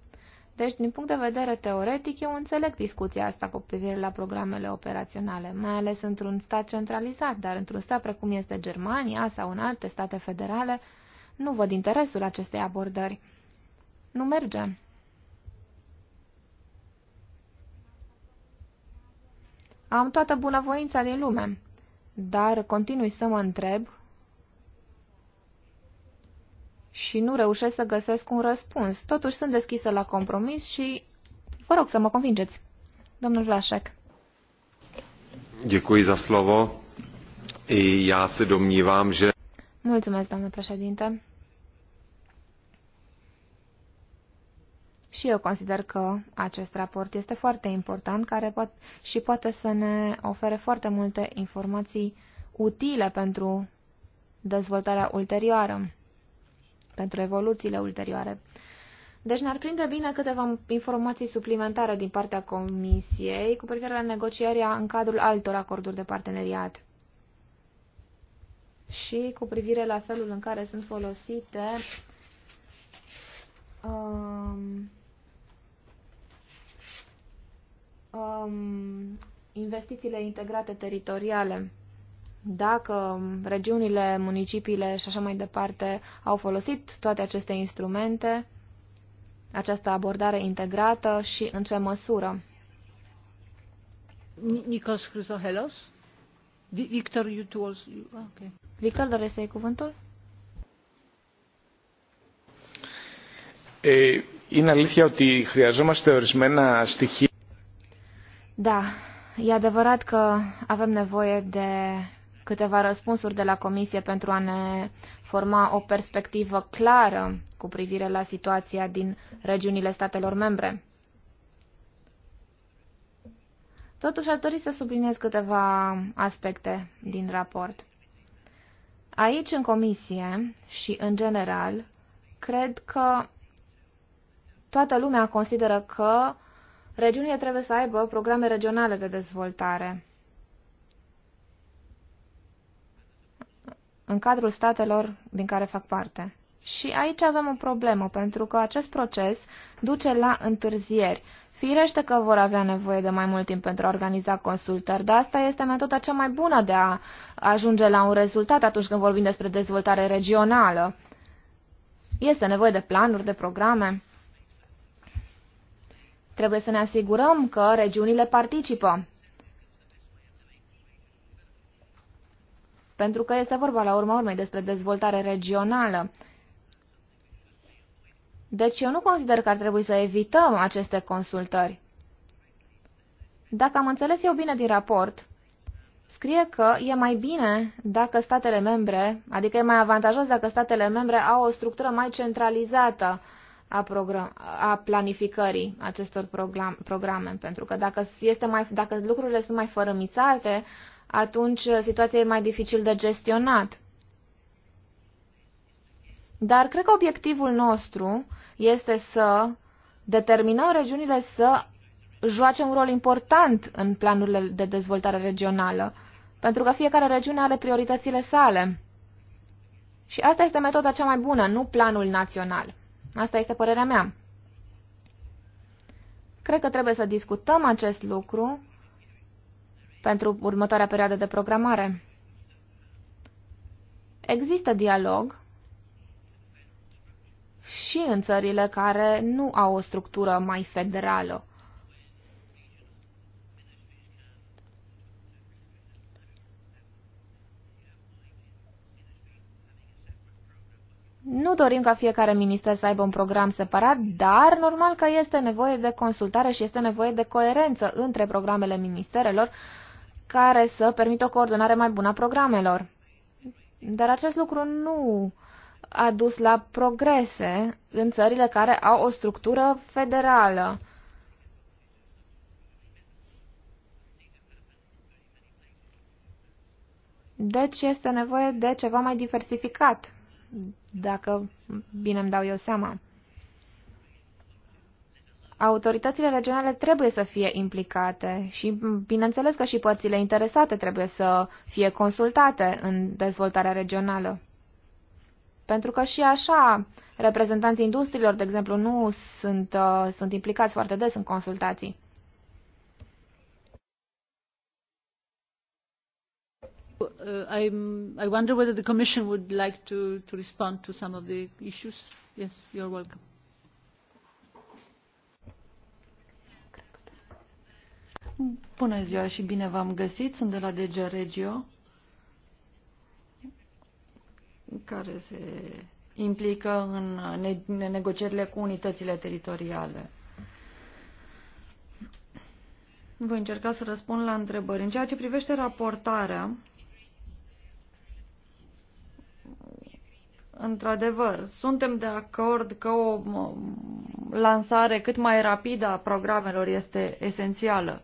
[SPEAKER 1] Deci, din punct de vedere teoretic, eu înțeleg discuția asta cu privire la programele operaționale, mai ales într-un stat centralizat, dar într-un stat precum este Germania sau în alte state federale, nu văd interesul acestei abordări. Nu merge. Am toată bunăvoința din lume, dar continui să mă întreb și nu reușesc să găsesc un răspuns. Totuși sunt deschisă la compromis și vă rog să mă convingeți. Domnul Vlașec.
[SPEAKER 3] Děkuji za slovo. I já se domnívám, že...
[SPEAKER 1] Mulțumesc, doamnă președinte. Și eu consider că acest raport este foarte important care poate, și poate să ne ofere foarte multe informații utile pentru dezvoltarea ulterioară pentru evoluțiile ulterioare. Deci ne-ar prinde bine câteva informații suplimentare din partea Comisiei cu privire la negocierea în cadrul altor acorduri de parteneriat și cu privire la felul în care sunt folosite um, um, investițiile integrate teritoriale dacă regiunile, municipiile și așa mai departe au folosit toate aceste instrumente, această abordare integrată și în ce măsură. Nicos Chrysohelos? Victor, you too also... Ah, okay. Victor, doresc să iei cuvântul? În είναι αλήθεια ότι χρειαζόμαστε ορισμένα στοιχεία. Da, e adevărat că avem nevoie de câteva răspunsuri de la Comisie pentru a ne forma o perspectivă clară cu privire la situația din regiunile statelor membre. Totuși, aș dori să subliniez câteva aspecte din raport. Aici, în comisie și în general, cred că toată lumea consideră că regiunile trebuie să aibă programe regionale de dezvoltare. în cadrul statelor din care fac parte. Și aici avem o problemă, pentru că acest proces duce la întârzieri. Firește că vor avea nevoie de mai mult timp pentru a organiza consultări, dar asta este metoda cea mai bună de a ajunge la un rezultat atunci când vorbim despre dezvoltare regională. Este nevoie de planuri, de programe. Trebuie să ne asigurăm că regiunile participă pentru că este vorba la urma urmei despre dezvoltare regională. Deci eu nu consider că ar trebui să evităm aceste consultări. Dacă am înțeles eu bine din raport, scrie că e mai bine dacă statele membre, adică e mai avantajos dacă statele membre au o structură mai centralizată a, program, a planificării acestor program, programe, pentru că dacă, este mai, dacă lucrurile sunt mai fărămițate, atunci situația e mai dificil de gestionat. Dar cred că obiectivul nostru este să determinăm regiunile să joace un rol important în planurile de dezvoltare regională, pentru că fiecare regiune are prioritățile sale. Și asta este metoda cea mai bună, nu planul național. Asta este părerea mea. Cred că trebuie să discutăm acest lucru pentru următoarea perioadă de programare. Există dialog și în țările care nu au o structură mai federală. Nu dorim ca fiecare minister să aibă un program separat, dar normal că este nevoie de consultare și este nevoie de coerență între programele ministerelor, care să permită o coordonare mai bună a programelor. Dar acest lucru nu a dus la progrese în țările care au o structură federală. Deci este nevoie de ceva mai diversificat, dacă bine îmi dau eu seama autoritățile regionale trebuie să fie implicate și, bineînțeles, că și părțile interesate trebuie să fie consultate în dezvoltarea regională. Pentru că și așa reprezentanții industriilor, de exemplu, nu sunt, uh, sunt implicați foarte des în consultații.
[SPEAKER 2] Uh, I'm, I wonder whether the Commission would like to, to respond to some of the issues. Yes,
[SPEAKER 3] you're welcome. Bună ziua și bine v-am găsit. Sunt de la DG Regio, care se implică în negocierile cu unitățile teritoriale. Voi încerca să răspund la întrebări. În ceea ce privește raportarea, Într-adevăr, suntem de acord că o lansare cât mai rapidă a programelor este esențială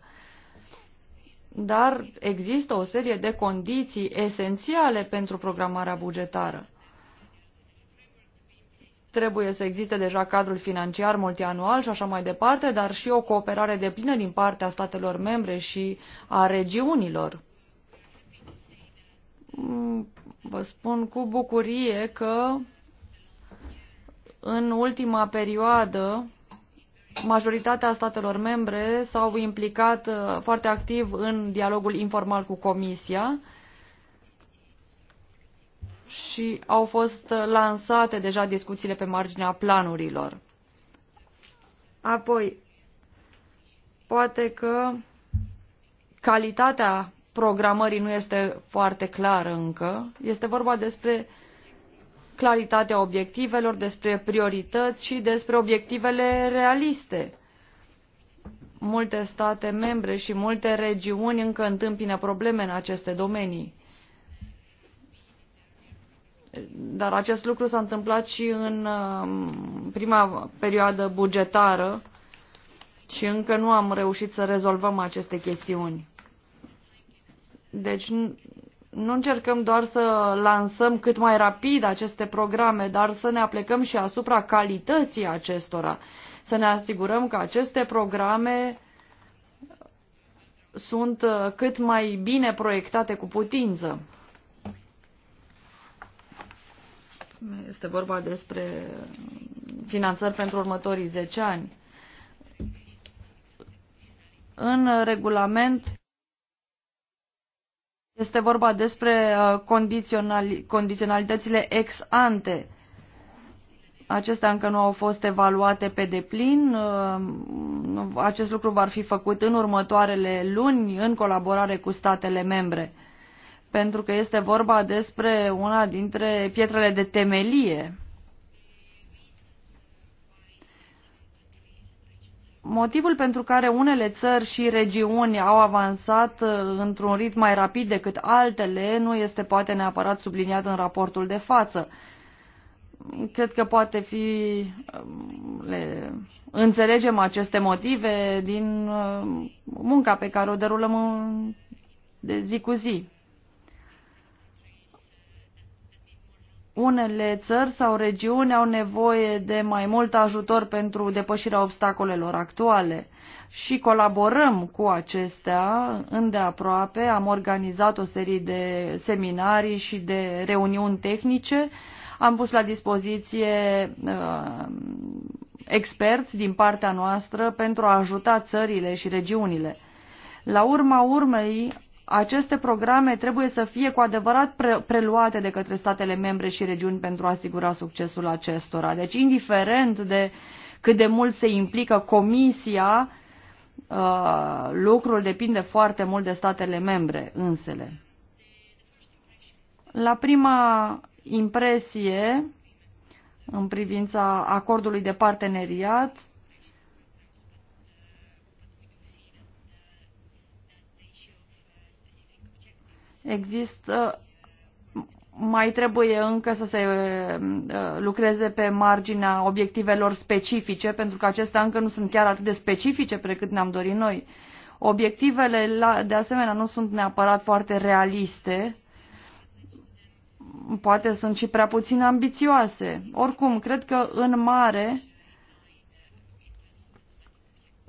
[SPEAKER 3] dar există o serie de condiții esențiale pentru programarea bugetară. Trebuie să existe deja cadrul financiar multianual și așa mai departe, dar și o cooperare de plină din partea statelor membre și a regiunilor. Mm, vă spun cu bucurie că în ultima perioadă majoritatea statelor membre s-au implicat uh, foarte activ în dialogul informal cu Comisia și au fost uh, lansate deja discuțiile pe marginea planurilor. Apoi, poate că calitatea programării nu este foarte clară încă. Este vorba despre uh, claritatea obiectivelor, despre priorități și despre obiectivele realiste. Multe state membre și multe regiuni încă întâmpină probleme în aceste domenii. Dar acest lucru s-a întâmplat și în um, prima perioadă bugetară și încă nu am reușit să rezolvăm aceste chestiuni. Deci nu încercăm doar să lansăm cât mai rapid aceste programe, dar să ne aplecăm și asupra calității acestora, să ne asigurăm că aceste programe sunt uh, cât mai bine proiectate cu putință. Este vorba despre finanțări pentru următorii 10 ani. În regulament este vorba despre uh, condiționalitățile ex ante. Acestea încă nu au fost evaluate pe deplin. Uh, acest lucru va fi făcut în următoarele luni în colaborare cu statele membre, pentru că este vorba despre una dintre pietrele de temelie Motivul pentru care unele țări și regiuni au avansat uh, într-un ritm mai rapid decât altele nu este poate neapărat subliniat în raportul de față. Cred că poate fi. Um, le, înțelegem aceste motive din uh, munca pe care o derulăm de zi cu zi. unele țări sau regiuni au nevoie de mai mult ajutor pentru depășirea obstacolelor actuale și colaborăm cu acestea îndeaproape. Am organizat o serie de seminarii și de reuniuni tehnice. Am pus la dispoziție uh, experți din partea noastră pentru a ajuta țările și regiunile. La urma urmei, aceste programe trebuie să fie cu adevărat pre preluate de către statele membre și regiuni pentru a asigura succesul acestora. Deci, indiferent de cât de mult se implică Comisia, uh, lucrul depinde foarte mult de statele membre însele. La prima impresie, în privința acordului de parteneriat, Există mai trebuie încă să se uh, lucreze pe marginea obiectivelor specifice, pentru că acestea încă nu sunt chiar atât de specifice precât ne-am dorit noi. Obiectivele, de asemenea, nu sunt neapărat foarte realiste, poate sunt și prea puțin ambițioase. Oricum, cred că în mare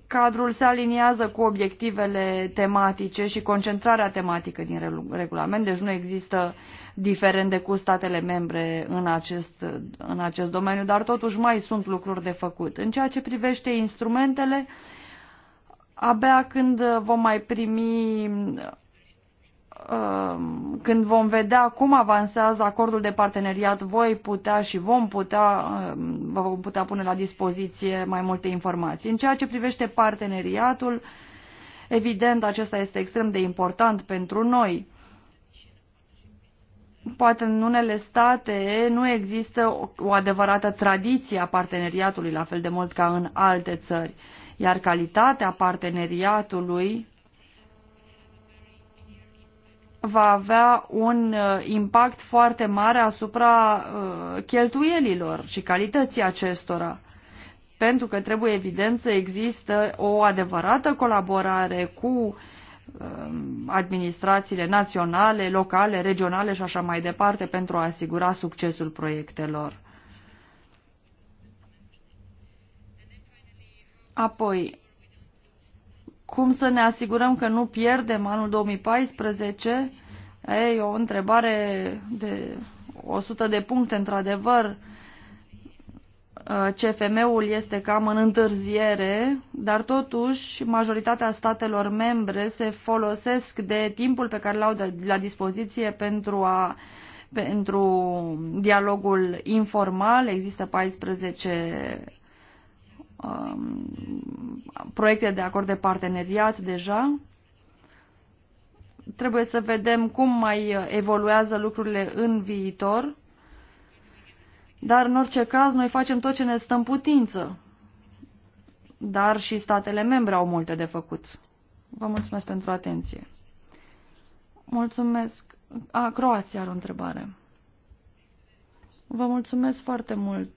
[SPEAKER 3] cadrul se aliniază cu obiectivele tematice și concentrarea tematică din regulament, deci nu există de cu statele membre în acest, în acest domeniu, dar totuși mai sunt lucruri de făcut. În ceea ce privește instrumentele, abia când vom mai primi Um, când vom vedea cum avansează acordul de parteneriat, voi putea și vom putea, um, vă vom putea pune la dispoziție mai multe informații. În ceea ce privește parteneriatul, evident, acesta este extrem de important pentru noi. Poate în unele state nu există o adevărată tradiție a parteneriatului, la fel de mult ca în alte țări, iar calitatea parteneriatului va avea un uh, impact foarte mare asupra uh, cheltuielilor și calității acestora. Pentru că trebuie evident să există o adevărată colaborare cu uh, administrațiile naționale, locale, regionale și așa mai departe pentru a asigura succesul proiectelor. Apoi, cum să ne asigurăm că nu pierdem anul 2014? Ei, o întrebare de 100 de puncte, într-adevăr. Uh, CFM-ul este cam în întârziere, dar totuși majoritatea statelor membre se folosesc de timpul pe care l-au la dispoziție pentru, a, pentru dialogul informal. Există 14 Um, proiecte de acord de parteneriat deja. Trebuie să vedem cum mai evoluează lucrurile în viitor, dar în orice caz noi facem tot ce ne stă în putință. Dar și statele membre au multe de făcut. Vă mulțumesc pentru atenție. Mulțumesc. A, Croația are o întrebare. Vă mulțumesc foarte mult.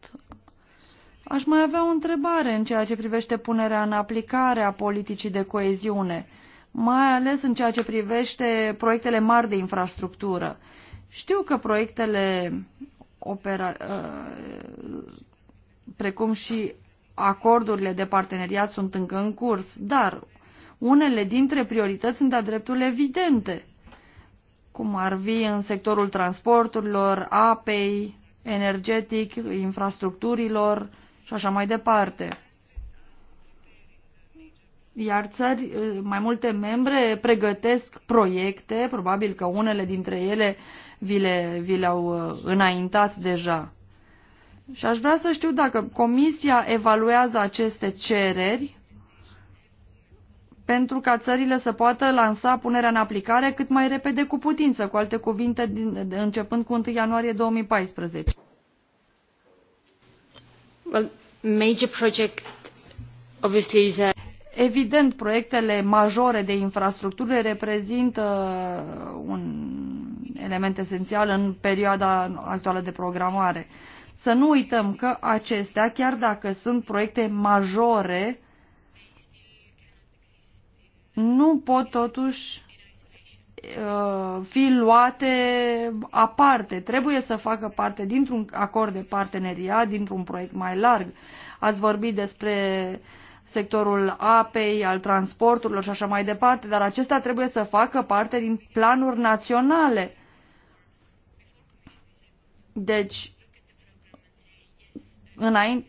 [SPEAKER 3] Aș mai avea o întrebare în ceea ce privește punerea în aplicare a politicii de coeziune, mai ales în ceea ce privește proiectele mari de infrastructură. Știu că proiectele opera, uh, precum și acordurile de parteneriat sunt încă în curs, dar unele dintre priorități sunt de-a dreptul evidente, cum ar fi în sectorul transporturilor, apei, energetic, infrastructurilor, și așa mai departe. Iar țări, eh, mai multe membre pregătesc proiecte, probabil că unele dintre ele vi, le, vi le-au eh, înaintat deja. Și aș vrea să știu dacă Comisia evaluează aceste cereri pentru ca țările să poată lansa punerea în aplicare cât mai repede cu putință, cu alte cuvinte, din, începând cu 1 ianuarie 2014. Well, major project obviously is a uh, Evident, proiectele majore de infrastructură reprezintă uh, un element esențial în perioada actuală de programare. Să nu uităm că acestea, chiar dacă sunt proiecte majore, nu pot totuși Uh, fi luate aparte, trebuie să facă parte dintr-un acord de parteneriat, dintr-un proiect mai larg. Ați vorbit despre sectorul apei, al transporturilor și așa mai departe, dar acestea trebuie să facă parte din planuri naționale. Deci, înainte,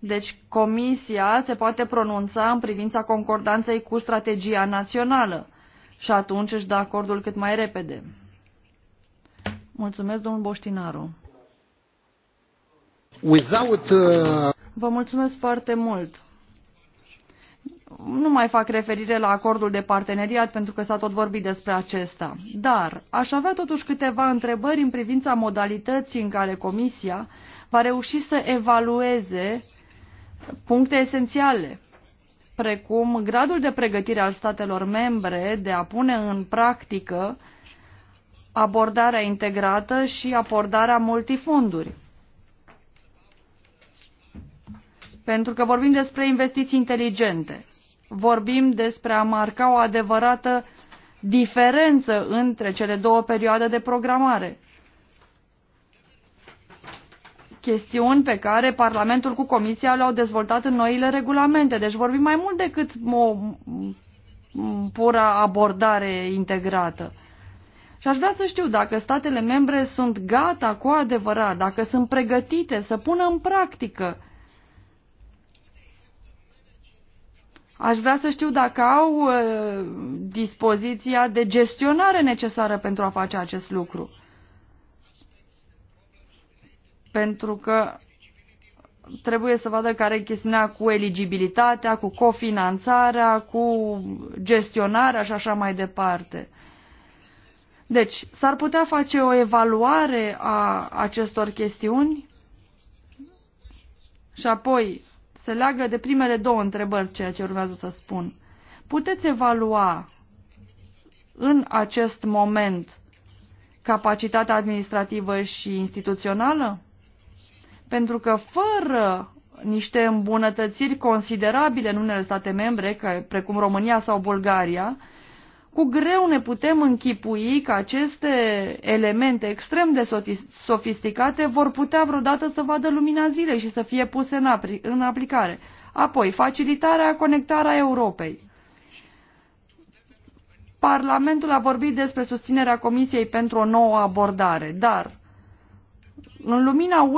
[SPEAKER 3] Deci comisia se poate pronunța în privința concordanței cu strategia națională și atunci își dă acordul cât mai repede. Mulțumesc, domnul Boștinaru.
[SPEAKER 2] Without, uh...
[SPEAKER 3] Vă mulțumesc foarte mult. Nu mai fac referire la acordul de parteneriat pentru că s-a tot vorbit despre acesta. Dar aș avea totuși câteva întrebări în privința modalității în care Comisia va reuși să evalueze puncte esențiale, precum gradul de pregătire al statelor membre de a pune în practică abordarea integrată și abordarea multifonduri. Pentru că vorbim despre investiții inteligente, vorbim despre a marca o adevărată diferență între cele două perioade de programare chestiuni pe care Parlamentul cu Comisia le-au dezvoltat în noile regulamente. Deci vorbim mai mult decât o pura abordare integrată. Și aș vrea să știu dacă statele membre sunt gata cu adevărat, dacă sunt pregătite să pună în practică. Aș vrea să știu dacă au uh, dispoziția de gestionare necesară pentru a face acest lucru pentru că trebuie să vadă care e chestiunea cu eligibilitatea, cu cofinanțarea, cu gestionarea și așa mai departe. Deci, s-ar putea face o evaluare a acestor chestiuni și apoi se leagă de primele două întrebări, ceea ce urmează să spun. Puteți evalua în acest moment capacitatea administrativă și instituțională? Pentru că fără niște îmbunătățiri considerabile în unele state membre, precum România sau Bulgaria, cu greu ne putem închipui că aceste elemente extrem de sofisticate vor putea vreodată să vadă lumina zilei și să fie puse în, apri, în aplicare. Apoi, facilitarea conectarea Europei. Parlamentul a vorbit despre susținerea Comisiei pentru o nouă abordare, dar în lumina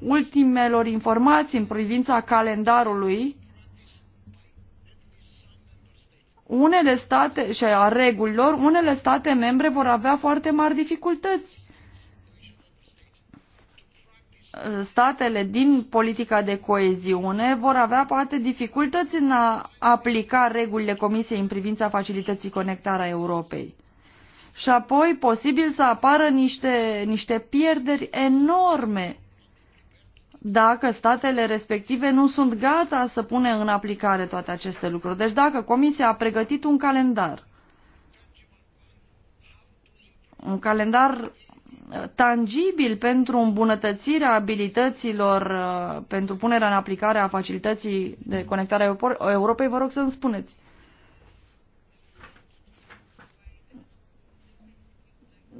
[SPEAKER 3] ultimelor informații în privința calendarului, unele state și a regulilor, unele state membre vor avea foarte mari dificultăți. Statele din politica de coeziune vor avea poate dificultăți în a aplica regulile Comisiei în privința facilității conectarea Europei și apoi posibil să apară niște, niște pierderi enorme dacă statele respective nu sunt gata să pune în aplicare toate aceste lucruri. Deci dacă Comisia a pregătit un calendar, un calendar uh, tangibil pentru îmbunătățirea abilităților uh, pentru punerea în aplicare a facilității de conectare a Europei, vă rog să-mi spuneți.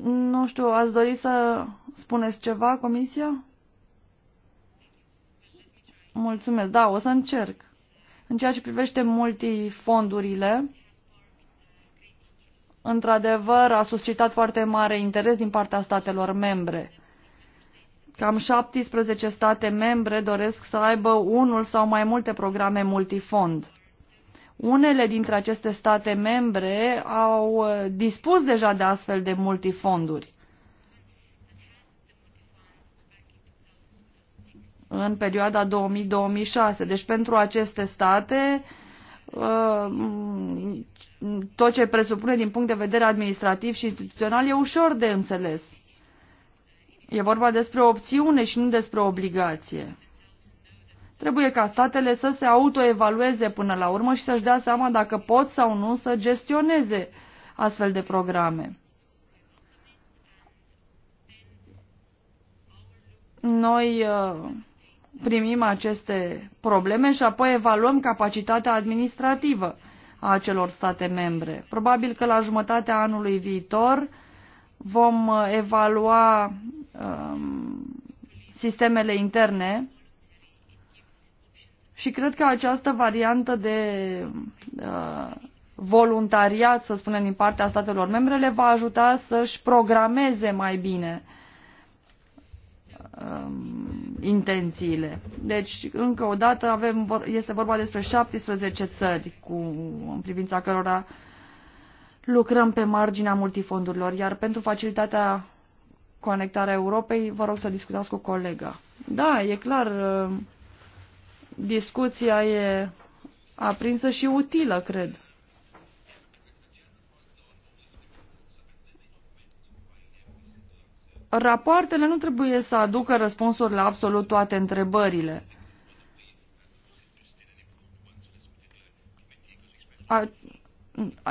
[SPEAKER 3] Nu știu, ați dori să spuneți ceva, Comisia? Mulțumesc, da, o să încerc. În ceea ce privește multifondurile, într-adevăr a suscitat foarte mare interes din partea statelor membre. Cam 17 state membre doresc să aibă unul sau mai multe programe multifond. Unele dintre aceste state membre au uh, dispus deja de astfel de multifonduri. în perioada 2000-2006. Deci pentru aceste state uh, tot ce presupune din punct de vedere administrativ și instituțional e ușor de înțeles. E vorba despre opțiune și nu despre obligație. Trebuie ca statele să se autoevalueze până la urmă și să-și dea seama dacă pot sau nu să gestioneze astfel de programe. Noi uh, primim aceste probleme și apoi evaluăm capacitatea administrativă a acelor state membre. Probabil că la jumătatea anului viitor vom uh, evalua um, sistemele interne și cred că această variantă de uh, voluntariat, să spunem, din partea statelor membre, le va ajuta să-și programeze mai bine uh, intențiile. Deci, încă o dată, avem, este vorba despre 17 țări cu, în privința cărora lucrăm pe marginea multifondurilor, iar pentru facilitatea conectarea Europei, vă rog să discutați cu colega. Da, e clar, uh, Discuția e aprinsă și utilă, cred. Rapoartele nu trebuie să aducă răspunsuri la absolut toate întrebările. A,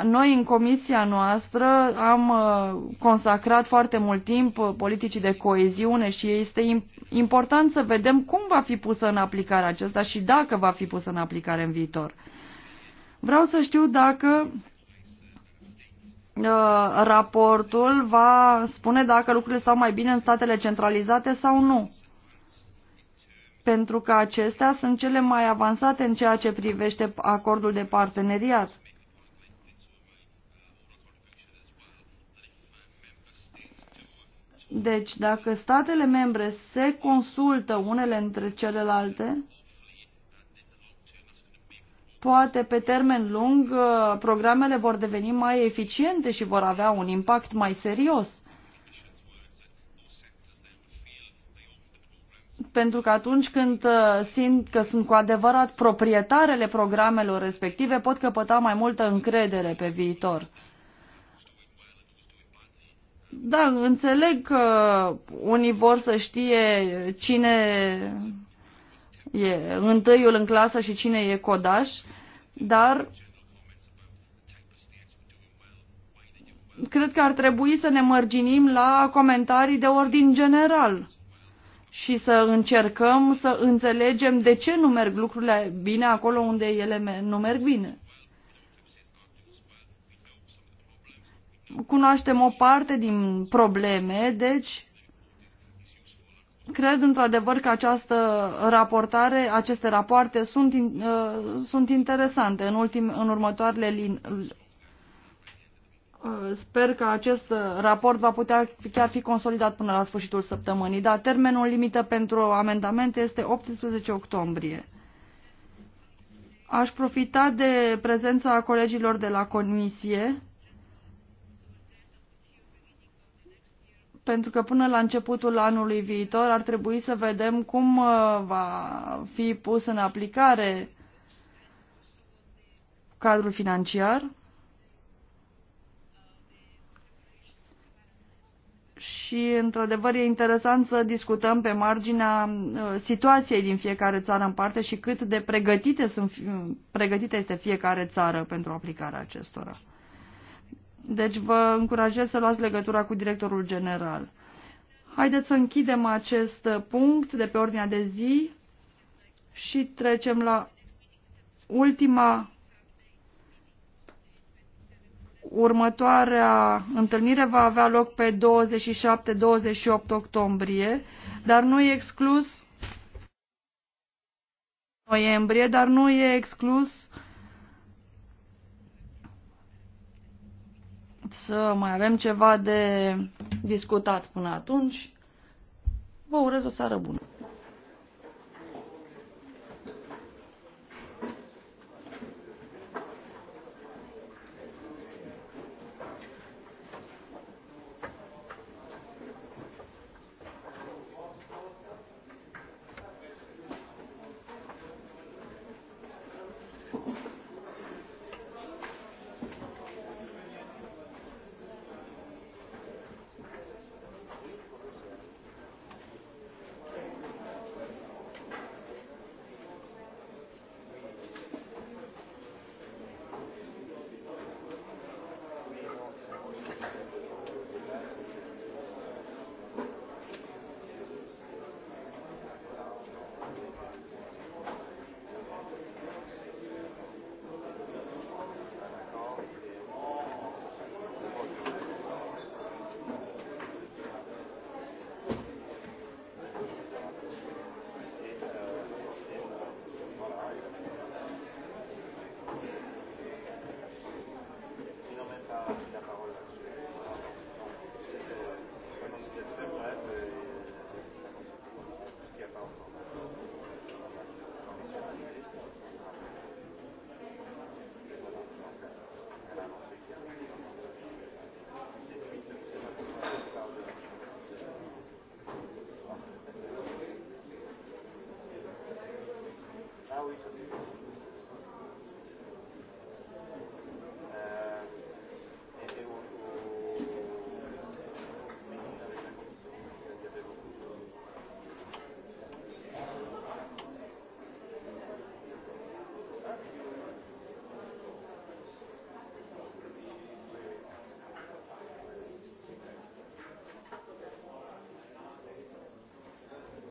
[SPEAKER 3] noi în comisia noastră am uh, consacrat foarte mult timp uh, politicii de coeziune și este important să vedem cum va fi pusă în aplicare acesta și dacă va fi pusă în aplicare în viitor. Vreau să știu dacă uh, raportul va spune dacă lucrurile stau mai bine în statele centralizate sau nu. Pentru că acestea sunt cele mai avansate în ceea ce privește acordul de parteneriat. Deci, dacă statele membre se consultă unele între celelalte, poate pe termen lung uh, programele vor deveni mai eficiente și vor avea un impact mai serios. Pentru că atunci când uh, simt că sunt cu adevărat proprietarele programelor respective, pot căpăta mai multă încredere pe viitor. Da, înțeleg că unii vor să știe cine e întâiul în clasă și cine e codaș, dar cred că ar trebui să ne mărginim la comentarii de ordin general și să încercăm să înțelegem de ce nu merg lucrurile bine acolo unde ele nu merg bine. cunoaștem o parte din probleme, deci cred într-adevăr că această raportare, aceste rapoarte sunt, uh, sunt interesante în, ultim, în următoarele lin, uh, Sper că acest raport va putea chiar fi consolidat până la sfârșitul săptămânii, dar termenul limită pentru amendamente este 18 octombrie. Aș profita de prezența colegilor de la comisie pentru că până la începutul anului viitor ar trebui să vedem cum uh, va fi pus în aplicare cadrul financiar și, într-adevăr, e interesant să discutăm pe marginea uh, situației din fiecare țară în parte și cât de pregătite sunt, pregătită este fiecare țară pentru aplicarea acestora. Deci vă încurajez să luați legătura cu directorul general. Haideți să închidem acest punct de pe ordinea de zi și trecem la ultima următoarea întâlnire va avea loc pe 27-28 octombrie, dar nu e exclus noiembrie, dar nu e exclus să mai avem ceva de discutat până atunci. Vă urez o seară bună!